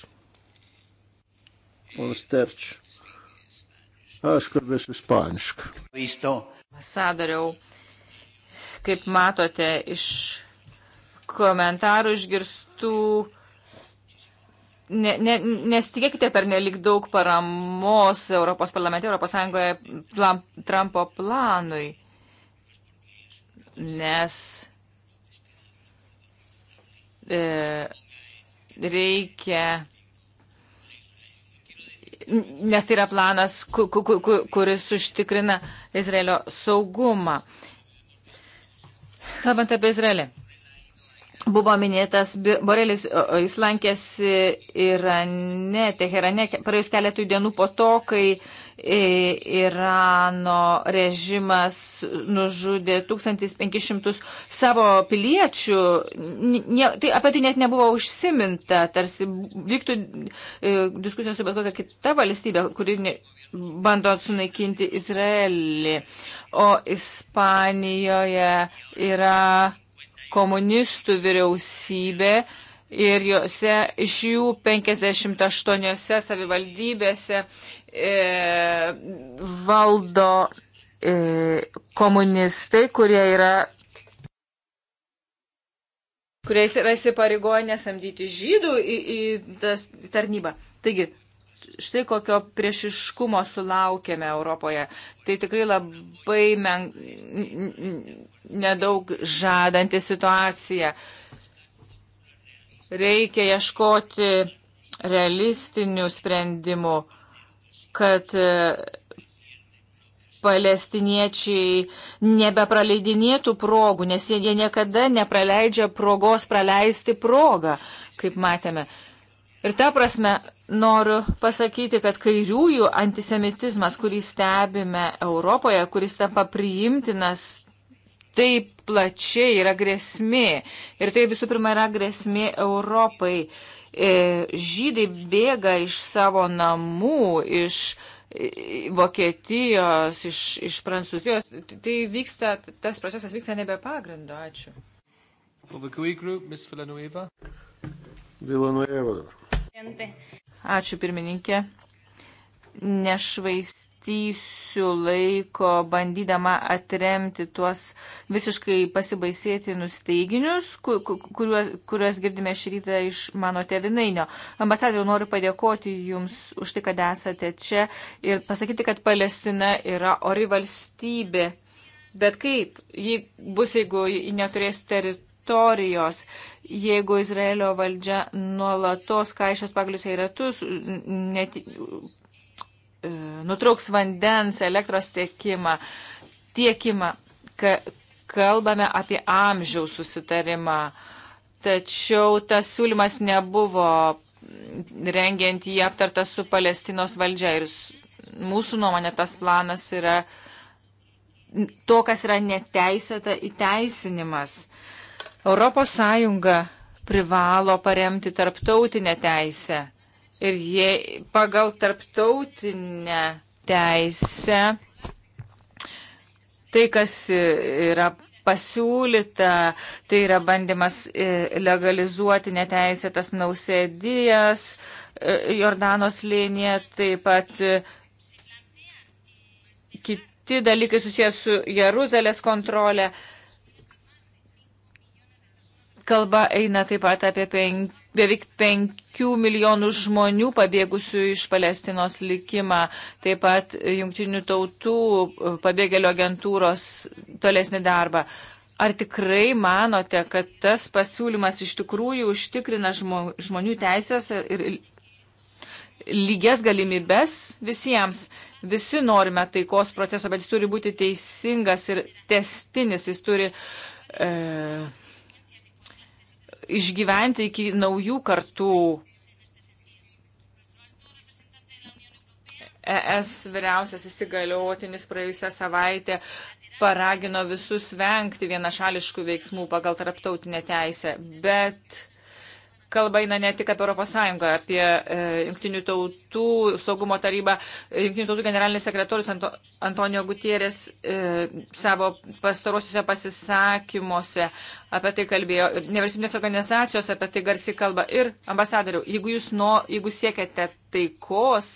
Ponas Terč. Aš kalbėsiu ispaniškai. Sadariau, kaip matote iš komentarų išgirstų ne, ne, nesitikėkite per nelik daug paramos Europos parlamente, Europos Sąjungoje plan, Trumpo planui, nes e, reikia. Nes tai yra planas, kuris užtikrina Izraelio saugumą. Kalbant apie Izraelį buvo minėtas Borelis, jis lankėsi Irane, Teherane, praėjus keletų dienų po to, kai e, Irano režimas nužudė 1500 savo piliečių. Ne, tai apie tai net nebuvo užsiminta, tarsi vyktų e, diskusijos su bet kokia kita valstybė, kuri bando sunaikinti Izraelį. O Ispanijoje yra komunistų vyriausybė ir jose, iš jų 58 savivaldybėse e, valdo e, komunistai, kurie yra kuriais yra įsipareigoję nesamdyti žydų į, į tas į tarnybą. Taigi, štai kokio priešiškumo sulaukėme Europoje. Tai tikrai labai men, nedaug žadanti situacija. Reikia ieškoti realistinių sprendimų, kad e, palestiniečiai nebepraleidinėtų progų, nes jie niekada nepraleidžia progos praleisti progą, kaip matėme. Ir ta prasme noriu pasakyti, kad kairiųjų antisemitizmas, kurį stebime Europoje, kuris tampa priimtinas taip plačiai yra grėsmė. Ir tai visų pirma yra grėsmė Europai. E, žydai bėga iš savo namų, iš e, Vokietijos, iš, iš Prancūzijos. Tai, tai vyksta, tas procesas vyksta nebe pagrindo. Ačiū. Villanueva. Ačiū pirmininkė. Nešvaist švaistysiu laiko bandydama atremti tuos visiškai pasibaisėti nusteiginius, kuriuos, kuriuos girdime šį rytą iš mano tevinainio. Ambasadoriu, noriu padėkoti Jums už tai, kad esate čia ir pasakyti, kad Palestina yra ori valstybė. Bet kaip jį bus, jeigu jį neturės teritorijos, jeigu Izraelio valdžia nuolatos kaišės paglius į ratus, net, E, nutrauks vandens, elektros tiekimą, tiekimą, ka, kalbame apie amžiaus susitarimą. Tačiau tas siūlymas nebuvo rengiant jį aptartas su Palestinos valdžia ir mūsų nuomonė tas planas yra to, kas yra neteisėta įteisinimas. Europos Sąjunga privalo paremti tarptautinę teisę Ir jie pagal tarptautinę teisę, tai kas yra pasiūlyta, tai yra bandymas e, legalizuoti neteisėtas nausėdijas, e, Jordanos linija, taip pat e, kiti dalykai susijęs su Jeruzalės kontrolė. Kalba eina taip pat apie 5 beveik 5 milijonų žmonių pabėgusių iš Palestinos likimą, taip pat jungtinių tautų pabėgėlio agentūros tolesnį darbą. Ar tikrai manote, kad tas pasiūlymas iš tikrųjų užtikrina žmo, žmonių teisės ir lygias galimybes visiems? Visi norime taikos proceso, bet jis turi būti teisingas ir testinis, jis turi. E, išgyventi iki naujų kartų. ES vyriausias įsigaliotinis praėjusią savaitę paragino visus vengti vienašališkų veiksmų pagal tarptautinę teisę, bet kalba eina ne tik apie ES, apie e, Junktinių tautų saugumo tarybą. Junktinių tautų generalinis sekretorius Anto, Antonio Gutierės e, savo pastarosiuose pasisakymuose apie tai kalbėjo. Nevalstybinės organizacijos apie tai garsiai kalba. Ir ambasadoriu, jeigu jūs no, jeigu siekiate taikos,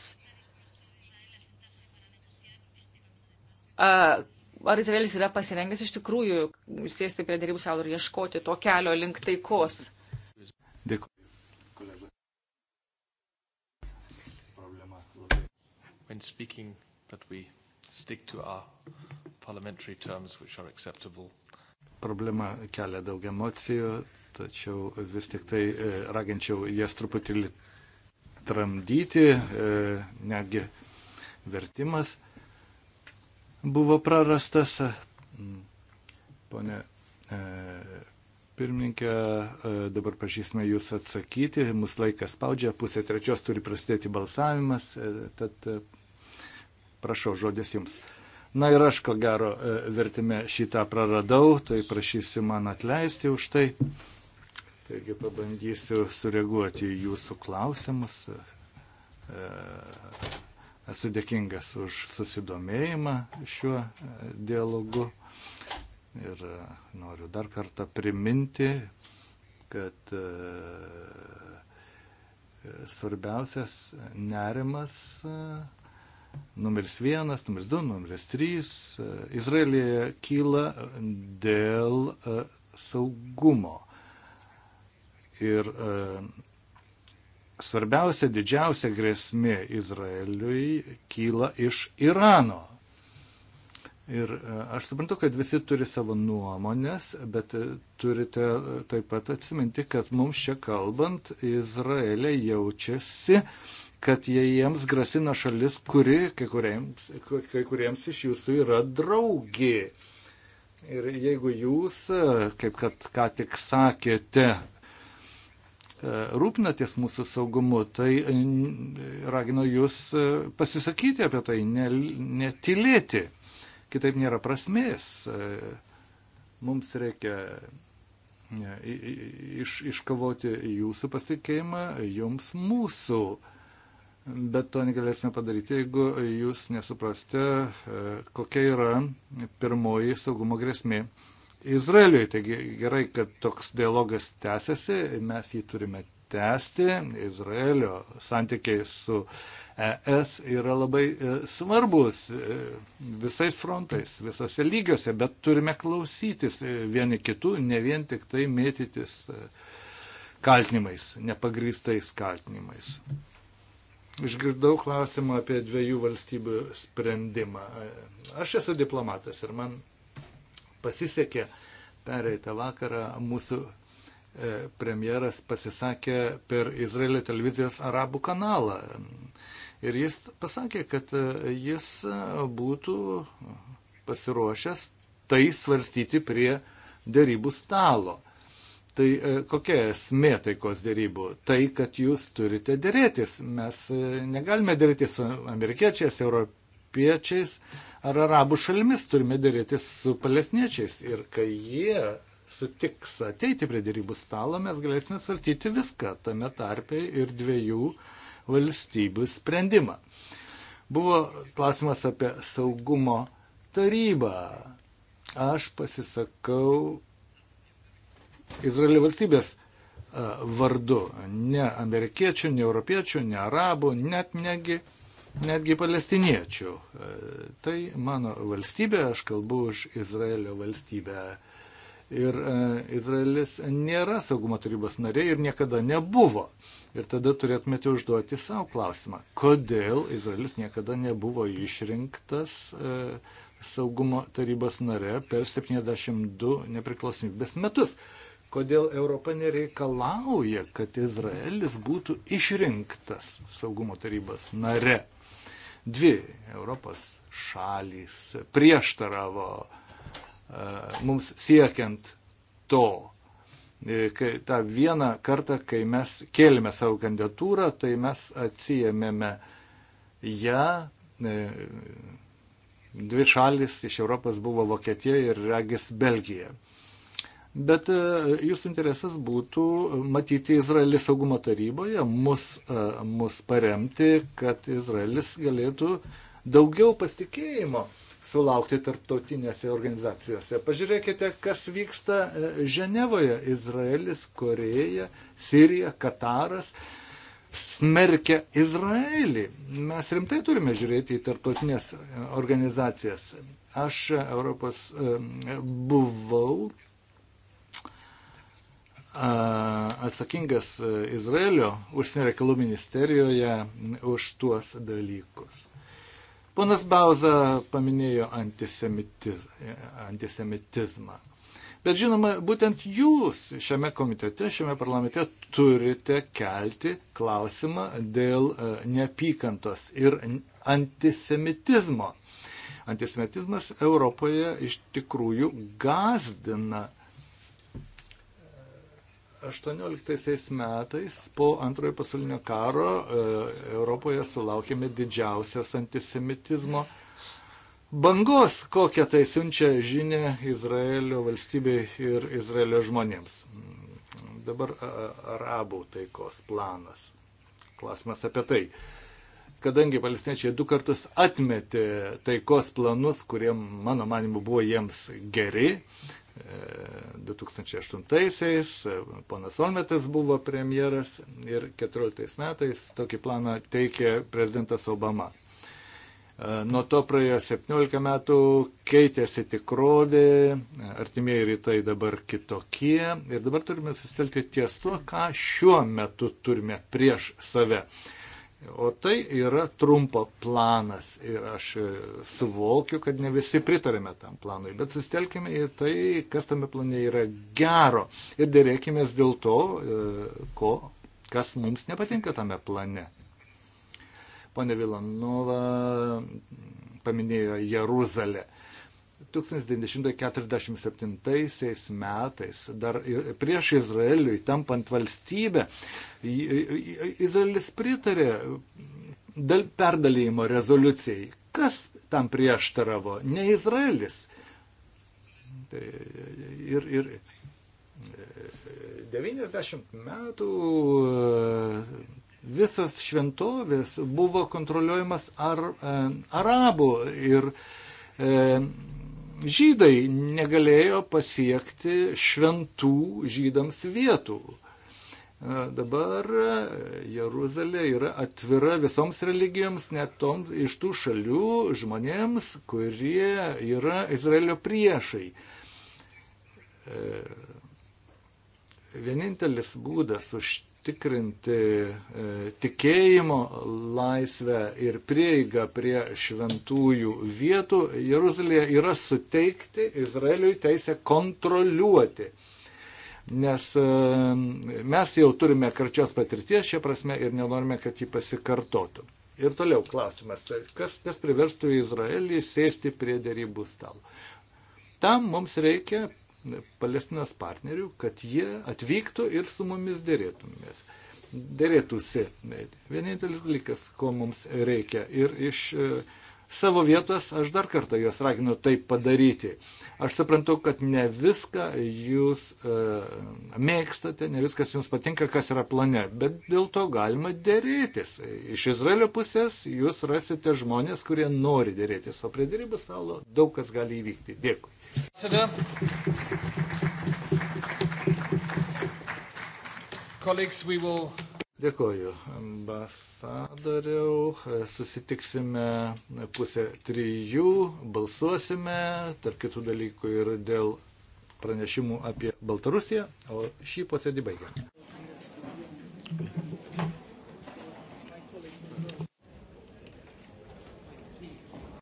a, ar Izraelis yra pasirengęs iš tikrųjų sėsti prie darybų salų ir ieškoti to kelio link taikos? Dėkuoju. Kolegos. Problema labai. When speaking that we stick to our parliamentary terms which are acceptable. Problema kelia daug emocijų, tačiau vis tik tai e, raginčiau jas truputį tramdyti, e, netgi vertimas buvo prarastas. Pone e, pirmininkė, e, dabar prašysime jūs atsakyti, mūsų laikas spaudžia, pusė trečios turi prasidėti balsavimas, e, tad e, prašau, žodis jums. Na ir aš, ko gero, vertime šitą praradau, tai prašysiu man atleisti už tai. Taigi pabandysiu sureaguoti į jūsų klausimus. Esu dėkingas už susidomėjimą šiuo dialogu. Ir e, noriu dar kartą priminti, kad e, e, svarbiausias nerimas numeris vienas, numeris du, numeris trys Izraelėje kyla dėl saugumo. Ir svarbiausia, didžiausia grėsmė Izraeliui kyla iš Irano. Ir e, aš suprantu, kad visi turi savo nuomonės, bet e, turite e, taip pat atsiminti, kad mums čia kalbant, Izraelė jaučiasi, kad jie jiems grasina šalis, kuri kai kuriems, kai kuriems iš jūsų yra draugė. Ir jeigu jūs, kaip kad ką tik sakėte, rūpinatės mūsų saugumu, tai raginu jūs pasisakyti apie tai, netilėti. Ne kitaip nėra prasmės. Mums reikia e, iš, iškovoti jūsų pasitikėjimą, jums mūsų. Bet to negalėsime padaryti, jeigu jūs nesuprasite, e, kokia yra pirmoji saugumo grėsmė Izraeliui. Taigi gerai, kad toks dialogas tęsiasi, mes jį turime tęsti. Izraelio santykiai su ES yra labai e, svarbus e, visais frontais, visose lygiuose, bet turime klausytis e, vieni kitų, ne vien tik tai mėtytis kaltinimais, nepagrįstais kaltinimais. Išgirdau klausimą apie dviejų valstybių sprendimą. Aš esu diplomatas ir man pasisekė pereitą vakarą mūsų E, premjeras pasisakė per Izraelio televizijos arabų kanalą. Ir jis pasakė, kad e, jis e, būtų pasiruošęs tai svarstyti prie dėrybų stalo. Tai kokia esmė taikos dėrybų? Tai, kad jūs turite dėrėtis. Mes negalime dėrėtis su amerikiečiais, europiečiais ar arabų šalimis, turime dėrėtis su palestiniečiais. Ir kai jie sutiks ateiti prie dėrybų stalo, mes galėsime svartyti viską, tame tarpe ir dviejų valstybių sprendimą. Buvo klausimas apie saugumo tarybą. Aš pasisakau Izraelio valstybės vardu. Ne amerikiečių, ne europiečių, ne arabų, net negi, netgi palestiniečių. Tai mano valstybė, aš kalbu už Izraelio valstybę. Ir e, Izraelis nėra saugumo tarybos narė ir niekada nebuvo. Ir tada turėtumėte užduoti savo klausimą, kodėl Izraelis niekada nebuvo išrinktas e, saugumo tarybos nare per 72 nepriklausomybės metus. Kodėl Europa nereikalauja, kad Izraelis būtų išrinktas saugumo tarybos nare. Dvi Europos šalys prieštaravo uh, E, mums siekiant to. E, kai tą vieną kartą, kai mes kėlėme savo kandidatūrą, tai mes atsijėmėme ją. E, dvi šalis iš Europos buvo Vokietija ir Regis Belgija. Bet jūsų interesas būtų matyti Izraelį saugumo taryboje, mus, mus paremti, kad Izraelis galėtų daugiau pasitikėjimo uh, sulaukti tarptautinėse organizacijose. Pažiūrėkite, kas vyksta e, Ženevoje. Izraelis, Koreja, Sirija, Kataras smerkia Izraelį. Mes rimtai turime žiūrėti į tarptautinės e, organizacijas. Aš e, Europos buvau atsakingas Izraelio užsienio reikalų ministerijoje už tuos dalykus. Ponas Bauza paminėjo antisemitiz, antisemitizmą. Bet žinoma, būtent jūs šiame komitete, šiame parlamente turite kelti klausimą dėl e, neapykantos ir antisemitizmo. Antisemitizmas Europoje iš tikrųjų gazdina 18 metais po antrojo pasaulinio karo e, Europoje sulaukėme didžiausios antisemitizmo bangos, kokią tai siunčia žinia Izraelio valstybei ir Izraelio žmonėms. Dabar arabų taikos planas. Klausimas apie tai kadangi palestiniečiai du kartus atmetė taikos planus, kurie, mano manimu, buvo jiems geri, 2008-aisiais, ponas Olmetas buvo premjeras ir 2014 metais tokį planą teikė prezidentas Obama. Nuo to praėjo 17 metų, keitėsi tikrovė, artimieji rytai dabar kitokie ir dabar turime susitelkti ties tuo, ką šiuo metu turime prieš save. Uh, O tai yra trumpo planas ir aš suvokiu, kad ne visi pritarėme tam planui, bet sustelkime į tai, kas tame plane yra gero ir dėrėkime dėl to, e, ko, kas mums nepatinka tame plane. Pone Vilanova paminėjo Jeruzalę. 1947 metais, dar prieš Izraeliui tampant valstybę, Izraelis pritarė perdalymo rezoliucijai. Kas tam prieštaravo? Ne Izraelis. Tai ir, ir 90 metų e, visas šventovės buvo kontroliuojamas ar, e, arabų ir e, žydai negalėjo pasiekti šventų žydams vietų. E, dabar e, Jeruzalė yra atvira visoms religijoms, net tom iš tų šalių žmonėms, kurie yra Izraelio priešai. E, vienintelis būdas už užtikrinti e, tikėjimo laisvę ir prieigą prie šventųjų vietų Jeruzalėje yra suteikti Izraeliui teisę kontroliuoti nes e, mes jau turime karčios patirties šią prasme ir nenorime, kad jį pasikartotų. Ir toliau klausimas, kas, kas priverstų Izraelį sėsti prie dėrybų stalo. Tam mums reikia Palestinos partnerių, kad jie atvyktų ir su mumis dėrėtumės. Dėrėtųsi. Vienintelis dalykas, ko mums reikia. Ir iš e, savo vietos aš dar kartą juos raginu tai padaryti. Aš suprantu, kad ne viską jūs e, mėgstate, ne viskas jums patinka, kas yra plane, bet dėl to galima dėrėtis. Iš Izraelio pusės jūs rasite žmonės, kurie nori dėrėtis, o prie dėrybų stalo daug kas gali įvykti. Dėkui. Dėkoju, ambasadoriau. Susitiksime pusę trijų, balsuosime, tarp kitų dalykų ir dėl pranešimų apie Baltarusiją, o šį posėdį baigiame.